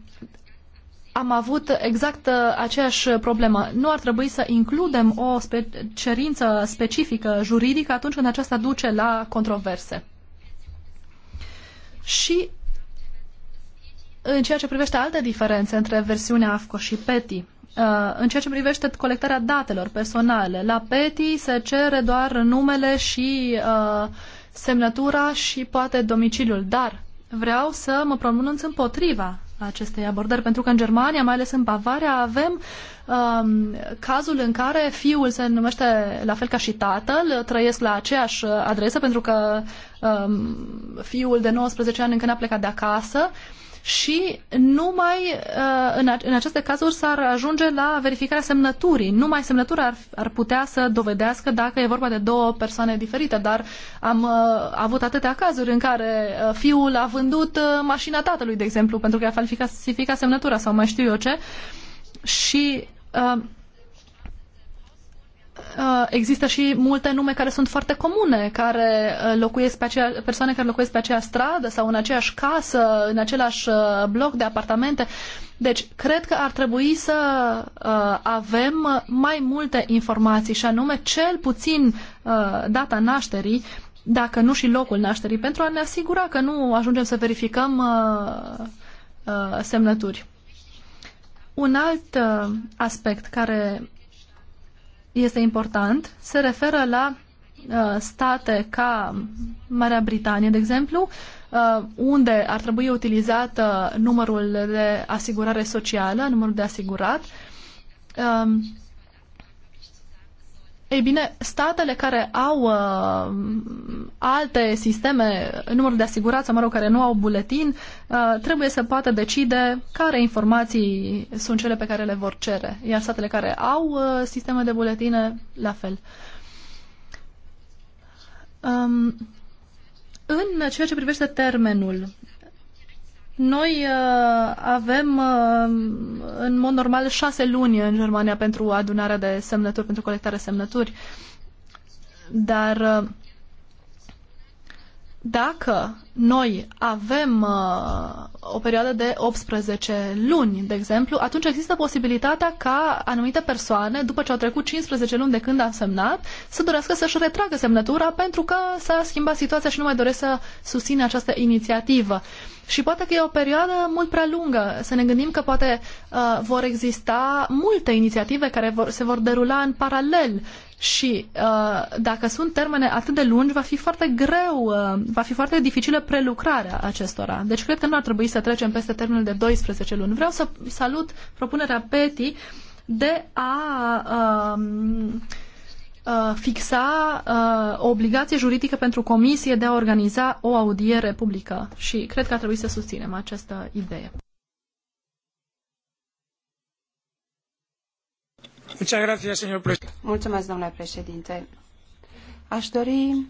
am avut exact uh, aceeași problemă. Nu ar trebui să includem o spe- cerință specifică juridică atunci când aceasta duce la controverse. Și în ceea ce privește alte diferențe între versiunea AFCO și PETI, uh, în ceea ce privește colectarea datelor personale, la PETI se cere doar numele și uh, semnătura și poate domiciliul, dar vreau să mă pronunț împotriva acestei abordări, pentru că în Germania, mai ales în Bavaria, avem um, cazul în care fiul se numește la fel ca și tatăl, trăiesc la aceeași adresă, pentru că um, fiul de 19 ani încă n-a plecat de acasă și numai uh, în, în aceste cazuri s-ar ajunge la verificarea semnăturii. Numai semnătura ar, ar putea să dovedească dacă e vorba de două persoane diferite, dar am uh, avut atâtea cazuri în care uh, fiul a vândut mașina tatălui, de exemplu, pentru că a falsificat semnătura sau mai știu eu ce. Și uh, Uh, există și multe nume care sunt foarte comune, care uh, locuiesc pe persoane care locuiesc pe aceeași stradă sau în aceeași casă, în același uh, bloc de apartamente. Deci, cred că ar trebui să avem mai multe informații și anume cel puțin data nașterii, dacă nu și locul nașterii, pentru a ne asigura că nu ajungem să verificăm semnături. Un alt aspect care este important se referă la uh, state ca Marea Britanie, de exemplu, uh, unde ar trebui utilizat uh, numărul de asigurare socială, numărul de asigurat. Uh, ei bine, statele care au uh, alte sisteme, numărul de asigurați, mă rog, care nu au buletin, uh, trebuie să poată decide care informații sunt cele pe care le vor cere. Iar statele care au uh, sisteme de buletine, la fel. Um, în ceea ce privește termenul, noi uh, avem uh, în mod normal șase luni în Germania pentru adunarea de semnături, pentru colectarea semnături, dar uh, dacă noi avem uh, o perioadă de 18 luni, de exemplu, atunci există posibilitatea ca anumite persoane, după ce au trecut 15 luni de când a semnat, să dorească să-și retragă semnătura pentru că s-a schimbat situația și nu mai doresc să susțină această inițiativă. Și poate că e o perioadă mult prea lungă. Să ne gândim că poate uh, vor exista multe inițiative care vor, se vor derula în paralel și uh, dacă sunt termene atât de lungi, va fi foarte greu, uh, va fi foarte dificilă prelucrarea acestora. Deci cred că nu ar trebui să trecem peste termenul de 12 luni. Vreau să salut propunerea PETI de a um, uh, fixa uh, o obligație juridică pentru comisie de a organiza o audiere publică și cred că ar trebui să susținem această idee. Mulțumesc, președinte. Aș dori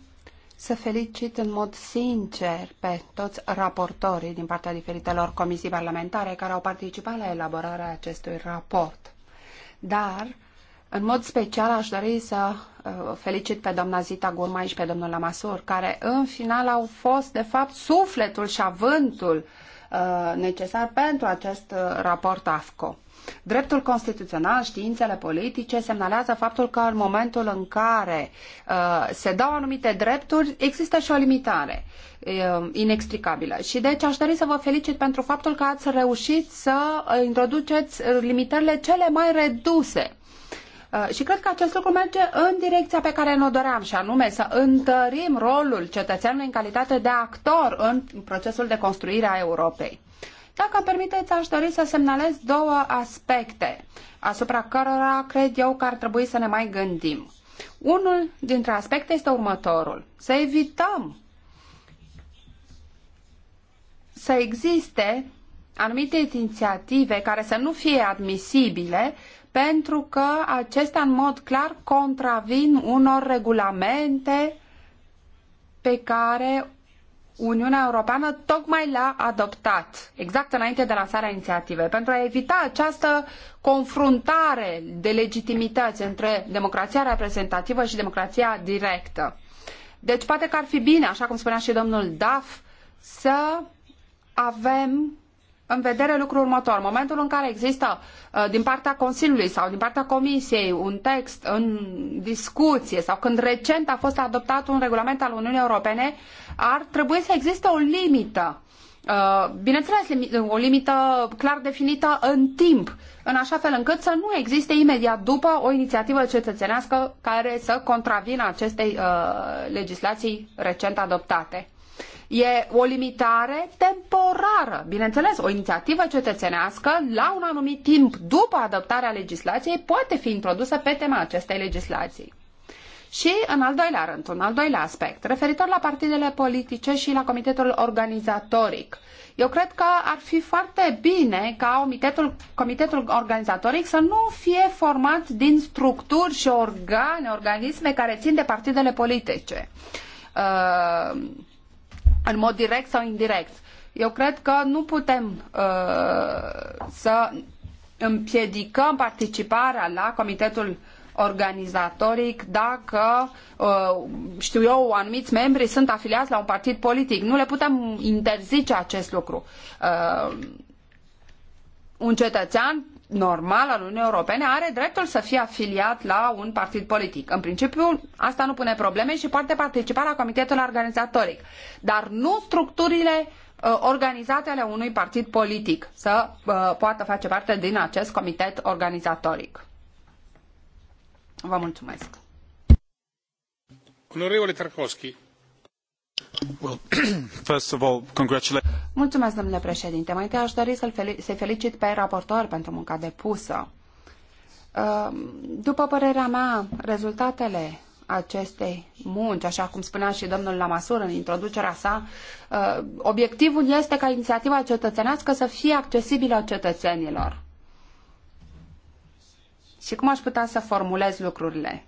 să felicit în mod sincer pe toți raportorii din partea diferitelor comisii parlamentare care au participat la elaborarea acestui raport. Dar, în mod special, aș dori să uh, felicit pe doamna Zita Gurmai și pe domnul Lamasur, care în final au fost, de fapt, sufletul și avântul uh, necesar pentru acest uh, raport AFCO. Dreptul constituțional, științele politice semnalează faptul că în momentul în care uh, se dau anumite drepturi, există și o limitare uh, inexplicabilă. Și deci aș dori să vă felicit pentru faptul că ați reușit să introduceți limitările cele mai reduse uh, și cred că acest lucru merge în direcția pe care ne-o doream, și anume să întărim rolul cetățeanului în calitate de actor în procesul de construire a Europei. Dacă permiteți, aș dori să semnalez două aspecte asupra cărora cred eu că ar trebui să ne mai gândim. Unul dintre aspecte este următorul. Să evităm să existe anumite inițiative care să nu fie admisibile pentru că acestea în mod clar contravin unor regulamente pe care Uniunea Europeană tocmai l-a adoptat, exact înainte de lansarea inițiativei, pentru a evita această confruntare de legitimități între democrația reprezentativă și democrația directă. Deci poate că ar fi bine, așa cum spunea și domnul Daf, să avem în vedere lucrul următor. În momentul în care există uh, din partea Consiliului sau din partea Comisiei un text în discuție sau când recent a fost adoptat un regulament al Uniunii Europene, ar trebui să existe o limită. Uh, bineînțeles, o limită clar definită în timp, în așa fel încât să nu existe imediat după o inițiativă cetățenească care să contravină acestei uh, legislații recent adoptate. E o limitare temporară, bineînțeles, o inițiativă cetățenească la un anumit timp după adoptarea legislației poate fi introdusă pe tema acestei legislații. Și în al doilea rând, un al doilea aspect, referitor la partidele politice și la comitetul organizatoric. Eu cred că ar fi foarte bine ca comitetul, comitetul organizatoric să nu fie format din structuri și organe, organisme care țin de partidele politice. Uh, în mod direct sau indirect. Eu cred că nu putem uh, să împiedicăm participarea la comitetul organizatoric dacă, uh, știu eu, anumiți membri sunt afiliați la un partid politic. Nu le putem interzice acest lucru. Uh, un cetățean normal al Uniunii Europene are dreptul să fie afiliat la un partid politic. În principiu, asta nu pune probleme și poate participa la comitetul organizatoric, dar nu structurile uh, organizate ale unui partid politic să uh, poată face parte din acest comitet organizatoric. Vă mulțumesc. Onorevole Tarkovski. (clears throat) Mulțumesc, domnule președinte. Mai întâi aș dori să-i fel să felicit pe raportor pentru munca depusă. Ehm, după părerea mea, rezultatele acestei munci, așa cum spunea și domnul Lamasur în introducerea sa, ehm, obiectivul este ca inițiativa cetățenească să fie accesibilă cetățenilor. Și cum aș putea să formulez lucrurile?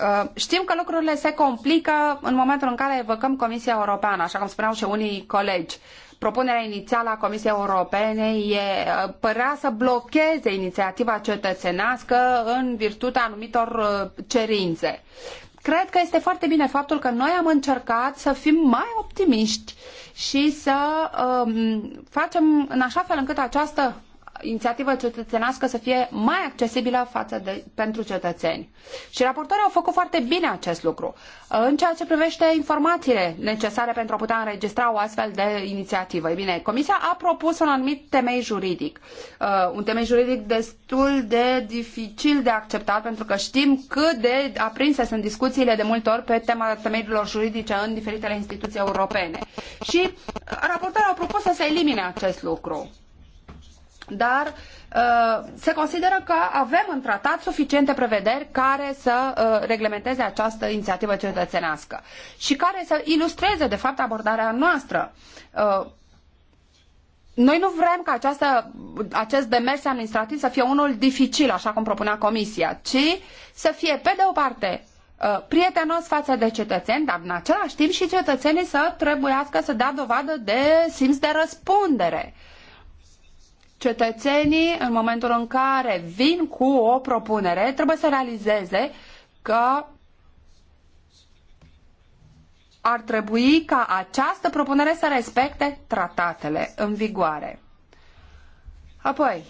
Uh, știm că lucrurile se complică în momentul în care evocăm Comisia Europeană, așa cum spuneau și unii colegi. Propunerea inițială a Comisiei Europene e, uh, părea să blocheze inițiativa cetățenească în virtutea anumitor uh, cerințe. Cred că este foarte bine faptul că noi am încercat să fim mai optimiști și să um, facem în așa fel încât această inițiativă cetățenească să fie mai accesibilă față de, pentru cetățeni. Și raportorii au făcut foarte bine acest lucru. În ceea ce privește informațiile necesare pentru a putea înregistra o astfel de inițiativă, Ei bine, Comisia a propus un anumit temei juridic. Uh, un temei juridic destul de dificil de acceptat, pentru că știm cât de aprinse sunt discuțiile de multe ori pe tema temeilor juridice în diferitele instituții europene. Și raportorii au propus să se elimine acest lucru dar uh, se consideră că avem în tratat suficiente prevederi care să uh, reglementeze această inițiativă cetățenească și care să ilustreze, de fapt, abordarea noastră. Uh, noi nu vrem ca această, acest demers administrativ să fie unul dificil, așa cum propunea Comisia, ci să fie, pe de o parte, prietenos față de cetățeni, dar în același timp și cetățenii să trebuiască să dea dovadă de simț de răspundere. Uh, cetățenii, în momentul în care vin cu o propunere, trebuie să realizeze că ar trebui ca această propunere să respecte tratatele în vigoare. Apoi,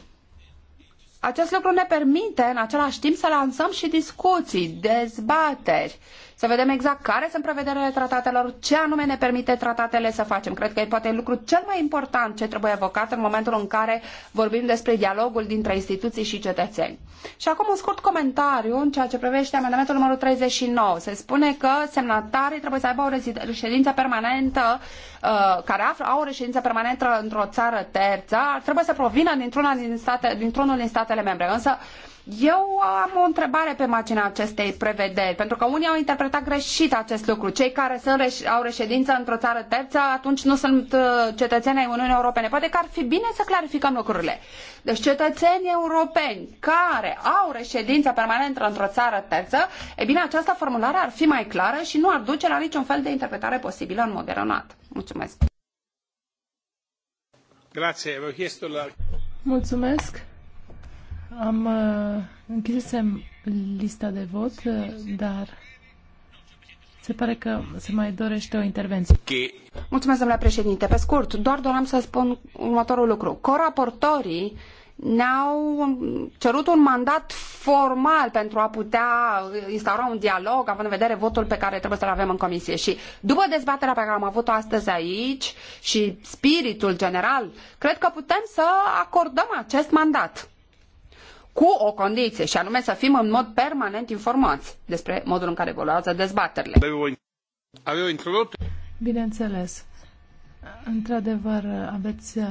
acest lucru ne permite în același timp să lansăm și discuții, dezbateri să vedem exact care sunt prevederile tratatelor, ce anume ne permite tratatele să facem. Cred că e poate lucrul cel mai important ce trebuie evocat în momentul în care vorbim despre dialogul dintre instituții și cetățeni. Și acum un scurt comentariu în ceea ce privește amendamentul numărul 39. Se spune că semnatarii trebuie să aibă o reședință permanentă uh, care află, au o reședință permanentă într-o țară terță, trebuie să provină dintr-unul din, state, dintr din statele membre. Însă eu am o întrebare pe marginea acestei prevederi, pentru că unii au interpretat greșit acest lucru. Cei care sunt, au reședință într-o țară terță, atunci nu sunt uh, cetățeni ai Uniunii Europene. Poate că ar fi bine să clarificăm lucrurile. Deci cetățenii europeni care au reședință permanentă într-o țară terță, e bine, această formulare ar fi mai clară și nu ar duce la niciun fel de interpretare posibilă în mod eronat. Mulțumesc. Grazie, Mulțumesc. Am uh, închisesem lista de vot, uh, dar se pare că se mai dorește o intervenție. Mulțumesc, domnule președinte. Pe scurt, doar doream să spun următorul lucru. Coraportorii ne-au cerut un mandat formal pentru a putea instaura un dialog, având în vedere votul pe care trebuie să-l avem în comisie. Și după dezbaterea pe care am avut-o astăzi aici și spiritul general, cred că putem să acordăm acest mandat cu o condiție, și anume să fim în mod permanent informați despre modul în care evoluează dezbaterile. Bineînțeles. Într-adevăr, aveți uh,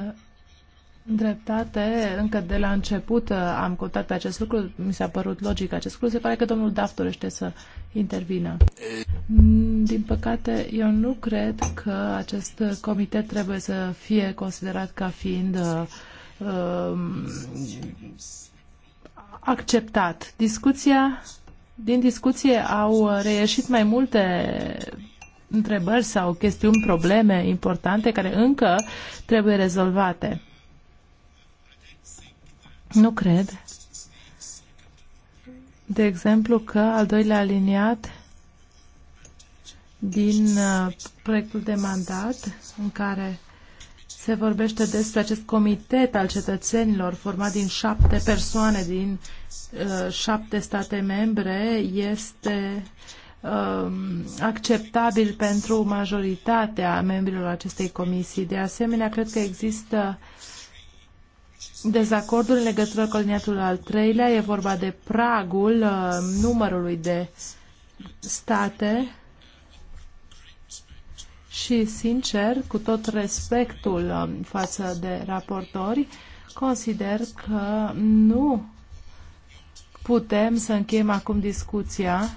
dreptate. Încă de la început uh, am contat pe acest lucru. Mi s-a părut logic acest lucru. Se pare că domnul Daf dorește să intervină. Mm, din păcate, eu nu cred că acest comitet trebuie să fie considerat ca fiind uh, um, acceptat. Discuția, din discuție au reieșit mai multe întrebări sau chestiuni, probleme importante care încă trebuie rezolvate. Nu cred. De exemplu că al doilea aliniat din uh, proiectul de mandat în care se vorbește despre acest comitet al cetățenilor format din șapte persoane din uh, șapte state membre este um, acceptabil pentru majoritatea membrilor acestei comisii. De asemenea, cred că există dezacorduri în legătură cu aliniatul al treilea. E vorba de pragul uh, numărului de state și, sincer, cu tot respectul um, față de raportori, consider că nu putem să încheiem acum discuția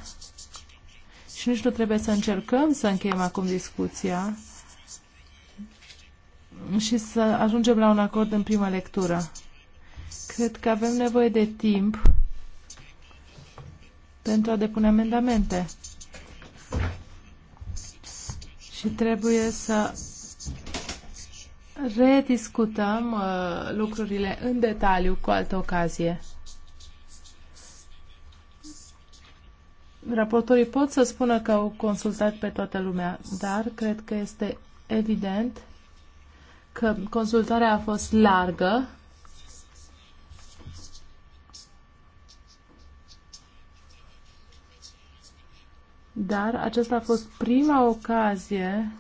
și nici nu trebuie să încercăm să încheiem acum discuția și să ajungem la un acord în prima lectură. Cred că avem nevoie de timp pentru a depune amendamente și trebuie să rediscutăm uh, lucrurile în detaliu cu altă ocazie. Raportorii pot să spună că au consultat pe toată lumea, dar cred că este evident că consultarea a fost largă Dar aceasta a fost prima ocazie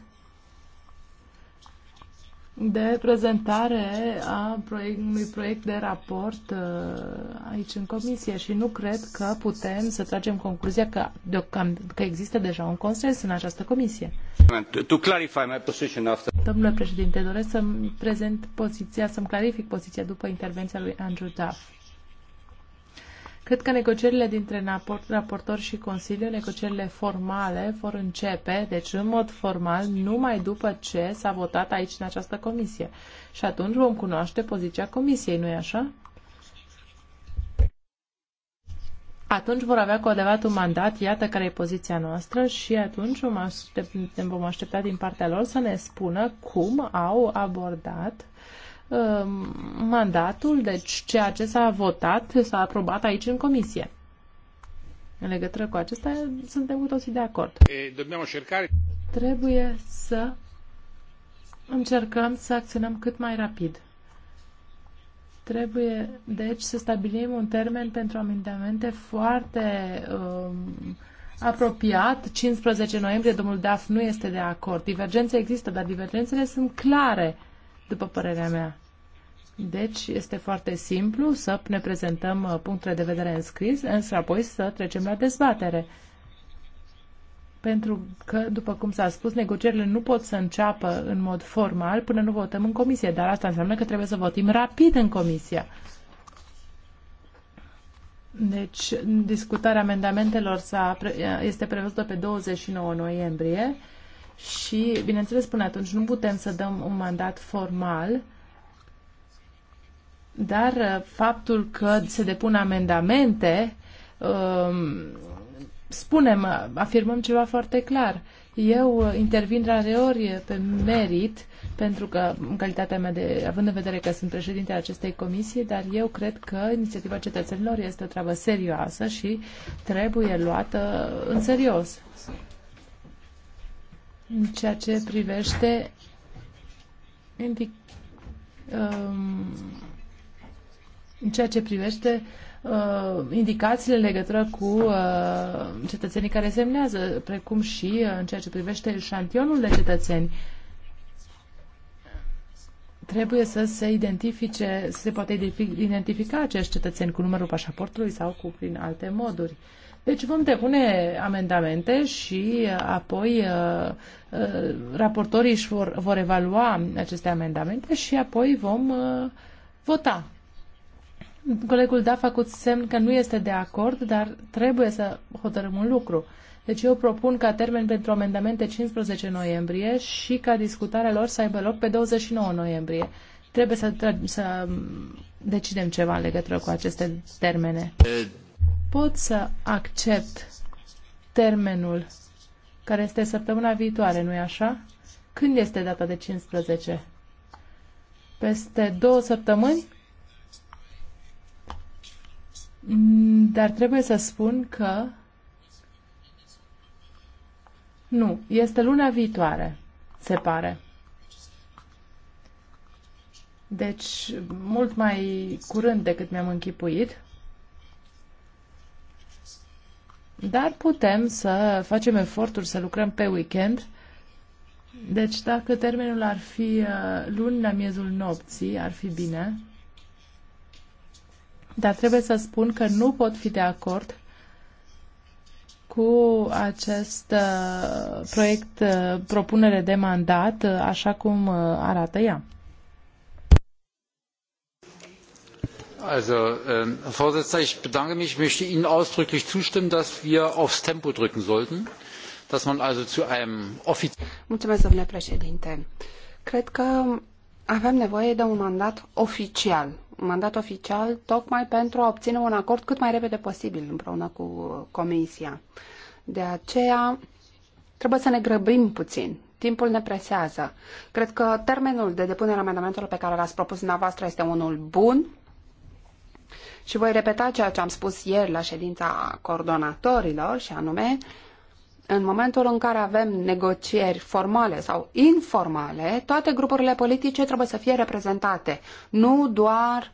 de prezentare a proiect, unui proiect de raport uh, aici în comisie și nu cred că putem să tragem concluzia că, deocam, că există deja un consens în această comisie. To clarify my position after... Domnule președinte, doresc să-mi prezent poziția, să-mi clarific poziția după intervenția lui Andrew Duff. Cred că negocierile dintre raportor și Consiliu, negocierile formale, vor începe, deci în mod formal, numai după ce s-a votat aici în această comisie. Și atunci vom cunoaște poziția comisiei, nu-i așa? Atunci vor avea cu adevărat un mandat, iată care e poziția noastră și atunci vom vom aștepta din partea lor să ne spună cum au abordat Um, mandatul, deci ceea ce s-a votat, s-a aprobat aici în comisie. În legătură cu acestea, suntem cu toții de acord. E, cercare... Trebuie să încercăm să acționăm cât mai rapid. Trebuie, deci, să stabilim un termen pentru amendamente foarte um, apropiat. 15 noiembrie, domnul Daf nu este de acord. Divergențe există, dar divergențele sunt clare după părerea mea. Deci este foarte simplu să ne prezentăm uh, punctele de vedere în scris, însă apoi să trecem la dezbatere. Pentru că, după cum s-a spus, negocierile nu pot să înceapă în mod formal până nu votăm în comisie, dar asta înseamnă că trebuie să votim rapid în comisia. Deci, discutarea amendamentelor este prevăzută pe 29 noiembrie și, bineînțeles, până atunci nu putem să dăm un mandat formal, dar uh, faptul că se depun amendamente, um, spunem, afirmăm ceva foarte clar. Eu uh, intervin rareori pe merit, pentru că, în calitatea mea de, având în vedere că sunt președintele acestei comisii, dar eu cred că inițiativa cetățenilor este o treabă serioasă și trebuie luată în serios în ceea ce privește indic, um, în ceea ce privește uh, indicațiile în legătură cu uh, cetățenii care semnează, precum și uh, în ceea ce privește șantionul de cetățeni. Trebuie să se identifice, să se poate identifica acești cetățeni cu numărul pașaportului sau cu prin alte moduri. Uh, deci vom depune amendamente și uh, apoi uh, uh, raportorii își vor, vor evalua aceste amendamente și apoi vom vota. Colegul da a făcut semn că nu este de acord, dar trebuie să hotărâm un lucru. Deci eu propun ca termen pentru amendamente 15 noiembrie și ca discutarea lor să aibă loc pe 29 noiembrie. Trebuie să, să um, decidem ceva în legătură cu aceste termene pot să accept termenul care este săptămâna viitoare, nu-i așa? Când este data de 15? Peste două săptămâni? Mm, dar trebuie să spun că nu, este luna viitoare, se pare. Deci, mult mai curând decât mi-am închipuit. Dar putem să facem eforturi să lucrăm pe weekend. Deci dacă termenul ar fi uh, luni la miezul nopții, ar fi bine. Dar trebuie să spun că nu pot fi de acord cu acest uh, proiect, uh, propunere de mandat, așa cum arată ea. Ähm, herr präsident! ich bedanke mich. und möchte ihnen ausdrücklich zustimmen dass wir aufs tempo drücken sollten dass man also zu einem offiziellen. cred că avem nevoie de un mandat oficial un mandat oficial tocmai pentru a obține un acord cât mai repede posibil împreună cu comisia. de aceea trebuie să ne grăbim puțin timpul ne presează. Cred că termenul de depunere a amendamentelor pe care l-ați propus dumneavoastră este unul bun, și voi repeta ceea ce am spus ieri la ședința coordonatorilor și anume, în momentul în care avem negocieri formale sau informale, toate grupurile politice trebuie să fie reprezentate, nu doar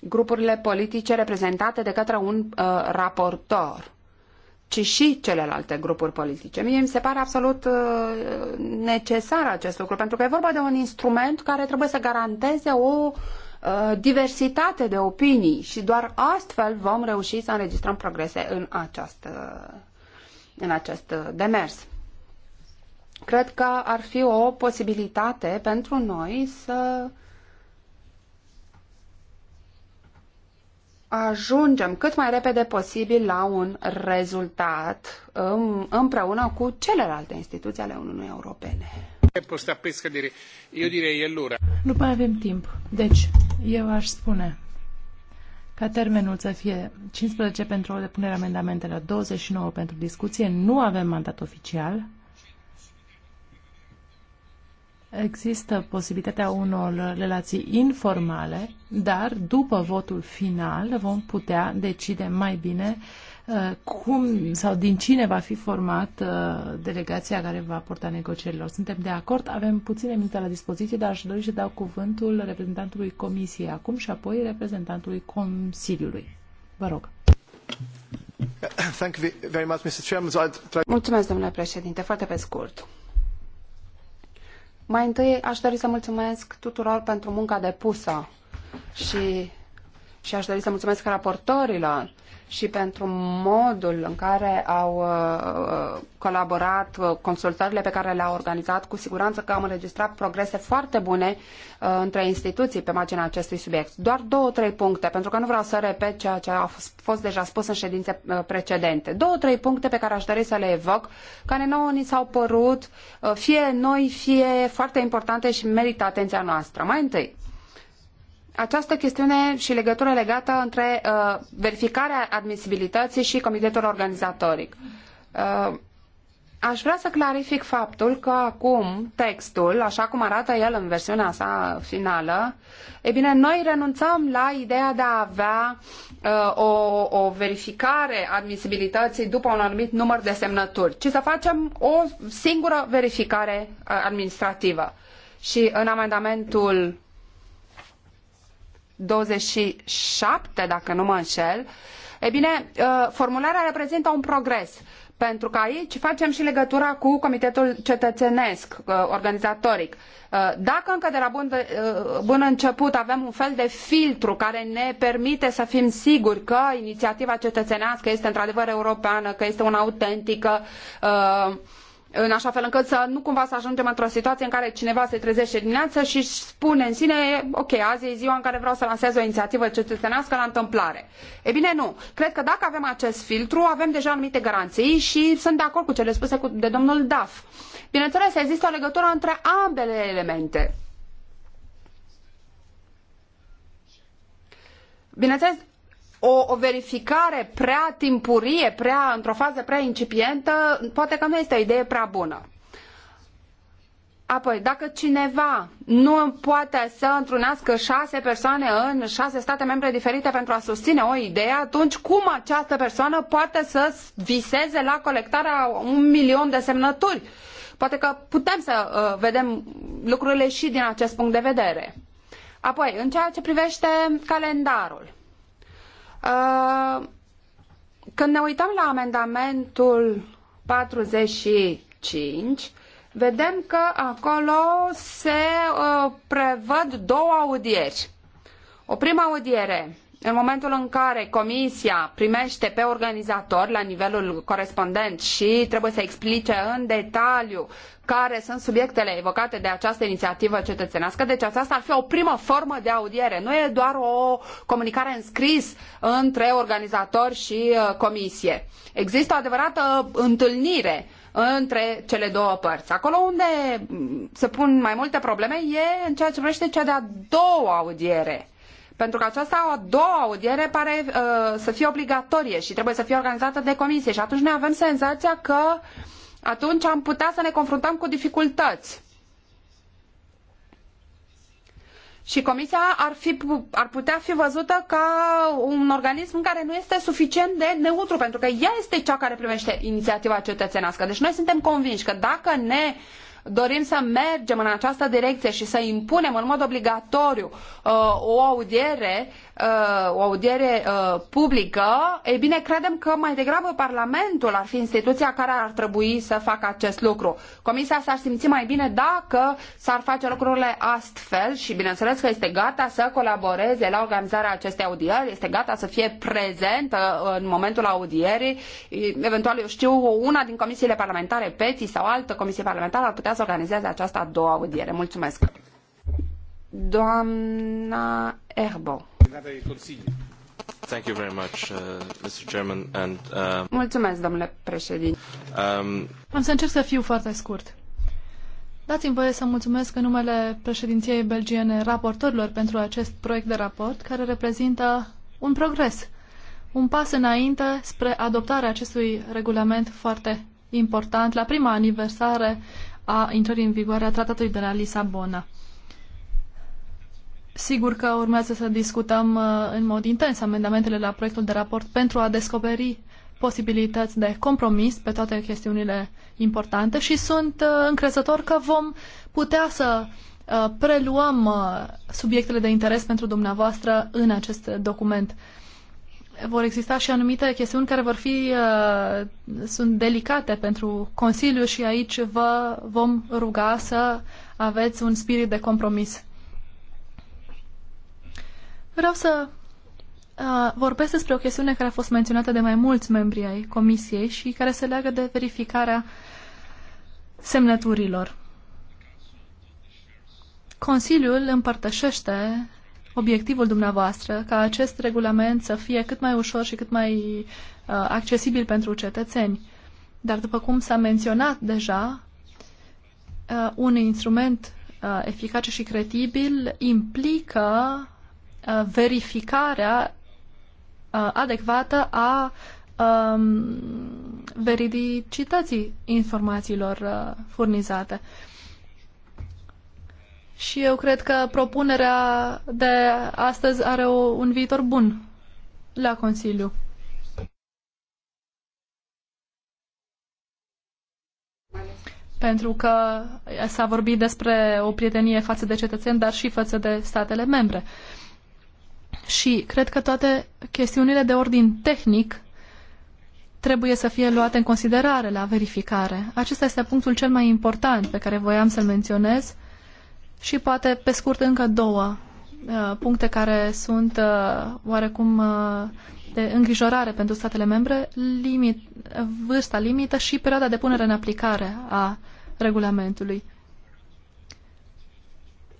grupurile politice reprezentate de către un uh, raportor ci și celelalte grupuri politice. Mie mi se pare absolut uh, necesar acest lucru, pentru că e vorba de un instrument care trebuie să garanteze o Uh, diversitate de opinii și doar astfel vom reuși să înregistrăm progrese în, acest, în acest demers. Cred că ar fi o posibilitate pentru noi să ajungem cât mai repede posibil la un rezultat um, împreună cu celelalte instituții ale Uniunii Europene. Eu direi Nu mai avem timp. Deci, eu aș spune ca termenul să fie 15 pentru depunerea amendamentelor, 29 pentru discuție. Nu avem mandat oficial. Există posibilitatea unor relații informale, dar după votul final vom putea decide mai bine uh, cum sau din cine va fi format uh, delegația care va porta negocierilor. Suntem de acord, avem puține minute la dispoziție, dar aș dori să dau cuvântul reprezentantului Comisiei acum și apoi reprezentantului Consiliului. Vă rog. Thank you very much, Mulțumesc, domnule președinte. Foarte pe scurt. Mai întâi aș dori să mulțumesc tuturor pentru munca depusă și, și aș dori să mulțumesc raportorilor și pentru modul în care au uh, uh, colaborat, uh, consultările pe care le-au organizat. Cu siguranță că am înregistrat progrese foarte bune între instituții pe marginea acestui subiect. Doar două, trei puncte, pentru că nu vreau să repet ceea ce a fost deja spus în ședințe precedente. Două, trei puncte pe care aș dori să le evoc, care nouă ni s-au părut fie noi, fie foarte importante și merită atenția noastră. Mai întâi, această chestiune și legătură legată între uh, verificarea admisibilității și comitetul organizatoric. Uh, aș vrea să clarific faptul că acum textul, așa cum arată el în versiunea sa finală, e bine, noi renunțăm la ideea de a avea uh, o, o verificare admisibilității după un anumit număr de semnături, ci să facem o singură verificare uh, administrativă. Și în amendamentul 27, dacă nu mă înșel, e bine, uh, formularea reprezintă un progres pentru că aici facem și legătura cu Comitetul Cetățenesc, uh, organizatoric. Uh, dacă încă de la bun, de, bun început avem un fel de filtru care ne permite să fim siguri că inițiativa cetățenească este într-adevăr europeană, că este una autentică, uh, în așa fel încât să nu cumva să ajungem într-o situație în care cineva se trezește dimineața și spune în sine, ok, azi e ziua în care vreau să lansez o inițiativă cetățenească la întâmplare. E bine, nu. Cred că dacă avem acest filtru, avem deja anumite garanții și sunt de acord cu cele spuse de domnul Duff. Bineînțeles, există o legătură între ambele elemente. Bineînțeles, o, o verificare prea timpurie, prea, într-o fază prea incipientă, poate că nu este o idee prea bună. Apoi, dacă cineva nu poate să întrunească șase persoane în șase state membre diferite pentru a susține o idee, atunci cum această persoană poate să viseze la colectarea un milion de semnături? Poate că putem să uh, vedem lucrurile și din acest punct de vedere. Apoi, în ceea ce privește calendarul. Uh, când ne uităm la amendamentul 45, vedem că acolo se uh, prevăd două audieri. O prima audiere în momentul în care comisia primește pe organizator la nivelul corespondent și trebuie să explice în detaliu care sunt subiectele evocate de această inițiativă cetățenească, deci aceasta ar fi o primă formă de audiere. Nu e doar o comunicare în scris între organizator și uh, comisie. Există o adevărată întâlnire între cele două părți. Acolo unde mm, se pun mai multe probleme e în ceea ce privește cea de-a doua audiere pentru că aceasta a doua audiere pare uh, să fie obligatorie și trebuie să fie organizată de comisie și atunci noi avem senzația că atunci am putea să ne confruntăm cu dificultăți. Și comisia ar, fi, ar putea fi văzută ca un organism care nu este suficient de neutru, pentru că ea este cea care primește inițiativa cetățenească. Deci noi suntem convinși că dacă ne uh, dorim să mergem în această direcție și să impunem în mod obligatoriu uh, o audiere uh, o audiere uh, publică, ei bine, credem că mai degrabă Parlamentul ar fi instituția care ar trebui să facă acest lucru. Comisia s-ar simți mai bine dacă s-ar face lucrurile astfel și bineînțeles că este gata să colaboreze la organizarea acestei audieri, este gata să fie prezentă în momentul audierii. Eventual, eu știu, una din comisiile parlamentare, PETI sau altă comisie parlamentară ar putea să organizeze această a doua audiere. Mulțumesc! Doamna Erbo. Thank you very much, uh, Mr. Chairman, and, uh, Mulțumesc, domnule președinte. Um... Am să încerc să fiu foarte scurt. Dați-mi voie să mulțumesc în numele președinției belgiene raportorilor pentru acest proiect de raport, care reprezintă un progres, un pas înainte spre adoptarea acestui regulament foarte important la prima aniversare a intrării în vigoare a Tratatului de la Lisabona. Sigur că urmează să discutăm uh, în mod intens amendamentele la proiectul de raport pentru a descoperi posibilități de compromis pe toate chestiunile importante și sunt uh, încrezător că vom putea să uh, preluăm subiectele de interes pentru dumneavoastră în acest document. Vor exista și anumite chestiuni care vor fi sunt delicate pentru Consiliu și aici vă vom ruga să aveți un spirit de compromis Vreau să uh, vorbesc despre o chestiune care a fost menționată de mai mulți membri ai Comisiei și care se leagă de verificarea semnăturilor. Consiliul împărtășește obiectivul dumneavoastră ca acest regulament să fie cât mai ușor și cât mai uh, accesibil pentru cetățeni. Dar după cum s-a menționat deja, uh, un instrument uh, eficace și credibil implică Uh, verificarea uh, adecvată a um, veridicității informațiilor uh, furnizate. Și eu cred că propunerea de astăzi are o, un viitor bun la Consiliu. Pentru că s-a vorbit despre o prietenie față de cetățeni, dar și față de statele membre. Uh, și cred că toate chestiunile de ordin tehnic trebuie să fie luate în considerare la verificare. Acesta este punctul cel mai important pe care voiam să-l menționez și poate pe scurt încă două uh, puncte care sunt uh, oarecum uh, de îngrijorare pentru statele membre, limit, vârsta limită și perioada de punere în aplicare a regulamentului.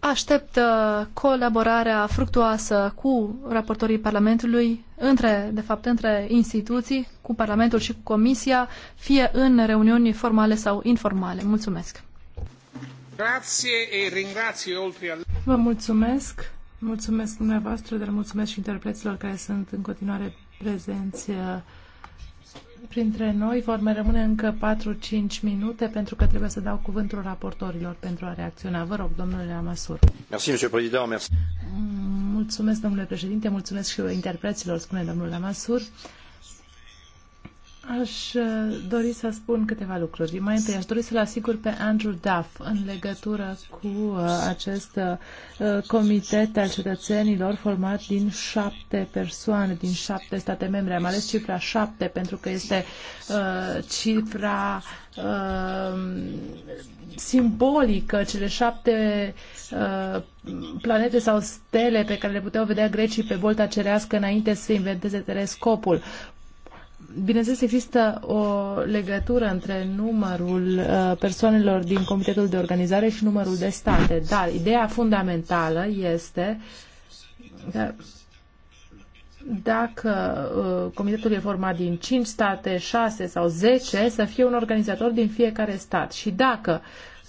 Aștept uh, colaborarea fructuoasă cu raportorii Parlamentului, între, de fapt, între instituții, cu Parlamentul și cu Comisia, fie în reuniuni formale sau informale. Mulțumesc! Vă mulțumesc! Mulțumesc dumneavoastră, dar mulțumesc și interpreților care sunt în continuare prezenți uh, printre noi vor mai rămâne încă 4-5 minute pentru că trebuie să dau cuvântul raportorilor pentru a reacționa. Vă rog, domnule Amasur. Mulțumesc, domnule președinte, mulțumesc și interpreților, spune domnul Amasur. Aș uh, dori să spun câteva lucruri. Mai întâi aș dori să-l asigur pe Andrew Duff în legătură cu uh, acest uh, comitet al cetățenilor format din șapte persoane, din șapte state membre. Am ales cifra șapte pentru că este cifra simbolică, cele șapte planete sau stele pe care le puteau vedea grecii pe volta cerească înainte să inventeze telescopul. Bineînțeles, există o legătură între numărul uh, persoanelor din comitetul de organizare și numărul de state, dar ideea fundamentală este că dacă uh, comitetul e format din 5 state, 6 sau 10, să fie un organizator din fiecare stat. Și dacă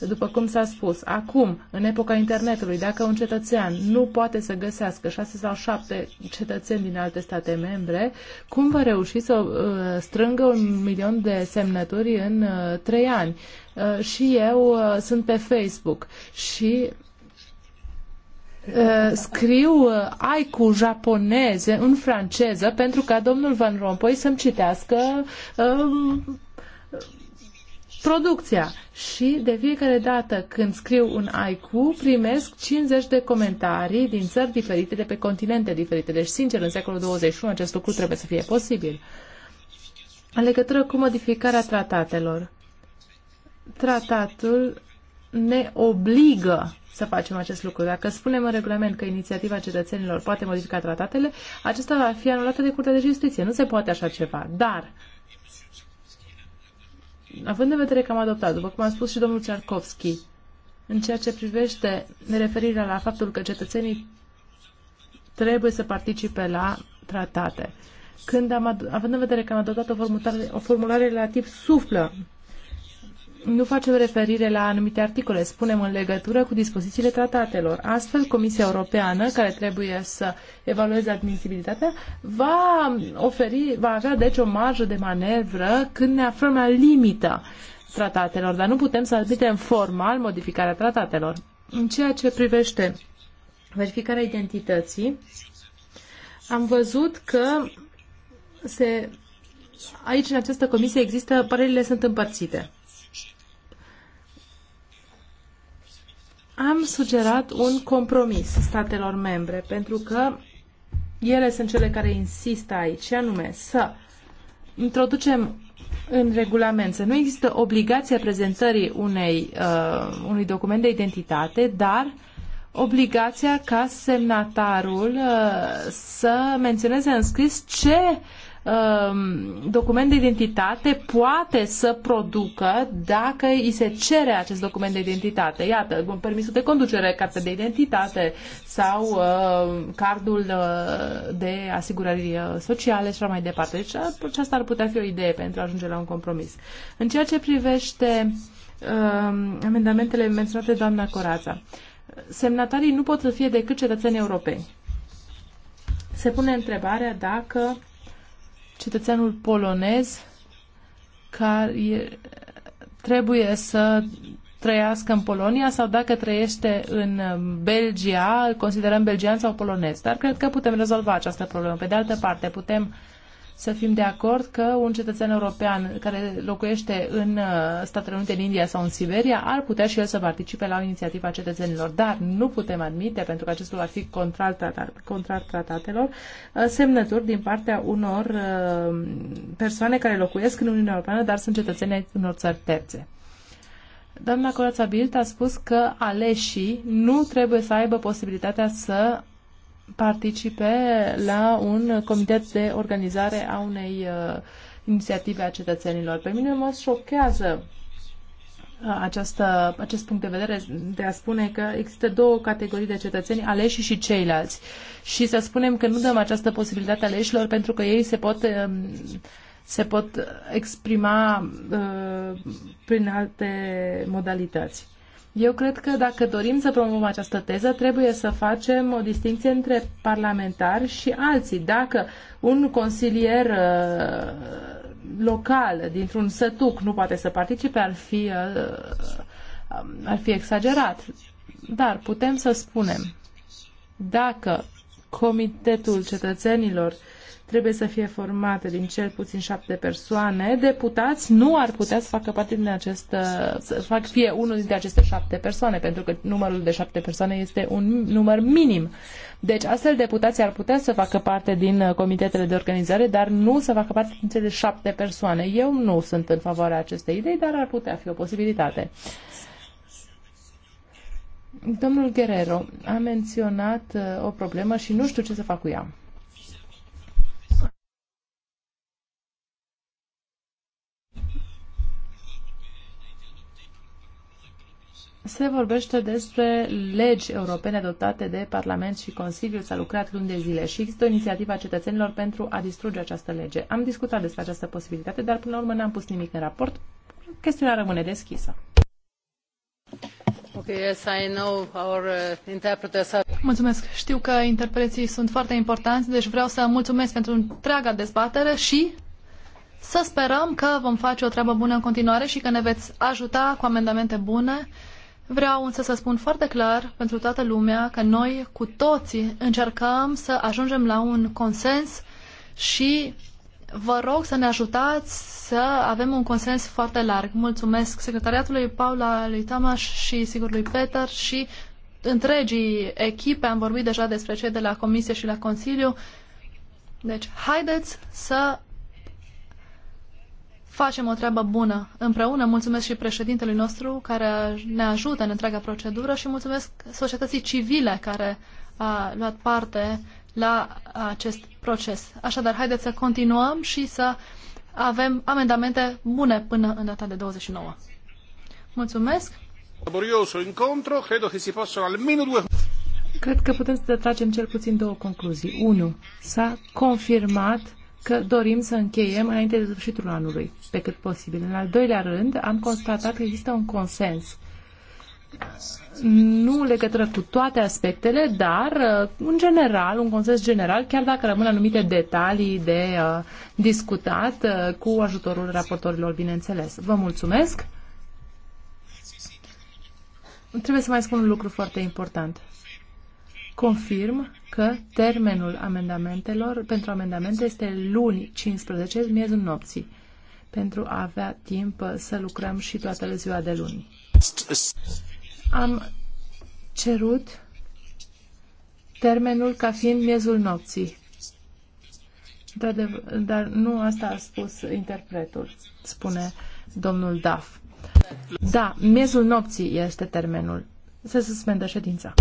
după cum s-a spus, acum, în epoca internetului, dacă un cetățean nu poate să găsească șase sau șapte cetățeni din alte state membre, cum va reuși să uh, strângă un milion de semnături în uh, trei ani? Uh, și eu sunt pe Facebook și Uh, scriu uh, ai cu japoneze în franceză pentru ca domnul Van Rompuy să-mi citească uh, producția și de fiecare dată când scriu un IQ primesc 50 de comentarii din țări diferite, de pe continente diferite. Deci, sincer, în secolul 21 acest lucru trebuie să fie posibil. În legătură cu modificarea tratatelor, tratatul ne obligă să facem acest lucru. Dacă spunem în regulament că inițiativa cetățenilor poate modifica tratatele, acesta va fi anulată de Curtea de Justiție. Nu se poate așa ceva. Dar având în vedere că am adoptat, după cum a spus și domnul Ciarkovski, în ceea ce privește referirea la faptul că cetățenii trebuie să participe la tratate. Când am având în vedere că am adoptat o formulare, o formulare la tip suflă nu facem referire la anumite articole, spunem în legătură cu dispozițiile tratatelor. Astfel, Comisia Europeană, care trebuie să evalueze admisibilitatea, va oferi, va avea deci o marjă de manevră când ne aflăm la limită tratatelor, dar nu putem să admitem formal modificarea tratatelor. În ceea ce privește verificarea identității, am văzut că se, aici, în această comisie, există, părerile sunt împărțite. am sugerat un compromis statelor membre, pentru că ele sunt cele care insistă aici, anume să introducem în regulament să nu există obligația prezentării unei, uh, unui document de identitate, dar obligația ca semnatarul uh, să menționeze în scris ce Um, document de identitate poate să producă dacă îi se cere acest document de identitate. Iată, permisul de conducere, cartea de identitate sau uh, cardul uh, de asigurări uh, sociale și așa mai departe. Deci aceasta deci ar putea fi o idee pentru a ajunge la un compromis. În ceea ce privește uh, amendamentele menționate doamna Corața, semnatarii nu pot să fie decât cetățeni europeni. Se pune întrebarea dacă cetățeanul polonez care trebuie să trăiască în Polonia sau dacă trăiește în Belgia, îl considerăm belgian sau polonez. Dar cred că putem rezolva această problemă. Pe de altă parte, putem să fim de acord că un cetățean european care locuiește în uh, Statele Unite, în India sau în Siberia ar putea și el să participe la o inițiativă a cetățenilor, dar nu putem admite, pentru că acest lucru ar fi contrar, tratat, contrar tratatelor, uh, semnături din partea unor uh, persoane care locuiesc în Uniunea Europeană, dar sunt cetățeni ai unor țări terțe. Doamna Corața Bilt a spus că aleșii nu trebuie să aibă posibilitatea să participe la un comitet de organizare a unei uh, inițiative a cetățenilor. Pe mine mă șochează uh, această, acest punct de vedere de a spune că există două categorii de cetățeni, aleși și ceilalți. Și să spunem că nu dăm această posibilitate aleșilor pentru că ei se pot, um, se pot exprima uh, prin alte modalități. Eu cred că dacă dorim să promovăm această teză, trebuie să facem o distinție între parlamentari și alții. Dacă un consilier uh, local dintr-un sătuc nu poate să participe, ar fi, uh, um, ar fi exagerat. Dar putem să spunem, dacă Comitetul Cetățenilor uh, trebuie să fie formate din cel puțin șapte persoane, deputați nu ar putea să facă parte din acest, uh, să fac fie unul dintre aceste șapte persoane, pentru că numărul de șapte persoane este un număr minim. Deci astfel deputații ar putea să facă parte din uh, comitetele de organizare, dar nu să facă parte din cele șapte persoane. Eu nu sunt în favoarea acestei idei, dar ar putea fi o posibilitate. Domnul Guerrero a menționat uh, o problemă și nu știu ce să fac cu ea. se vorbește despre legi europene adoptate de Parlament și Consiliu. S-a lucrat luni de zile și există o inițiativă a cetățenilor pentru a distruge această lege. Am discutat despre această posibilitate, dar până la urmă n-am pus nimic în raport. Chestiunea rămâne deschisă. Okay, yes, I know our uh, interpreters are... Mulțumesc. Știu că interpreții sunt foarte importanți, deci vreau să mulțumesc pentru întreaga dezbatere și să sperăm că vom face o treabă bună în continuare și că ne veți ajuta cu amendamente bune Vreau însă să spun foarte clar pentru toată lumea că noi cu toții încercăm să ajungem la un consens și vă rog să ne ajutați să avem un consens foarte larg. Mulțumesc secretariatului Paula, lui Tamaș și sigur lui Peter și întregii echipe. Am vorbit deja despre cei de la Comisie și la Consiliu. Deci, haideți să facem o treabă bună împreună. Mulțumesc și președintelui nostru care ne ajută în întreaga procedură și mulțumesc societății civile care a luat parte la acest proces. Așadar, haideți să continuăm și să avem amendamente bune până în data de 29. Mulțumesc! Cred că putem să tragem cel puțin două concluzii. 1. S-a confirmat că dorim să încheiem înainte de sfârșitul anului, pe cât posibil. În al doilea rând, am constatat că există un consens nu legătură cu toate aspectele, dar uh, în general, un consens general, chiar dacă rămân anumite detalii de uh, discutat uh, cu ajutorul raportorilor, bineînțeles. Vă mulțumesc! Trebuie să mai spun un lucru foarte important confirm că termenul amendamentelor pentru amendamente este luni 15, miezul nopții, pentru a avea timp să lucrăm și toată ziua de luni. Am cerut termenul ca fiind miezul nopții. Dar, de, dar nu asta a spus interpretul, spune domnul Daf. Da, miezul nopții este termenul. Se suspendă ședința.